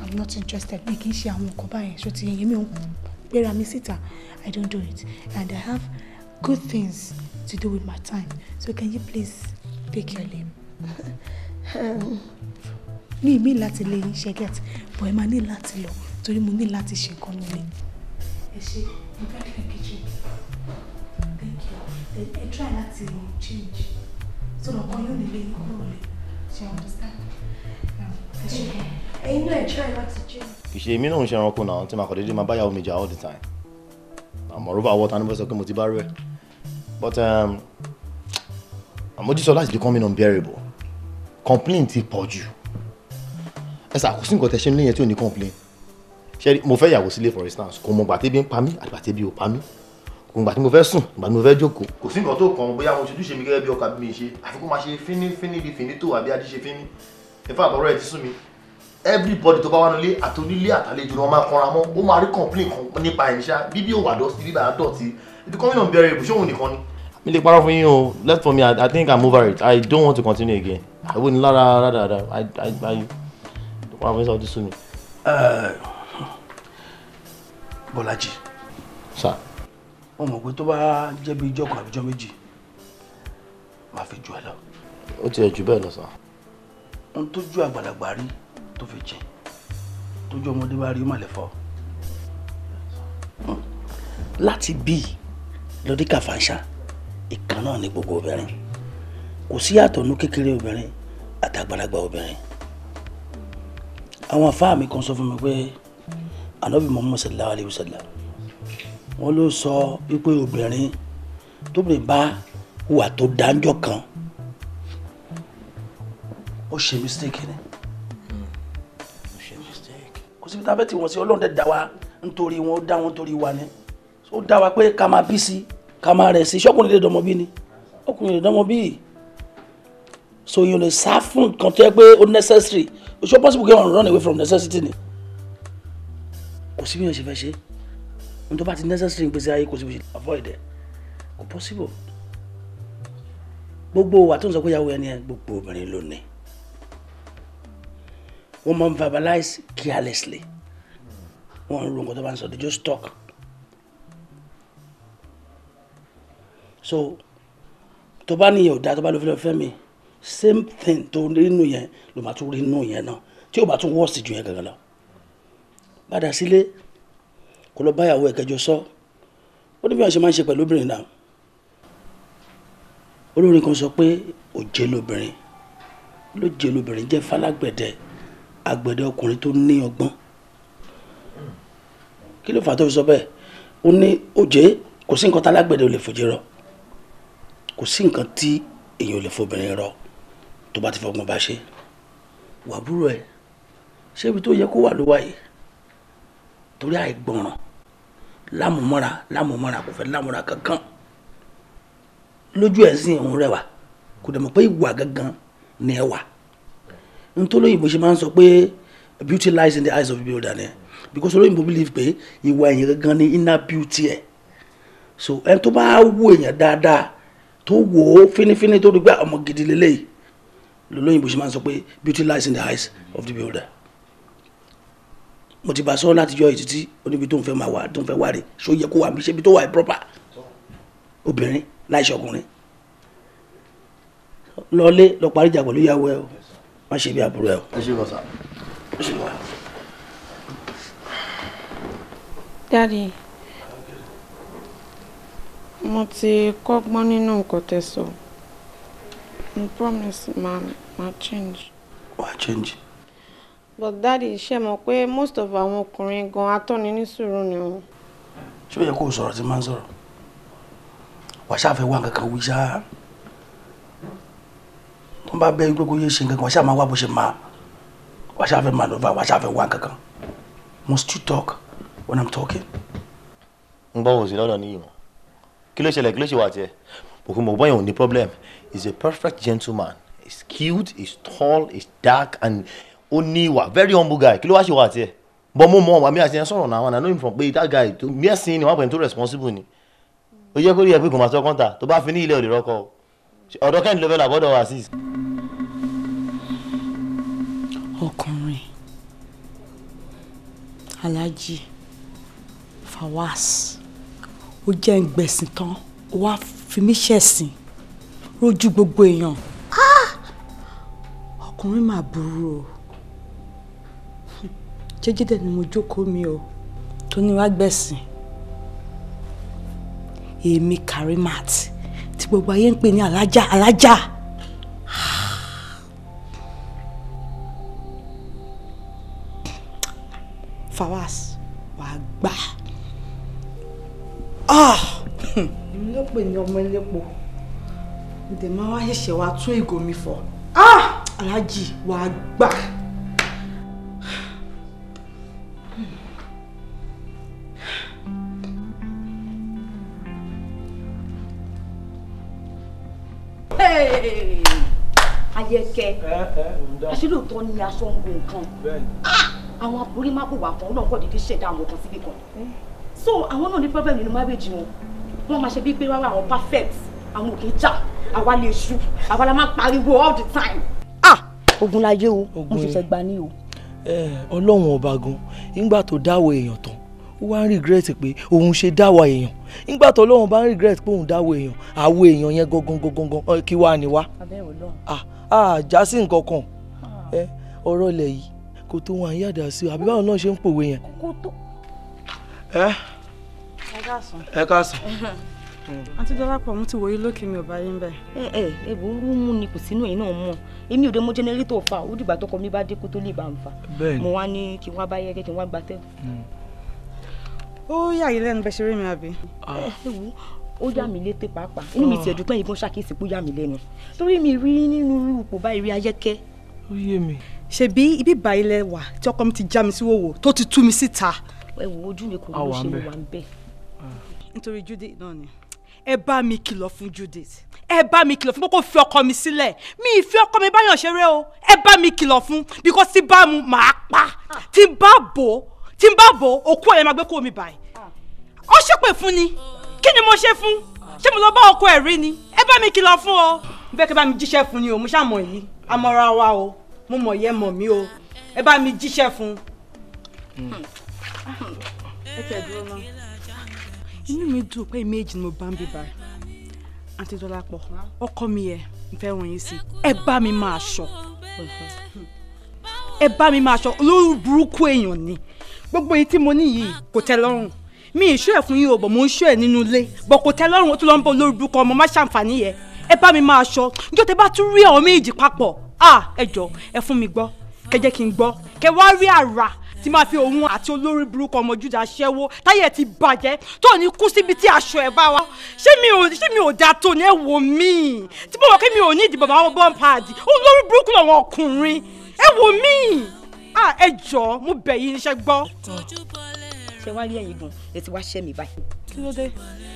I'm not interested mi kì í ṣe àwọn nǹkan báyẹn ṣó ti yẹn mi ò gbéra mi síta. I don't do it. And I have good things to do with my time. So can you please pick your name? Mi mi láti lè ṣe get, but ẹ máa ní láti lọ torí mo ní láti ṣe nǹkan nílé. Ẹ ṣe, mo fẹ́ kí n kitchen. Thank you. Ẹ try láti change. So lọ kan yóò nílé yín kúrò lè. Ṣé understand? Um, ẹ ṣe. Ẹyin náà ẹ try láti change. Kì í ṣe èmi náà ń ṣe ẹranko náà tí màá kọ̀ déédéé máa báyàwó mi jà all the time moreover what anibọ sọ pé mo ti bá rú ẹ but Mojísọ́lá um, is becoming unbearable complain ti pọ̀ jù ẹ sà kò sí nǹkan tẹ ṣe nílé yẹn tí ò ní complain ṣe mo fẹ́ yàwó sílé for instance kò mọ gbàtẹ́bí ń pa mí àgbàtẹ́bí ò pa mí kò mọ gbàtẹ́bí mo fẹ́ sùn gbàtẹ́bí mo fẹ́ jókòó. kò sí nǹkan tó kàn bóyá mo ṣojúṣe mi gẹ́gẹ́ bí ọkọ àbí mi ṣe àfikún máa ṣe fínífíní bíi fínító àbí adíṣe fíní ìfẹ́ àbọ̀rọ̀ ẹ̀ ti sún mi everybody tó bá wà nílé àtònílé àtàlejò ló máa kanra mọ́ ó máa rí complain kan nípa ẹ̀ ṣá bíbí òwà dọ̀tí bíbá àdọ̀tí ibi kọ́mínà ń bẹ̀rẹ̀ ìbùsọ̀ òun nìkan ni. mi lè parọ́ fún yín o left for me I, i think i'm over it i don't want to continue again ìwé ni lára rádàrà i i i wà fún sọ ọdún sún mi. Eh, Bọ́lájí. sà. mo mọ̀ pé tó bá jẹ́ bí ijọ́ kan àbíjọ́ méjì máa fi ju ẹ lọ. ó ti ẹ̀ jù bẹ́ẹ̀ lọ sà. ohun tó ju àgbàlagbà rí tó fi jìn tójú ọmọdé bá rí ó mà lè fọ́ láti bíi lọ́dí kàfàǹṣà ìkan náà ní gbogbo obìnrin kò sí àtọ̀nú kékeré obìnrin àtàgbàlagbà obìnrin àwọn afáà mi kan sọ fún mi pé ànábì Muhammad sallallahu alayhi wa sallam wọn ló sọ wípé obìnrin tóbìnrin bá hùwà tó dáńjọ́ kan ó ṣe mistake ni kò síbi tá a fẹ́ tì wọ́n sí ọlọ́run dẹ̀ dá wa nítorí wọn ó dá wọn nítorí wa ni ó dá wa pé ká máa bí sí ká máa rẹ̀ sí ṣọ́kùnrin lè dọmọ bí ni ọkùnrin lè dọmọ bí so yìí ò lè sá fún nǹkan tó yẹ pé ó necessary o ṣe possible kí wọn run away from necessity ni kò síbi yẹn ò ṣe fẹ́ ṣe ohun tó bá ti necessary ń pèsè ayé kò síbi avoid ẹ̀ kò possible gbogbo wa tó ń sọ pé ìyàwó ẹni ẹ gbogbo obìnrin ló wọ́n máa ń verbalize carelessly wọ́n ń ro nǹkan tó bá ń sọ they just talk so tó bá níyẹn ò dáa tó bá lọ fi lọ fẹ́ mi same thing tó nínú yẹn ló máa tún rí inú yẹn náà tí ó bá tún wọ́ọ̀sì jù yẹn gangan lọ padà sílé kó lọ báyàwó ẹ̀ kẹjọ sọ ó ní bí wọ́n ṣe máa ń ṣe pẹ̀lú obìnrin náà olórin kan sọ pé òjé lobìnrin ló jẹ lobìnrin jẹ́ falágbẹ̀dẹ àgbẹ̀dẹ ọkùnrin tó ní ọgbọ́n kí ló fà tó fi sọ bẹ́ẹ̀ ó ní òjé kò sí nǹkan tá lágbẹ̀dẹ ò lè fòjé rọ kò sí nǹkan tí èèyàn ò lè fobìnrin rọ tó bá ti fọgbọ́n bá ṣe wàbúrò ẹ̀ ṣé ibi tó yẹ kó wà ló wà yìí torí àìgbọràn lámùmọ́ra lámùmọ́ra kò fẹ́ lámùmọ́ra kankan lójú ẹ̀ sìn òun rẹwà kò dẹ̀ mọ̀ pé ìwà gangan ni ẹwà n tó ṣe máa ń sọ pé beauty lies in the eyes of the beholder ni because olóyìnbó believe pé ìwà èèyàn gangan ni inner beauty ẹ̀ so ẹni tó bá wo èèyàn dáadáa tó wò ó fínífíní tó rí gbà ọmọ gidi lélẹ́yìí lọ́lọ́yìnbó ṣe máa ń sọ pé beauty lies in the eyes of the builder. mo ti bá sọ láti yọ ìtítí oníbi tó ń fẹ́ máa wà tó ń fẹ́ wà rè ṣó yẹ kó wà mí ṣébi tó wà proper obìnrin láìṣe ọkùnrin lọlé lọ parí ìjà pẹ̀lú ìyàwó ẹ o má ṣe bí àbúrò ẹ o. ẹ ṣe bọ̀ sá ẹ ṣe bọ̀. dáàdi mo ti kọ́gbọ́n nínú nǹkan tẹ́ sọ mo promise ma ma change. wà á change. but dáàdi ṣe mọ̀ pé most of àwọn ọkùnrin gan atọ́ni ní sùúrù ni wọn. ṣé ó yẹ kó o sọ̀rọ̀ tí máa ń sọ̀rọ̀ wàá ṣáà fẹ́ wá nǹkan kan wí ṣáà tó bá bẹ gbogbo yé ṣe nǹkan kan ṣáà máa wá bó ṣe máa wàá ṣáà fẹ́ maneuver wàá ṣáà fẹ́ wá nǹkan must you talk when i'm talking. ń gbọ́ òsì lọ́dọ̀ níyì wọn kí ló ṣẹlẹ̀ kí ló ṣe wà tiẹ̀ òkú mo bọ́yìn ò ní problem he is a perfect gentleman he is cute he is tall he is dark and ó ní ìwà very humble guy kí ló wá ṣe wà tiẹ̀ bọ́ mo mọ àmì àti ẹ̀ sọ̀rọ̀ náà and I know him from pé that guy mẹ́sìn ni wọ́n pè ní too responsible ni ó yẹ kó rí ẹ pé kò máa sọ kọ́ńtà tó bá fi ní ilé òde rọ́kọ̀ o ọ̀dọ̀ kẹ́hìn ló fẹ́ làbọ́dọ̀ azeez. ọkùnrin alájí fawas ó jẹ́ ìgbẹ̀sìn tán ó wá fi mí ṣẹ̀sìn rójú gbogbo èèyàn ah! ọkùnrin mà burú o jẹ́jẹ́ dẹ̀ ni mo jókòó mi o tó ní wá gbẹ̀sìn èmi Karimat tí gbogbo ayé ń pè ní alájà alájà. Fawaz wà á gbà. Ah! èmi ló pè ní ọmọ elépo ǹdẹ̀ máa wá ṣẹ̀ṣẹ̀ wá tún ìgò mi fọ̀ ah! alájì wà á gbà. ayẹkẹ àṣìlóòótọ́ ni aṣọ ń gun nǹkan ah! àwọn aborí má kò wà fún ọlọ́kọ̀ dídí ṣẹ̀dá àwọn kan síbì kan so àwọn náà ní problem nínú marriage wọn wọn máa ṣe bí pé wàá àwọn perfect àwọn òkè jà àwa lè ṣu àwa la máa pariwo all the time ah ogun la yé o mo ṣẹ̀ṣẹ̀ gba ní o. Eh, ọlọ́run ọba gan nígbà tó dáwọ́ èèyàn tán ó wá ń regret pé òun ṣe dáwà èèyàn nígbà tó lóun bá ń regret pé òun dáwà èèyàn àwọ èèyàn yẹn gangan gangan kí wàá ní wá. a já sí nǹkan kan ọ̀rọ̀ ilẹ̀ yìí kò tó wọn àyàdá sí àbí báwọn náà ṣe ń pòwe yẹn. ẹ káàsán. ẹ káàsán. àti dọ́lápọ̀ mo ti wòye lókè mi ò bá yín bẹ́ẹ̀. ẹ ẹ ẹbù rú mú ni kò sínú ẹ̀yin náà mọ̀ èmi ò dé mo jẹnẹrétọ̀ fa ó dìgbà tọkọ mi bá dé kó tó lè bá ń fa. bẹ́ẹ̀ni mo wá ní kí n wá bá yẹ kí n wá gbatẹ́ ó yà yí lẹ́nu bẹ́ẹ̀ ṣe rí mi àbí. Ah. Eh, ẹ wo ó yà mí létè pàápàá inú mi ah. ti ẹ̀dùn pé ìbọn ṣàkíyèsí pé ó yà mí lẹ́nu torí mi rí nínú ipò báyìí rí ayẹ́kẹ́. ó yé mi. ṣebí ibi báyìí lẹ wà tí ọkọ mi ti já mi sí wòwò tó ti tú mi síta. ẹ wo ojú mi kò ní ṣe mi wà ń bẹ. Ah. nítorí Judith náà ni ẹ bá mi kìlọ̀ fún Judith ẹ bá mi kìlọ̀ fún kókó fi ọkọ mi sílẹ̀ mi ì fi ọkọ mi báyọ̀ ṣeré o ẹ bá mi kìlọ̀ fún bíkọ́ tí bá mu màá pa tí bá bò ó tí n bá bọ̀ òkú ẹ̀ máa gbé kó mi báyìí ó ṣépè fún ni kí ni mo ṣe fún ṣé mo lọ bá ọkọ ẹ̀ rí ni ẹ bá mi kìlọ̀ fún ọ bẹ́ẹ̀ kí bá mi jíṣẹ́ fún ni o mo ṣàmọ̀ yìí amọ̀ra wa o mo mọ̀ yẹ mọ̀ mí o ẹ bá mi jíṣẹ́ fún. ẹ tẹ̀ dúró náà inú mi dùn pé méjì ni mo bá ń bíbá àti Dọ́lápọ̀ ọkọ mi ẹ̀ ń fẹ́ wọ̀nyí sí ẹ bá mi máa ṣọ́ ẹ bá mi máa ṣọ́ olórí burúkú èèyàn ni gbogbo yìí tí mo ní yìí kò tẹ́ lọ́rùn mi ìṣó ẹ̀ fún yín o bọ̀ mo ń ṣó ẹ̀ nínú ilé bọ̀ kò tẹ́ lọ́rùn ó tún lọ ń bọ̀ lórí ọmọ má ṣàǹfààní yẹn ẹ bá mi máa ṣọ níjọ́ tẹ bá tún rí àwọn méjì papọ̀ à ẹ jọ ẹ fún mi gbọ́ kẹ jẹ́ kí n gbọ́ kẹ wá rí àrà tí máa fi òun àti olórí burúkú ọmọ Júdà ṣẹ́wó táyẹ̀ ti bàjẹ́ tó ní kú síbi tí aṣọ ẹ̀ bá wa ṣé mi ò ṣé mi ò da tó ní ẹ wò mí tí mo wọ kí mi ò ní ìdìbò àwọn bọ́ǹpáàdì olórí burúkú lọ́wọ́ ọkùnrin ẹ wò mí à ẹ jọ̀ọ́ mo bẹ̀ yín níṣẹ́ gbọ́. ṣé wàá rí ẹ̀yin gan ẹ ti wá ṣẹ́ mi báyìí. kí ló dé.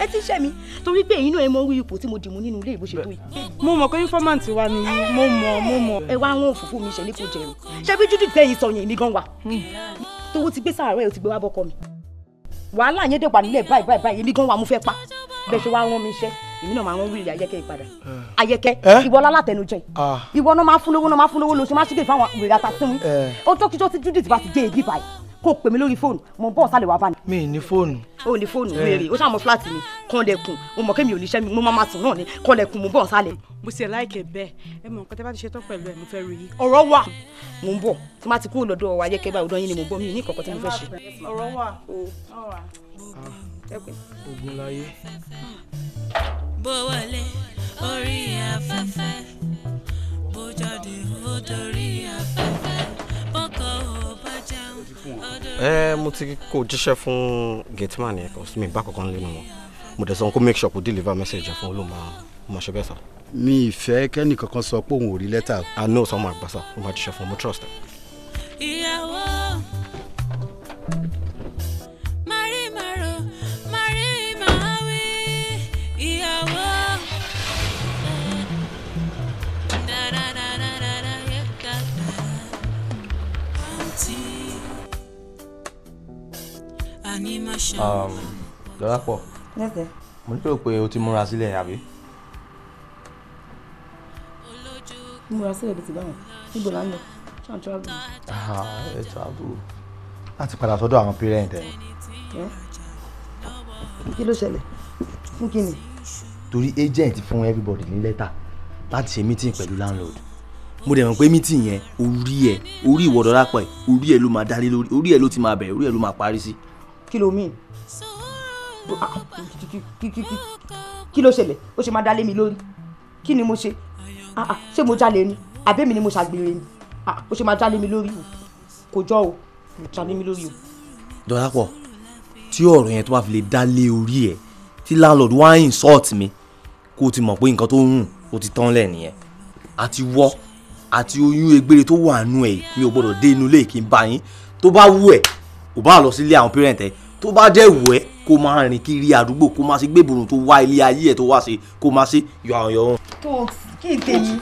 ẹ ti ṣẹ́ mi torí pé èyí náà ẹ mọ orí ipò tí mo dì mú nínú ilé ìbò ṣe tó yìí. mo mọ̀ pé informant wa ni mo mọ̀ mo mọ̀. ẹ wá rán òfófó mi ṣẹlẹ̀ kò jẹun ṣebí júdì tẹ̀yìn sọ mi gan wa. tówó ti gbé sàárẹ̀ ò ti gbé wá bọ́kọ mi wàhálà yẹn dẹ̀ wà nílẹ̀ báyìí báyìí èmi gan wa mo fẹ́ pa bẹ́ẹ̀ ṣe wá rán mi iṣẹ́ èmi náà máa ń wíìrì ayẹkẹ ìpadà ayẹkẹ ìwọ lálá tẹnujẹ ìwọ náà máa fúnlówó náà máa fúnlówó lóṣù máa ṣíkè fáwọn wèrè àtàtún ó tó kíjọ tí Judith bá ti dé èdè báyìí kó pè mí lórí fóònù mo bọ́ ọ̀sálẹ̀ wá bá ní. mi ní fóònù. o ní fóònù wéèrè o ṣàmọ fúláàtì mi kànlẹ̀kùn mo mọ̀ kémi ò níṣẹ́ mi mo máa máa sùn náà ni kànlẹ̀kùn mo bọ́ ọ̀sálẹ̀. mo ṣe láìkè bẹ́ẹ̀ ẹ mọ̀ nǹkan tẹ́ bá ti ṣe tán pẹ̀lú ẹ̀ mo fẹ́ rí i. ọ̀rọ̀ wà. mo ń bọ̀ tí má ti kúrò lọ́dọ̀ wa yẹ́kẹ́ báyìí ọ̀dọ̀ yín ni mo bọ́ mi ní ìkọ̀kọ̀ tí mo fẹ́ ṣe. ọ̀rọ̀ wà ogun láyé. bó wọlé orí afẹ́fẹ́ bó jáde ó dorí afẹ́fẹ́ bọ́kọ̀ ó bá jẹun ẹ mo ti kó jíṣẹ́ fún gateman yẹn kò sí mi bá kankan lẹ́nu wọn mo dẹ̀ sọ kó make sure kó deliver message fún olóòmà ọmọọṣẹ́ bẹ́ẹ̀ sọ. mi ìfẹ́ kẹ́nì kankan sọ pé òun ò rí lẹ́tà. a ní òsán máa gbà sá jíṣẹ́ fún mo trust ìyàwó. Dọ́lápọ̀ um, mo nílò pé o ti múra sílẹ̀ àbí. múra sílẹ̀ bí ti bá wọn níbo là ń lọ ṣáà travel. ẹ travel láti padà sọ́dọ̀ àwọn parent ẹ̀. kí ló ṣẹlẹ̀ fún kí ni. torí agent fún everybody ní lẹ́tà láti ṣe meeting pẹ̀lú landlord mo dẹ̀ mọ̀ pé meeting yẹn orí ẹ̀ orí ìwọ Dọ́lápọ̀ ẹ̀ orí ẹ̀ ló máa dálé lórí orí ẹ̀ ló ti máa bẹ̀rẹ̀ orí ẹ̀ ló máa parí sí. Kilo mi, mean ah, kí ló ṣẹlẹ̀ ó ṣe máa dá lé mi lórí kí ni mo ṣe ah, ah, ṣé mo jalè ni àbẹ́mi ni mo ṣàgbèrè ni ó ṣe máa dá lé mi lórí o kò jọ o kò dá lé mi lórí o. dọ́lápọ̀ tí ọ̀rọ̀ yẹn tó bá fi lè dá lé orí ẹ̀ tí landlord wá insult mi kó o ti mọ̀ pé nǹkan tó ń rùn ó ti tán lẹ̀ nìyẹn àti wọ́ àti oyún egbére tó wà nù ẹ̀ mi ò gbọ́dọ̀ dé inú ilé kí n bá yín tó bá wù ẹ́ ò bá lọ sílé àwọn parent ẹ̀ tó bá dẹ̀ wù ẹ́ kó máa rìn kiri àdúgbò kó máa ṣe gbébùrùn tó wá ilé ayé ẹ̀ tó wá ṣe kó máa ṣe yọ àwọn yọ wọn. kò kí n tèmi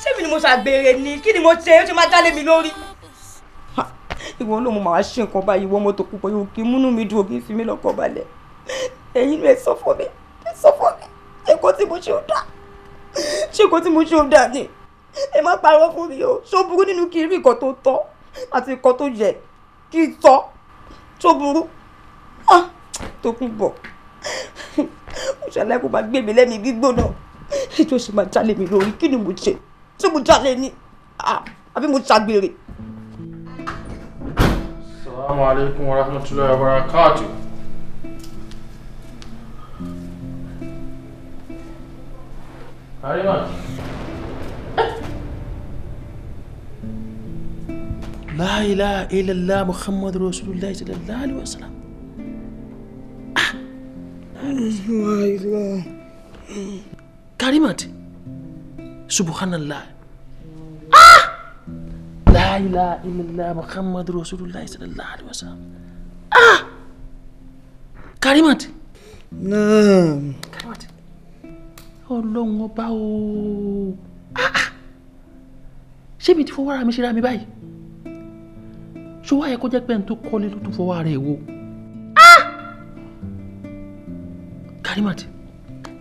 ṣé mi ni mo ṣàgbèrè ni kí ni mo ṣe ó ti máa dálé mi lórí. ìwọ ló mo máa ṣe nǹkan báyìí ìwọ mọ́tò púpọ̀ yóò kí múnú mi dùn òbí fi mí lọ́kàn balẹ̀ ẹ̀yin rẹ̀ sọ fún mi sọ fún mi ẹ̀kọ́ tí mo ṣe ò dá ṣé ẹ̀kọ́ tí mo ṣe ò dá ni ẹ má parọ́ fún mi o ṣó burú nínú kí n rí nǹkan tó tọ́ àti nǹkan tó yẹ kí n tọ́ ṣó burú. ah ah ah ah ah ah ah ah ah ah لا اله الا الله محمد رسول الله صلى الله عليه وسلم Allah. Karimat. Subhanallah. Ah! La ilaha illallah Muhammad Rasulullah sallallahu alaihi wasallam. Ah! Karimat. Naam. Karimat. Ọlọ́run ọba o. Ṣé mi ti fọwọ́ ara mi ṣe ra mi báyìí? Ṣé wáyé kó jẹ́ pé n tó kọ́lé ló tún fọwọ́ ara ẹ̀ wo? Karimat.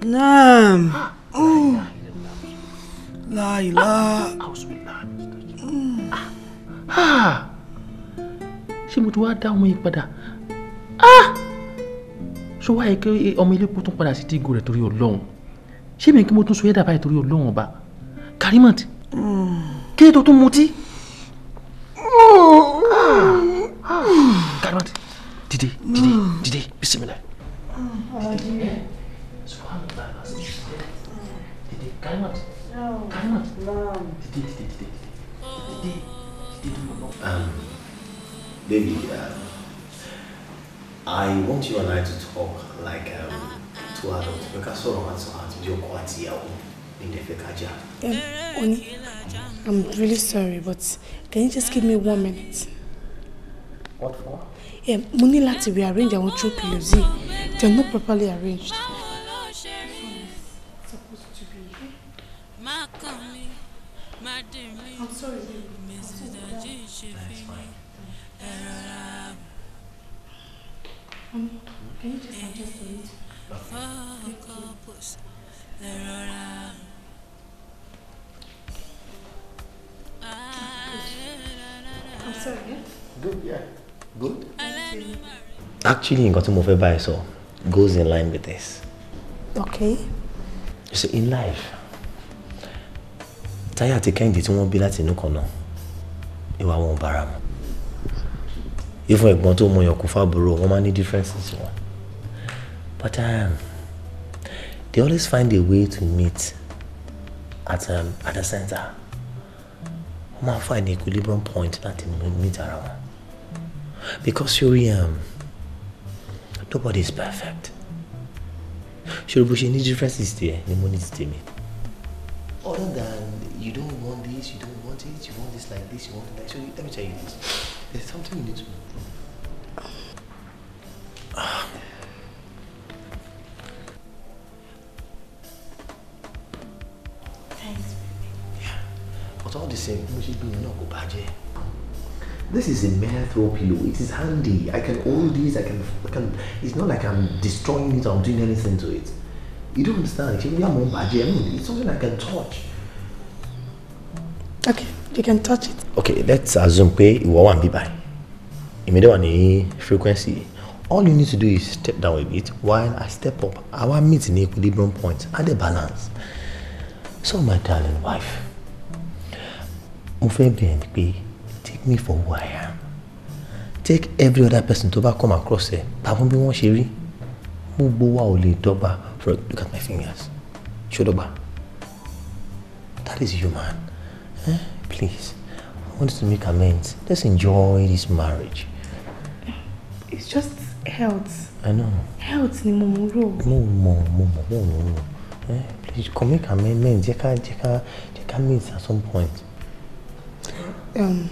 Naam. Ah. La ilaha. Ah, ah, Ṣé mo ti wá dá ọmọ yìí padà? Ṣé wáyé kí ọmọ ilé kó tún padà sí tí ìgò rẹ̀ torí Ọlọ́run? Ṣé mi kí mo tún so yẹ́dà báyìí torí Ọlọ́run ọba? Karimat. Mm. Kí ló tó tún mutí? Mm. Karimat. Dìde, dìde, mm. dìde, bisimilá. Dìde. Subhanallah lásán. Dìde. Dìde káyọ̀tì. Káyọ̀tì. Dìde dìde dìde. Dìde dìde lọ́lọ́. Baby, uh, I want you and I to talk like um, two adults. Fẹ́ ká sọ̀rọ̀ wá sọ̀rọ̀ àti bí quite àti ìyàwó ní ilẹ̀ fẹ́ ká jà. Oni, I'm really sorry, but can you just give me one minute? What for? um, mo ní láti rearrange àwọn throw pillows yìí they are not properly arranged. I'm sorry, baby. Um, Good, yeah. Good. Actually, in tí mo fẹ́ bá ẹ goes in line with this. Okay. You see, in life, Táyé àti Kẹ́hìndé tí wọ́n bí láti inú kan náà, ìwà Even if bára mu. Ifun ẹ̀gbọ́n tó mọ ìyànkú fábúrò, wọ́n máa ní differences wọn. But um, they always find a way to meet at, um, at the center. Wọ́n find find equilibrium point that they meet around because sori um, nobody is perfect ṣòro bó ṣe ní differences there? ni money ní ti tèmi. other than you don't want this you don't want it you want this like this you want it like so let me tell you this there's something you need to know. Thanks, baby. Yeah. But all the same, mo ṣe not go bad bàjẹ́. This is a mere throw pillow. It is handy. I can hold this. I can, I can. It's not like I'm destroying it or I'm doing anything to it. You don't understand. It's something I can touch. Okay, you can touch it. Okay, let's assume pé ìwọ wà níbí báyìí. Èmi dẹ̀ wà ní frequency. All you need to do is step down a bit while I step up. Our meet ní equilibrium point at the balance. So my darling wife, mo fẹ́ bẹ̀rẹ̀ be me for who I am take every other person tó come across ẹ tàbọn bí wọ́n ṣe rí gbogbo wa ò lè dọ́gba look at my fingers ṣó dọ́gba that is human eh? please I want to make amends let's enjoy this marriage. it's just health. I know. health ni mo mú rò. mo eh? please come make amends Jeka, Jeka, Jeka ká at some point. Um,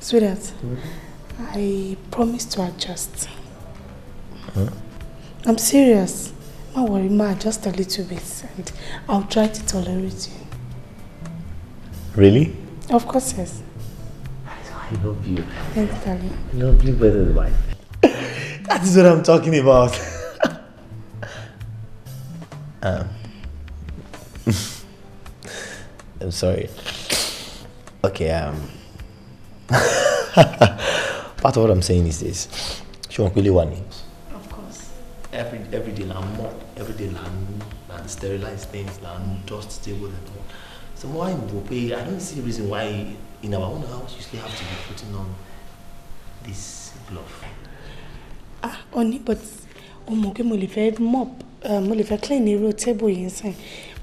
Sweetheart, mm-hmm. I promise to adjust. Huh? I'm serious. Don't worry, ma Just a little bit and I'll try to tolerate you. Really? Of course, yes. I love you. Thanks, darling. I love you better than wife. that is what I'm talking about. um. I'm sorry. Okay, um. part of what i'm saying is this ṣé wọn pélé wà ní. of course. every every day la mop every day la nu la sterilize things la dust table and all so why wo pe i don't see reason why in our own house you still have to be putting on this glove. ah only but o mop mo lè eh, clean irú table inside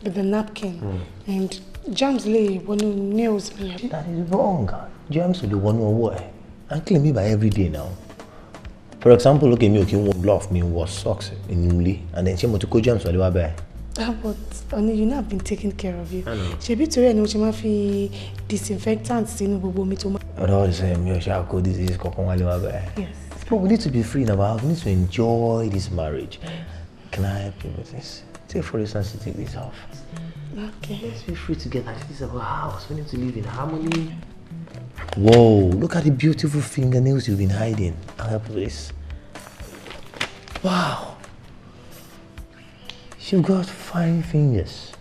with the napkin mm. and germs lè wọnú nails me. that is wrong. Guy germs ò lè wọnú ọwọ́ ẹ̀ à clean mi by every day now for example okay mi ò kí ń wọ glove mi ń wọ socks inú ilé and then ṣé mo ti kó germs wọlé wá bẹ́ẹ̀. Ah, but honey, you know I've been taking care of you. Ṣebí torí ẹ̀ ni mo ṣe máa fi disinfectant sínú gbogbo omi tó máa. Ọ̀dọ́ ọ̀sẹ̀ mi ò ṣáà kó disease kankan wálé wá bẹ́ẹ̀. Yes. So we need to be free now. We need to enjoy this marriage. Can I help you with this? Take for instance to take this off. Okay. Let's be free together. This is our house. We need to live in harmony. Whoa, look at the beautiful fingernails you've been hiding. I'll help have this. Wow. You got fine fingers.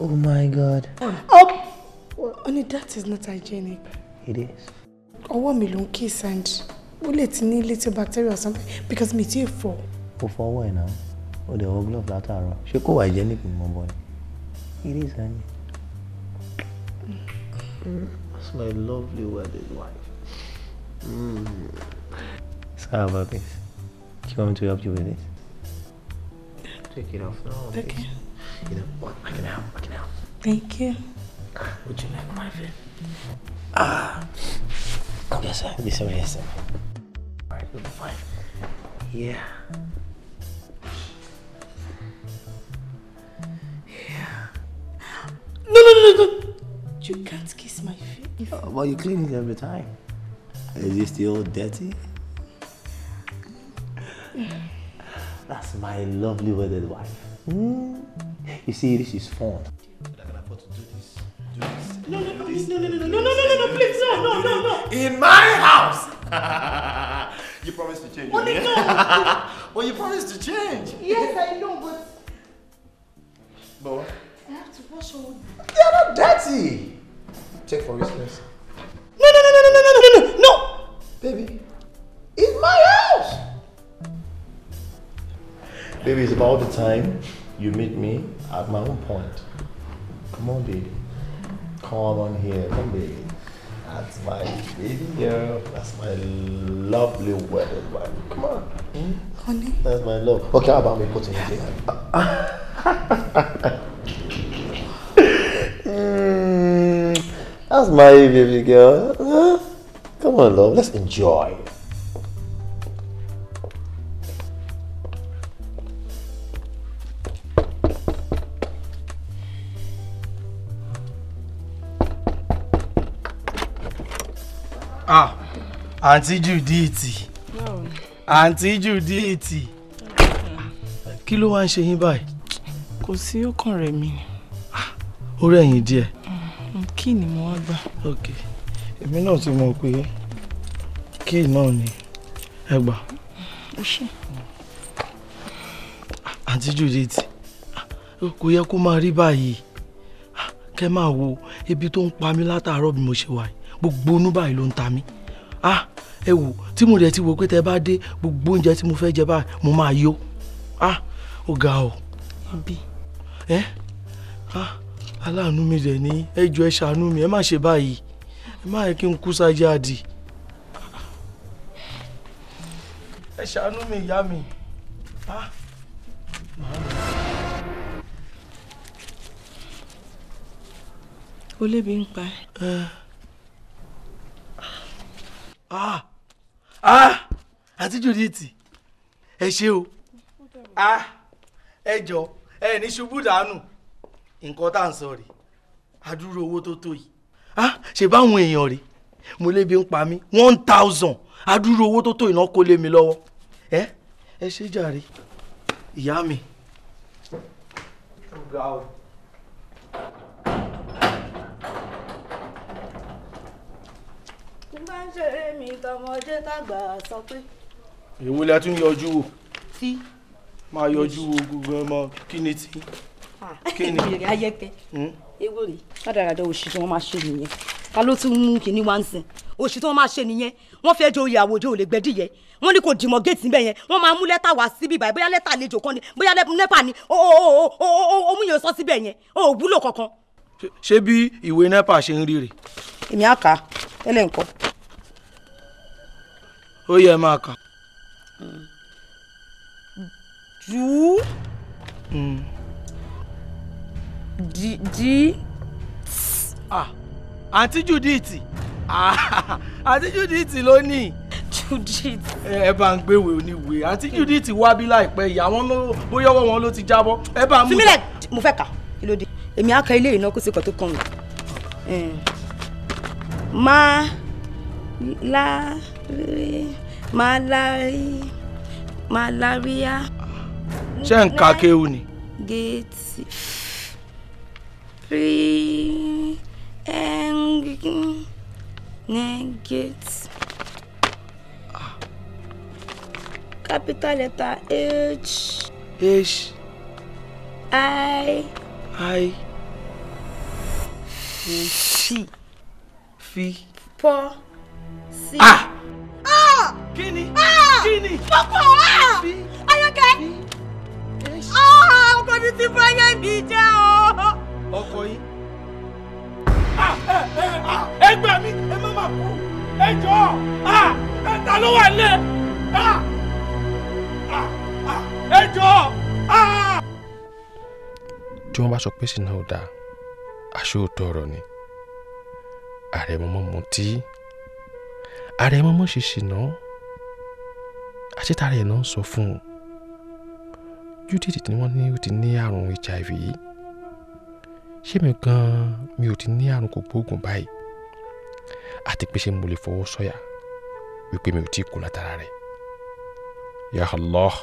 Oh my god. Oh! Only that is not hygienic. It is. Ọwọ́ mi ló ń kiss and ó lè ti little bacteria or something because mi ti for. For fọwọ́ ẹ̀ náà. Ó dẹ̀ wọ glove látàárọ̀. Ṣé kò wà hygienic my boy. It is, honey. Mm. my lovely wedded wife. Mm. So how about this? Do you want me to help you with this? Take it off now. Okay. Please. You know what? I can help. I can help. Thank you. Would you like my fit? Ah. Yes, sir. Yes, sir. Yes, sir. All right, be fine. Yeah. Yeah. No, no, no, no. You can't kiss my face. Uh, well, you clean it every time. Is it still dirty? That's my lovely wedded wife. Mm. You see, this is fun. I can afford to do this. Do this. No, no, no, this, no, no, no, no, no, no, no, no, please, no, no, no, no. In my house. you promised to change. Only no. well, you promised to change. Yes, I know, but. But. I have to wash all. They're not dirty. Take for instance. No, no, no, no, no, no, no, no, no, Baby, it's my house. Baby, it's about the time you meet me at my own point. Come on, baby. Come on here. Come, baby. That's my baby girl. That's my lovely wedding wife. Come on. Hmm? Honey. That's my love. Okay, how about me putting it in? mm. That's my baby girl. Come on, love. Let's enjoy. Ah, Auntie Judith. No. Auntie Judith. Kilo ló wá ń ṣe yín báyìí? Kò sí ó kàn rẹ̀ mí. Ah, ó rẹ̀ yín kí ni mo wá gbà. ok èmi náà ti mọ̀ pé kí náà ni ẹ gbà. ó ṣe. àǹtí Judith kò yẹ kó máa rí báyìí kẹ́ máa wo ebi tó ń pa mí látàárọ̀ bí mo ṣe wà yìí gbogbo onú báyìí ló ń ta mí ah ẹ wò tí mo rẹ̀ ti wò pé tẹ bá dé gbogbo oúnjẹ tí mo fẹ́ jẹ báyìí mo máa yó ah ó ga o. ibi. ẹ ah aláàánú mi dẹ̀ ní ẹ jọ̀ọ́ ẹ ṣàánú mi ẹ má ṣe báyìí ẹ má yẹ kí n kú sájà àdì ẹ ṣàánú mi ìyá mi. Ah. o lébi ń pa ẹ. ah ah àti Judith ẹ ṣé o ah ẹ jọ ẹ ní ṣubú dànù nǹkan tá à ń sọ rè àdúrò owó tó tó yìí ah ṣe báwọn èèyàn rè mo lébi ń pa mí one thousand àdúrò owó tó tó yìí náà kó lé mi lọ́wọ́ ẹ ẹ ṣe jàre ìyá mi. mo máa ń ṣeré mi tún yọjú wò. tí. máa yọjú wo gbogbo ọmọ kí ni tí. Ah. kí ni ayẹkẹ ewo rè ládàradà òṣì tí wọ́n máa ṣe nìyẹn ta ló ti mú kínní wá ń sìn òṣì tí wọ́n máa ṣe nìyẹn wọ́n fẹ́ẹ́ jẹ oyè àwòjẹ ò gbẹdìyẹ wọ́n ní kò dìmọ géètì níbẹ̀ yẹn wọ́n máa mú lẹ́tà wá síbí báyìí bóyá lẹ́tà àlejò kan ni bóyá nẹ́pà ni ó mú yẹn sọ síbẹ̀ yẹn ó wúlò kankan. ṣé bí ìwé nẹ́pà ṣe ń rí èmi á kà nǹkan. ó yẹ máa kà. Hmm. jù ú. Hmm jí jí. ah àǹtí Judith àǹtí Judith ló ní. Judith. ẹ bá ń gbéwèé oníwèé àǹtí Judith wá bí láìpẹ́ ìyá wọn ló bóyá ọwọ́ wọn ló ti jábọ́ ẹ bá mú. fúnmílẹ̀ mo fẹ́ kà kí ló dé èmi á ka ilé ìná kó sì kàn tó kàn mí. má lárí má lárí má lárí á. ṣé ń ka kéwù ni. géètì three and negate capital letter H H I I C. F P. sí. Ah! Ah! Kí ni? Ah! Kí ni? Pọ̀pọ̀ ah! ah! Ayọ̀kẹ́! Ah! Ọkọ mi ti fọ́ ayé mi jẹ́ o! ọkọ yín. Ah, eh, eh, ah, ẹ gbà mí ẹ má má kú ẹ jọ ah, ẹ ta ló wà lẹ ẹ jọ. tí wọ́n bá sọ pé sinna ò dáa aṣóòótọ́ ọ̀rọ̀ ni ààrẹ mọ́mọ́ mutí ààrẹ mọ́mọ́ ṣe ṣìnà àṣetàrẹ̀ náà ń sọ fún un Judith ni wọ́n ní ó ti ní àrùn HIV yìí ṣé mi gan-an mi ò ti ní àrùn kògbóògùn báyìí àti pé ṣé mo lè fọwọ́ sọ̀yà wípé mi ò tí ì kú látara rẹ̀ ya Allah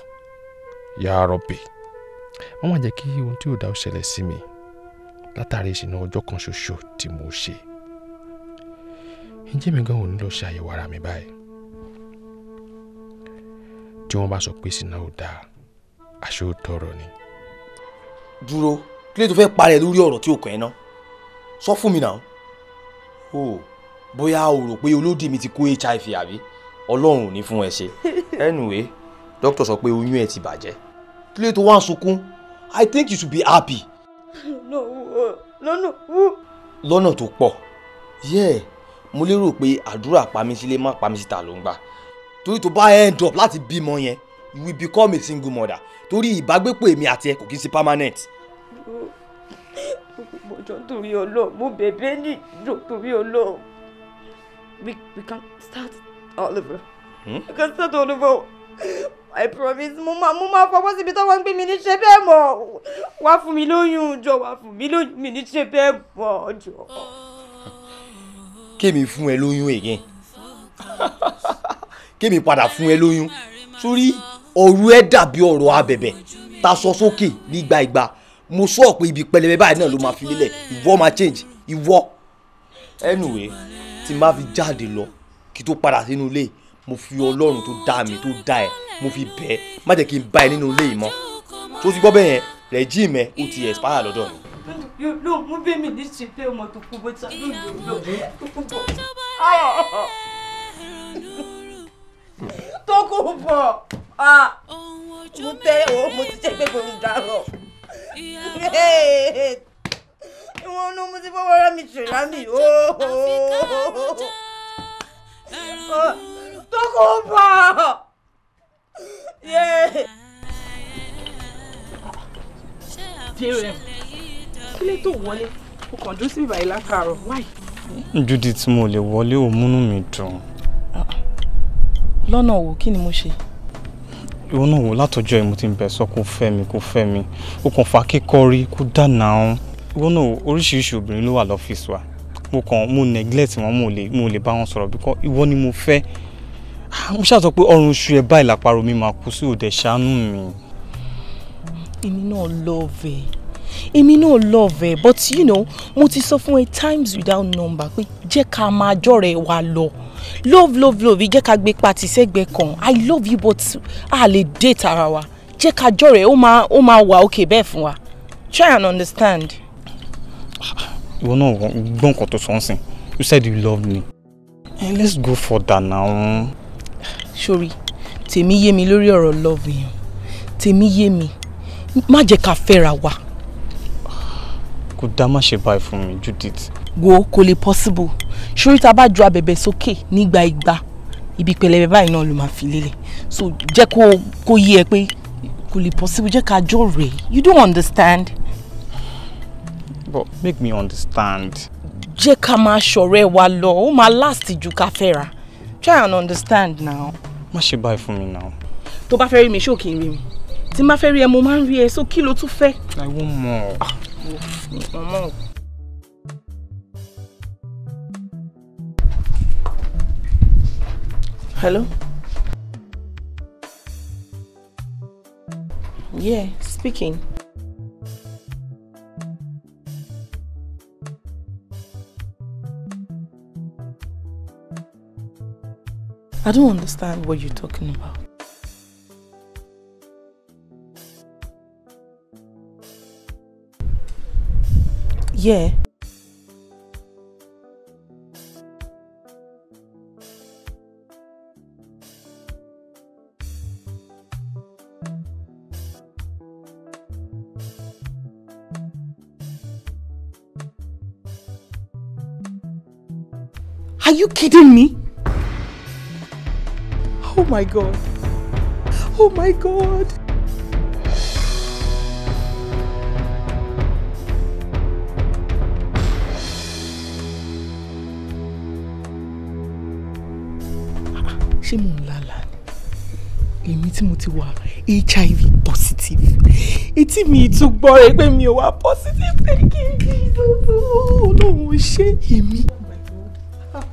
ya Rabbi má má jẹ́ kí ohun tí ò dá ó ṣẹlẹ̀ sí mi látàrí ìṣìnà ọjọ́ kan ṣoṣo tí mo ṣe ǹjẹ́ mi gan-an ò ní lọ ṣe àyẹ̀wò ara mi báyìí tí wọ́n bá sọ pé ìṣìnà ò dáa àṣé ò tọrọ ni. dúró kí lè tó fẹ́ parẹ́ lórí ọ̀rọ̀ tí ò kàn ẹ́ ná sọ fún mi náà o bóyá o rò pé olódì mi ti kó hiv àbí ọlọ́run ò ní fún ẹ ṣe anyway doctor sọ pé oyún ẹ ti bàjẹ́ kí lè tó wá ń sunkún i think you should be happy. lọ́nà wú. lọ́nà tó pọ̀ yeah mo lérò pé àdúrà pamí sílé má pamí síta ló ń gbà torí tó bá end up láti bímọ yẹn you will become a single mother torí ìbágbépọ̀ èmi àti ẹ kò kí n ṣe permanent Mojo torí Ọlọ́run mo bẹ̀bẹ̀ ní ìjọ torí Ọlọ́run. We we can start all over. Hmm? We can start all over. I promise mo máa mo máa fọwọ́ síbi tó wọ́n gbé mi ní ṣe bẹ́ẹ̀ mọ̀ wá fún mi lóyún jọ wá fún mi lóyún mi ní bẹ́ẹ̀ mọ̀ jọ. Kémi fún ẹ lóyún again. Kémi padà fún ẹ lóyún. Sórí ọ̀rọ̀ ẹ dàbí ọ̀rọ̀ abẹ̀bẹ̀ ta sọ sókè nígbà ìgbà mo sọ ọ pé ibi pẹlẹbẹ báyìí náà ló máa fi lélẹ̀ ìwọ máa change ìwọ anyway tí n bá fi jáde lọ kí tó padà sínú ilé mo fi ọlọ́run tó dá mi tó dá ẹ mo fi bẹ̀ má jẹ́ kí n bá ẹ nínú ilé yìí mọ́ tó ti gbọ́ bẹ́ẹ̀ yẹn regime ó ti expire lọ́dọ̀ mi. yóò mú bẹ́ẹ̀ ní ṣe pé ọmọ tó kú bó ta lóòlù tó kú tó kú bọ̀ ah! ah! mo tẹ́ o mo ti jẹ́ pé mo ń darọ̀ ìwọ ni mo ti fọwọ́ rẹ́ mi tù lámì tókò bá jrm kí ló tó wọlé o kàn dúró sí ìbàyí látàárọ̀ wáì. Judith mo lè wọlé òmùnú mi dùn. lọ́nà wo kí ni mo ṣe ìwọ náà wò látọjọ́ yìí mo ti ń bẹ̀ sọ kó fẹ́ mi kó fẹ́ mi ó kàn fa kíkọrí kó dànà ọ̀hún ìwọ náà oríṣiríṣi obìnrin ló wà lọ́fíìsì wa mo kàn mo neglect wọn mo lè mo lè bá wọn sọ̀rọ̀ bíkọ́ ìwọ ni mo fẹ́ ah, mo ṣàtọ̀ pé ọrùn oṣù ẹ̀ báyìí làpárò mi máa kú sí òde ṣàánú mi. èmi náà love ẹ èmi náà love ẹ but you know mo ti sọ fún ẹ times without number pé jẹ́ ká máa jọ̀rẹ̀ wa lọ love love love jẹ́ ká gbé pati sẹ́gbẹ́ kan i love you but a lè date ara wa jẹ́ ká jọ̀rẹ́ ó máa ó máa wà òkè bẹ́ẹ̀ fún wa try and understand. ìwọ náà gbọ́n nǹkan tó sọ ń sìn you said you love me hey, eh, let's go for that now. sori tèmi yé mi lórí ọ̀rọ̀ love yẹn tèmi yé mi má jẹ́ ká fẹ́ra wa. kò dá má ṣe báyìí fún mi Judith. wo kò lè possible sórí tá a bá ju abẹ̀bẹ̀ sókè nígbà igba ibi pẹlẹbẹ báyìí náà ló máa fi lélẹ̀ so jẹ́ kó kó yí ẹ pé kò lè possible jẹ́ ká jọ rẹ̀ you don't understand. but make me understand. jẹ́ ká máa ṣọ̀rẹ́ wa lọ ó máa last ju ká fẹ́ra try and understand now. má ṣe báyìí fún mi now. tó bá fẹ́ rí mi ṣó kì í rí mi tí n bá fẹ́ rí ẹ mo máa ń rí ẹ so kí ló tún fẹ́. i want more. ah mọ̀ ọ́. Hello? Yeah, speaking. I don't understand what you're talking about. Yeah. Are you kidding me? Oh my God. Oh my God. ṣé mò ń lálàá ni èmi tí mo ti wà hiv positive etí mi tún gbọ́ rẹ pé mi ò wá positive thank you Jesus ọlọ́run ṣé èmi.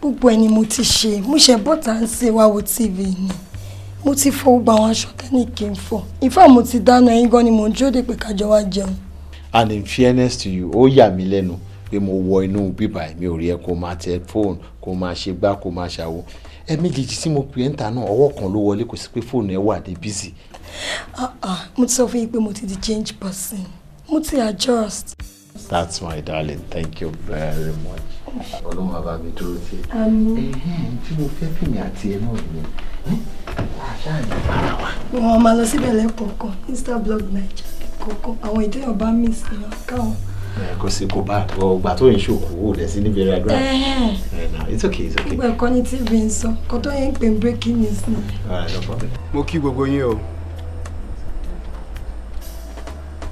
gbogbo ẹni mo ti ṣe mo ṣe bọ́tà ń ṣe wá wo tv ni mo ti fọ gbogbo àwọn aṣọ tẹ́lẹ̀ kí n fọ ìfẹ́ mo ti dáná ẹyin gan ni mo ń jóde pé kájọ wá jẹun. and in fairness to you ó yà mí lẹ́nu pé mo wọ inú bíbá mi ò rí ẹ kó máa tẹ fóònù kó máa ṣe gbá kó máa ṣàwo ẹ méjèèjì tí mo pè é ń náà ọwọ́ kan ló wọlé kò sí pé fóònù ẹ wà dé bísí. Ah, ah, mo ti sọ fún yín pé mo ti di change person mo ti adjust. that's my darling thank you very much ọlọ́run àbá mi dúró tí ẹ tí mo fẹ́ fìmí àti ẹ náà ni àṣà ní para wa. wọn máa lọ síbẹ̀ lẹ́kọ̀ọ̀kan instablog naija ẹ̀kọ̀ọ̀kan àwọn ìdẹ́yọ̀ bá mí sí i káwọn. kò sí kò bá ọgbà tó ń ṣòkò ó lẹ sí níbi ẹ̀rọ àdúrà it's okay gbogbo ẹ̀kọ́ ni tv ń sọ kó tó yẹn ń pè breaking news ni. mo kí gbogbo yín o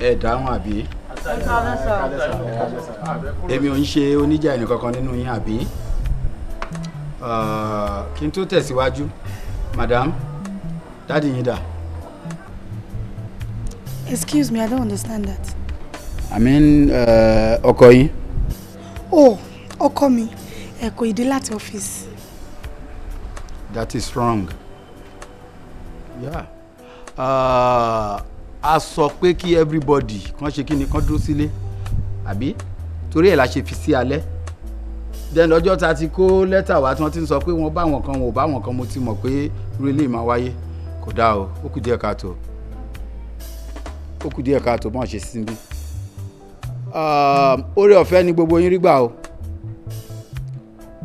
ẹ dáhùn àbí èmi ò ń ṣe oníjà ẹnì kankan nínú yín àbí kí n tó tẹ̀síwájú madam dáàdi yín dà. excuse me i don't understand that. i mean ọkọ yín. oh ọkọ mi ẹ kò ìdí láti ọ́fíìsì. that is wrong. yeah. Uh, a sọ pé kí everybody kan ṣe kí ni kan dúró sílé àbí torí ẹ̀ la ṣe fi sí alẹ́ then lọ́jọ́ ta ti kó lẹ́tà wá tí wọ́n ti ń sọ pé wọ́n bá wọn kan wọn ò bá wọn kan mo ti mọ̀ pé irú eléyìí máa wáyé kò dáa o ó kù díẹ̀ káàtó ó kù díẹ̀ káàtó bọ́n ṣe síbí oore ah, ọ̀fẹ́ ni gbogbo yín rí gbà o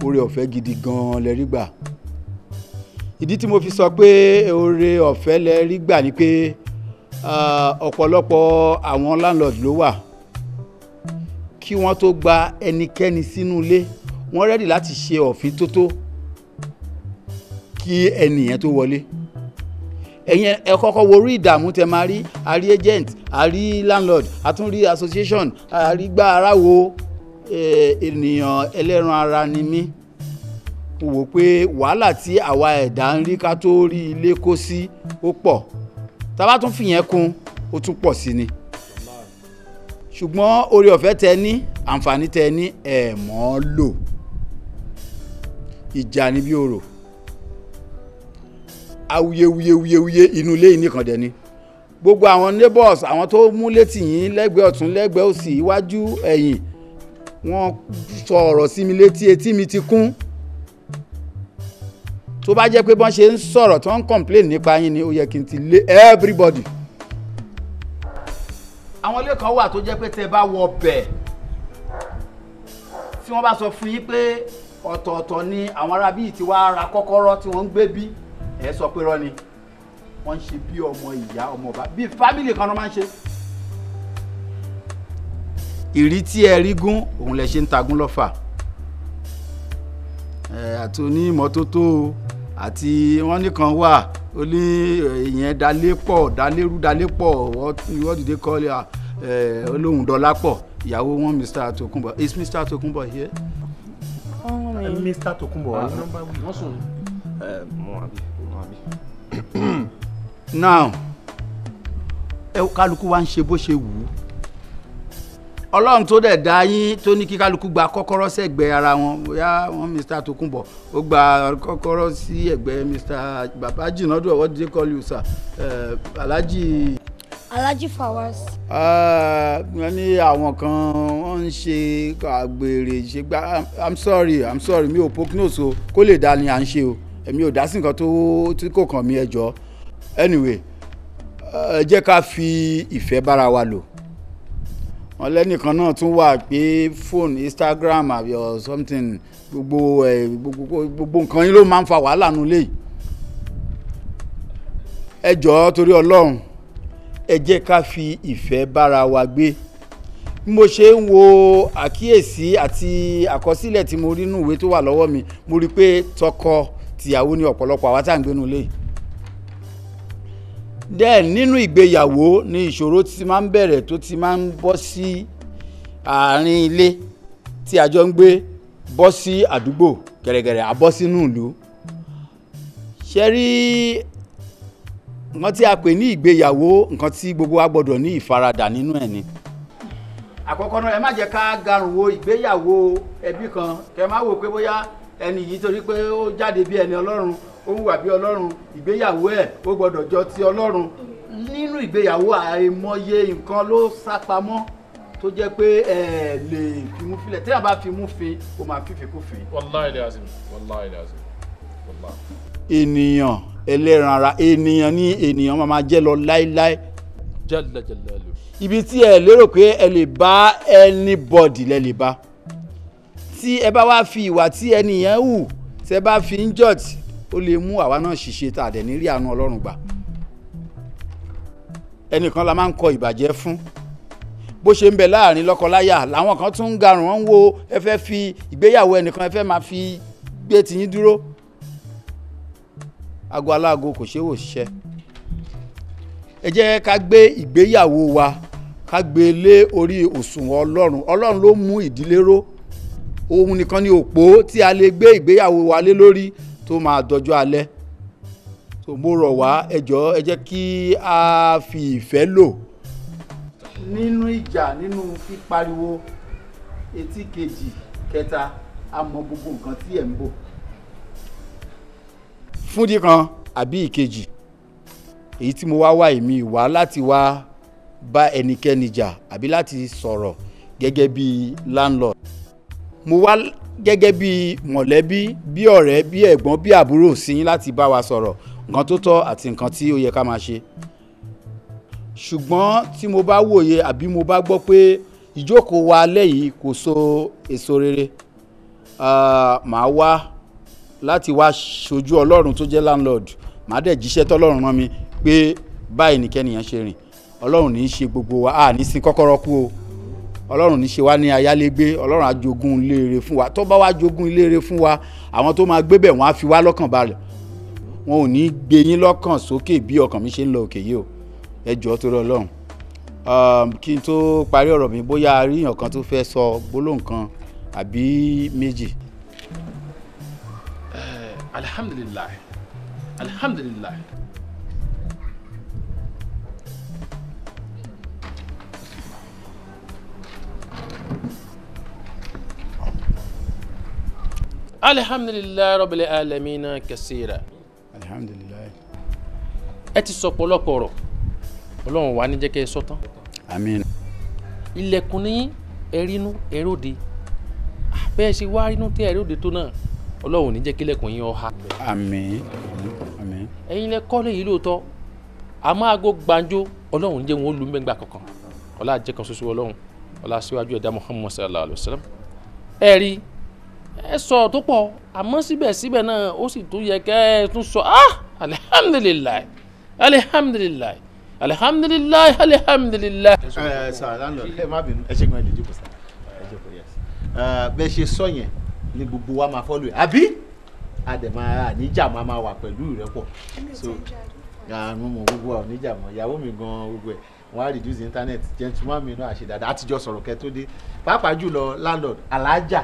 oore ọ̀fẹ́ gidi gan-an lẹ rí gbà ìdí tí mo fi sọ pé oore ọ̀fẹ́ lẹ rí gbà ni pé Eh, ọ̀pọ̀lọpọ̀ àwọn landlord ló wà kí wọ́n tó gba ẹnikẹ́ni sínú ilé wọ́n rẹ́dì láti ṣe òfin tótó kí ẹnìyẹn tó wọlé ẹ̀yin ẹ kọ́kọ́ wo orí ìdààmú tẹ máa rí a rí agent a rí landlord a tún rí association a rí gbá ara wo eh, ènìyàn ẹlẹ́ran ara ni mí wò pé wàhálà tí àwa ẹ̀dá ń rí ká tó rí ilé kó sí ó pọ̀ tábà tún fìyẹn kún ó tún pọ̀ sí ni ṣùgbọ́n oore ọ̀fẹ́ tẹ ní àǹfààní tẹ ní ẹ̀ mọ́ ọ́ lò ìjà ni bí orò awuyewuyewuyewuye inú ilé yìí nìkan dẹ̀ ni gbogbo àwọn neighbors àwọn tó mú létí yín lẹ́gbẹ̀ẹ́ ọ̀tún lẹ́gbẹ̀ẹ́ òsì iwájú ẹ̀yìn wọ́n sọ ọ̀rọ̀ sí mi létí etí mi ti kún tó bá jẹ́ pé bọ́n ṣe ń sọ̀rọ̀ tó ń complain nípa yín ni ó yẹ kí n ti lé everybody. àwọn ilé kan wà tó jẹ́ pé tẹ́ bá wọ bẹ̀ tí wọ́n bá sọ fún yín pé ọ̀tọ̀ọ̀tọ̀ ni àwọn ará bíi ti wá ra kọ́kọ́rọ́ tí wọ́n ń gbé bí ẹ̀ sọ pé rọ́ wọ́n ń ṣe bí ọmọ ìyá ọmọ ọba bíi fámìlì kan ló máa ń ṣe. ìrí tí ẹ rí gún òun lẹ ṣe ń tagún lọ́fà àti onímọ́tótó o àti wọ́n nìkan wà ó ní eh, ìyẹn dalépọ̀ dalérú dalépọ̀ what do they call it olóhùn dọlápọ̀ ìyàwó wọn mr tokunbo is mr tokunbo here. Eh, mr tokunbo ah, eh, now ẹ kálukú wa ń ṣe bó ṣe wù ú ọlọ́run tó dẹ̀ dá yín tó ní kí kálukú gba kọ́kọ́rọ́ sẹ́gbẹ́ ara wọn bóyá wọn mr tokunbo ó gba kọ́kọ́rọ́ sí ẹ̀gbẹ́ mr bàbá jìnnàdù ọwọ́ dídé kọ́lù sà alhaji. alhaji fawaz. Ah, wọ́n ní àwọn kan wọ́n ń ṣe àgbèrè ṣègbà i'm sorry i'm sorry mi ò poknos o kó lè dá ni à ń ṣe o èmi ò dá sí nǹkan tó tí kò kàn mí ẹ jọ anyway ẹ jẹ́ ká fi ìfẹ́ bára wa lò wọn lẹ́nìkan náà tún wà pé phone instagram àbí or something gbogbo ẹ gbogbo gbogbo nǹkan yín ló máa ń fa wàhálà nulẹ̀ yìí ẹ jọ̀ọ́ torí ọlọ́run ẹ jẹ́ ká fi ìfẹ́ bára wa gbé bí mo ṣe ń wo àkíyèsí àti àkọsílẹ̀ tí mo rí nínú ìwé tó wà lọ́wọ́ mi mo rí i pé tọkọ tìyàwó ni ọ̀pọ̀lọpọ̀ àwa tá à ń gbénu lé yìí then nínú ìgbéyàwó ni ìṣòro ti máa ń bẹ̀rẹ̀ tó ti máa ń bọ́ sí àárín ilé tí a jọ ń gbé bọ́ sí àdúgbò gẹ̀rẹ́gẹ̀rẹ́ àbọ́ sínú ìlú ṣe rí nǹkan tí a pè ní ìgbéyàwó nǹkan tí gbogbo wa gbọ́dọ̀ ní ìfaradà nínú ẹ̀ ni. àkọ́kọ́ náà ẹ má jẹ́ ká garùn wo ìgbéyàwó ẹbí kan kẹ má wò pé bóyá ẹni yìí torí pé ó jáde bí ẹni ọlọ́run ó wùwà bí ọlọ́run ìgbéyàwó ẹ̀ ó gbọ́dọ̀ jọ ti ọlọ́run nínú ìgbéyàwó àìmọye nǹkan ló sápamọ́ tó jẹ́ pé ẹ lè fimú filẹ̀ tí a bá fimú fin o máa fífi kú fin. azim wàláhì ilé azim wàláhì. ènìyàn ẹlẹ́ran ara ènìyàn ní ènìyàn máa jẹ́ lọ láéláé. jalla jalalu. ibi tí ẹ lérò pé ẹ lè bá anybody lẹ lè bá tí ẹ bá wá fi ìwà tí ẹnìyàn hù tẹ bá fi ń judge ó lè mú àwa náà ṣìṣe tá a dẹ̀ ní rí àánú ọlọ́run gbà ẹnìkan la máa ń kọ ìbàjẹ́ fún bó ṣe ń bẹ láàrin lọ́kọláya làwọn kan tún ń garùn wọn ń wo ẹ fẹ́ fi ìgbéyàwó ẹnìkan ẹ fẹ́ máa fi gbé tiyín dúró ago aláago kò ṣeé wò ṣiṣẹ́ ẹ jẹ́ ká gbé ìgbéyàwó wa ká gbé e lé orí òṣùwọ̀n ọlọ́run ọlọ́run ló mú ìdílé ró òun nìkan ni òpó tí a lè gbé ìgbéyàwó wa lé lórí tó máa dọjọ́ alẹ́ so mo rọ̀ wá ẹ jọ̀ọ́ ẹ jẹ́ kí a fi ìfẹ́ lò. nínú ìjà nínú pípariwo etí kejì kẹta a mọ gbogbo nǹkan tí ẹ̀ ń bò. fúndì kan àbí ìkejì èyí tí mo wá wá èmi wá láti wá bá ẹnikẹ́ni jà àbí láti sọ̀rọ̀ gẹ́gẹ́ bí landlord mo wá gẹ́gẹ́ bí mọ̀lẹ́bí bí ọ̀rẹ́ bí ẹ̀gbọ́n bí àbúrò sí yín láti bá wa sọ̀rọ̀ nǹkan tó tọ́ àti nǹkan tí ó yẹ ká máa ṣe ṣùgbọ́n tí mo bá wòye àbí mo bá gbọ́ pé ìjókòó wa lẹ́yìn kò so èso rere màá wá láti wá ṣojú ọlọ́run tó jẹ́ landlord màá dẹ̀ jíṣẹ́ tọ́lọ́run rán mi pé báyìí nìkẹ́nìyàn ṣe rìn ọlọ́run ní í ṣe gbogbo wa a ní sin kọ́kọ́rọ́ kú o ọlọ́run ní ṣe wá ní ayálégbé ọlọ́run á jogún iléere fún wa tó bá wá jogún iléere fún wa àwọn tó máa gbé bẹ̀ wọ́n á fi wá lọ́kàn balẹ̀ wọn ò ní gbé yín lọ́kàn sókè bí ọkàn mi ṣe ń lọ òkè yìí o ẹ jọ̀ọ́ torí ọlọ́run ehm, kí n tó parí ọ̀rọ̀ mi bóyá aríyàn kan tó fẹ́ sọ gbólóhùn kan àbí méjì. alhamdulilayi eh, alhamdulilayi. alihamdulilayi rọbìlẹ alamina kẹsìrà. alihamdulilayi. ẹ ti sọ pọ̀lọpọ̀ ọ̀rọ̀ Ọlọ́run wa ní jẹ́ kẹ́ ẹ sọ tán. àmín. ilẹ̀kùn ní ẹrínú ẹróde ah, bẹ́ẹ̀ ṣe wá rínú tẹ ẹróde tó náà Ọlọ́run ní jẹ́ kí ilẹ̀kùn yín ọha. àmín àmín. ẹ̀yin lẹ kọ́lé yìí lóòótọ́ àmọ́ aago gbàǹjo Ọlọ́run ní jẹ́ wọn lu mẹ́gbà kankan ọlá àjẹkàn ṣoṣo Ọlọ́run ọlá síwájú ẹ̀dá Muhammad sallallahu alayhi wa sallam ẹ̀rí ẹ sọ tó pọ̀ àmọ́ síbẹ̀síbẹ̀ náà ó sì tún yẹ kẹ́ ẹ tún sọ ah alihamdulilayi alihamdulilayi alihamdulilayi alihamdulilayi. ẹ sọ landlord ẹ má bínú ẹ ṣe kan ẹ lè jókòó sá ẹ jókòó yẹ bẹ ṣe sọ yẹn ni gbogbo wa máa fọlù ẹ àbí àdèmà àníjà máa máa wà pẹ̀lú ìrẹ́pọ̀ so àánú mọ gbogbo wa oníjà mọ ìyàwó mi gan gbogbo ẹ wọn á reduce internet gentleman mi náà àṣẹ dáadáa àtijọ́ sọ̀rọ̀ kẹ́ tó dé pàápàá jùlọ landlord alájà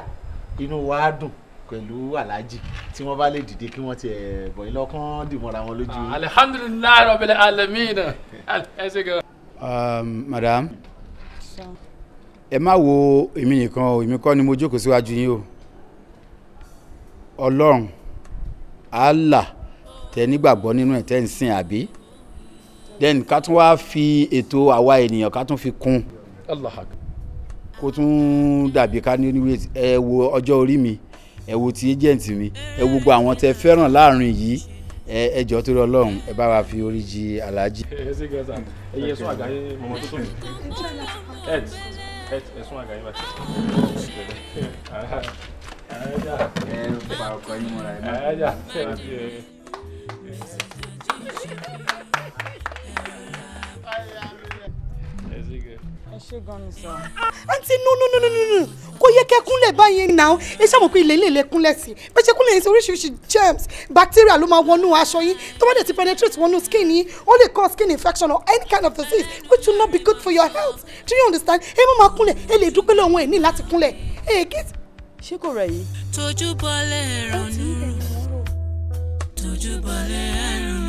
inú wa á dùn pẹ̀lú aláàjì tí wọ́n bá lè dìde kí wọ́n ti ẹ̀ eh, bọ̀ yín lọ́kàn dìmọ̀ra wọn lójú. Ah, alihamdulilayi rabil alamina ẹ ṣe gan. Um, madam ẹ má wo èmi nìkan o èmi kọ́ ni mo jókòó síwájú yín o ọlọ́run allah tẹ nígbàgbọ́ nínú ẹ̀ tẹ́ ń sìn àbí then ká tún wá fi ètò àwa ènìyàn ká tún fi kún. allah akbar kó tún dàbí ká ní ẹ wo ọjọ́ orí mi ẹ wo ti agent mi ẹ wo gbogbo àwọn tẹ fẹ́ràn láàrin yìí ẹ jọ tó lọ́lọ́run ẹ bá wa fi orí ji aláàjì. ẹ ṣe gẹ́sà ẹyẹ sún àgáyé mọ̀mọ́ tó tóbi ẹt ẹ sún àgáyé bá ti. ẹ pa ọkọ yín mọ́ra ẹ má. ṣé gan ni sọ. àǹtí no no no no no kò yẹ kẹ́ kúnlẹ̀ báyẹn náà ẹ ṣáà mọ̀ pé ilé ilé ilé kúnlẹ̀ sí bẹ́ẹ̀ ṣe kúnlẹ̀ yẹn sí oríṣiríṣi germs bacteria ló máa wọnú aṣọ yín tó bá dẹ̀ ti penetrate wọnú skin yín ó lè cause skin infection or any kind of disease which will not be good for your health do you understand ẹ má máa kúnlẹ̀ ẹ lè dúpẹ́ lọ́wọ́ ẹ̀ ní láti kúnlẹ̀ ẹ kí ṣé kò rẹ̀ yìí. tójú bọ́lẹ̀ ẹ̀rọ nù tójú bọ́lẹ̀ ẹ̀rọ nù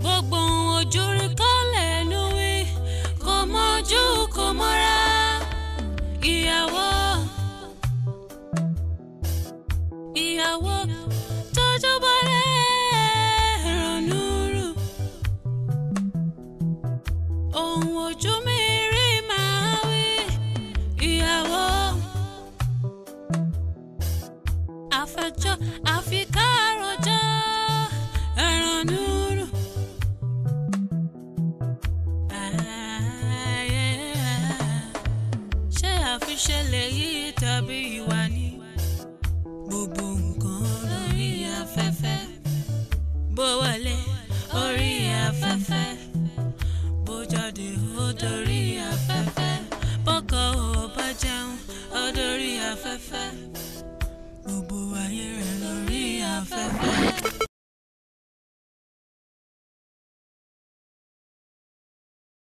gbogbo ojú rí kọ́lẹ̀ ẹnu wí kò mọ́jú kò mọ́ra ìyàwó ìyàwó tójú bọ́lẹ̀ ronú rù ohun ojú mi rí màá wí ṣẹlẹ̀ yìí tàbí ìwà ni gbogbo nǹkan lórí afẹ́fẹ́ bó wọlé orí afẹ́fẹ́ bó jáde ó dorí afẹ́fẹ́ bọ́kọ̀ ò bá jẹun ó dorí afẹ́fẹ́ gbogbo ayé rẹ̀ lórí afẹ́fẹ́.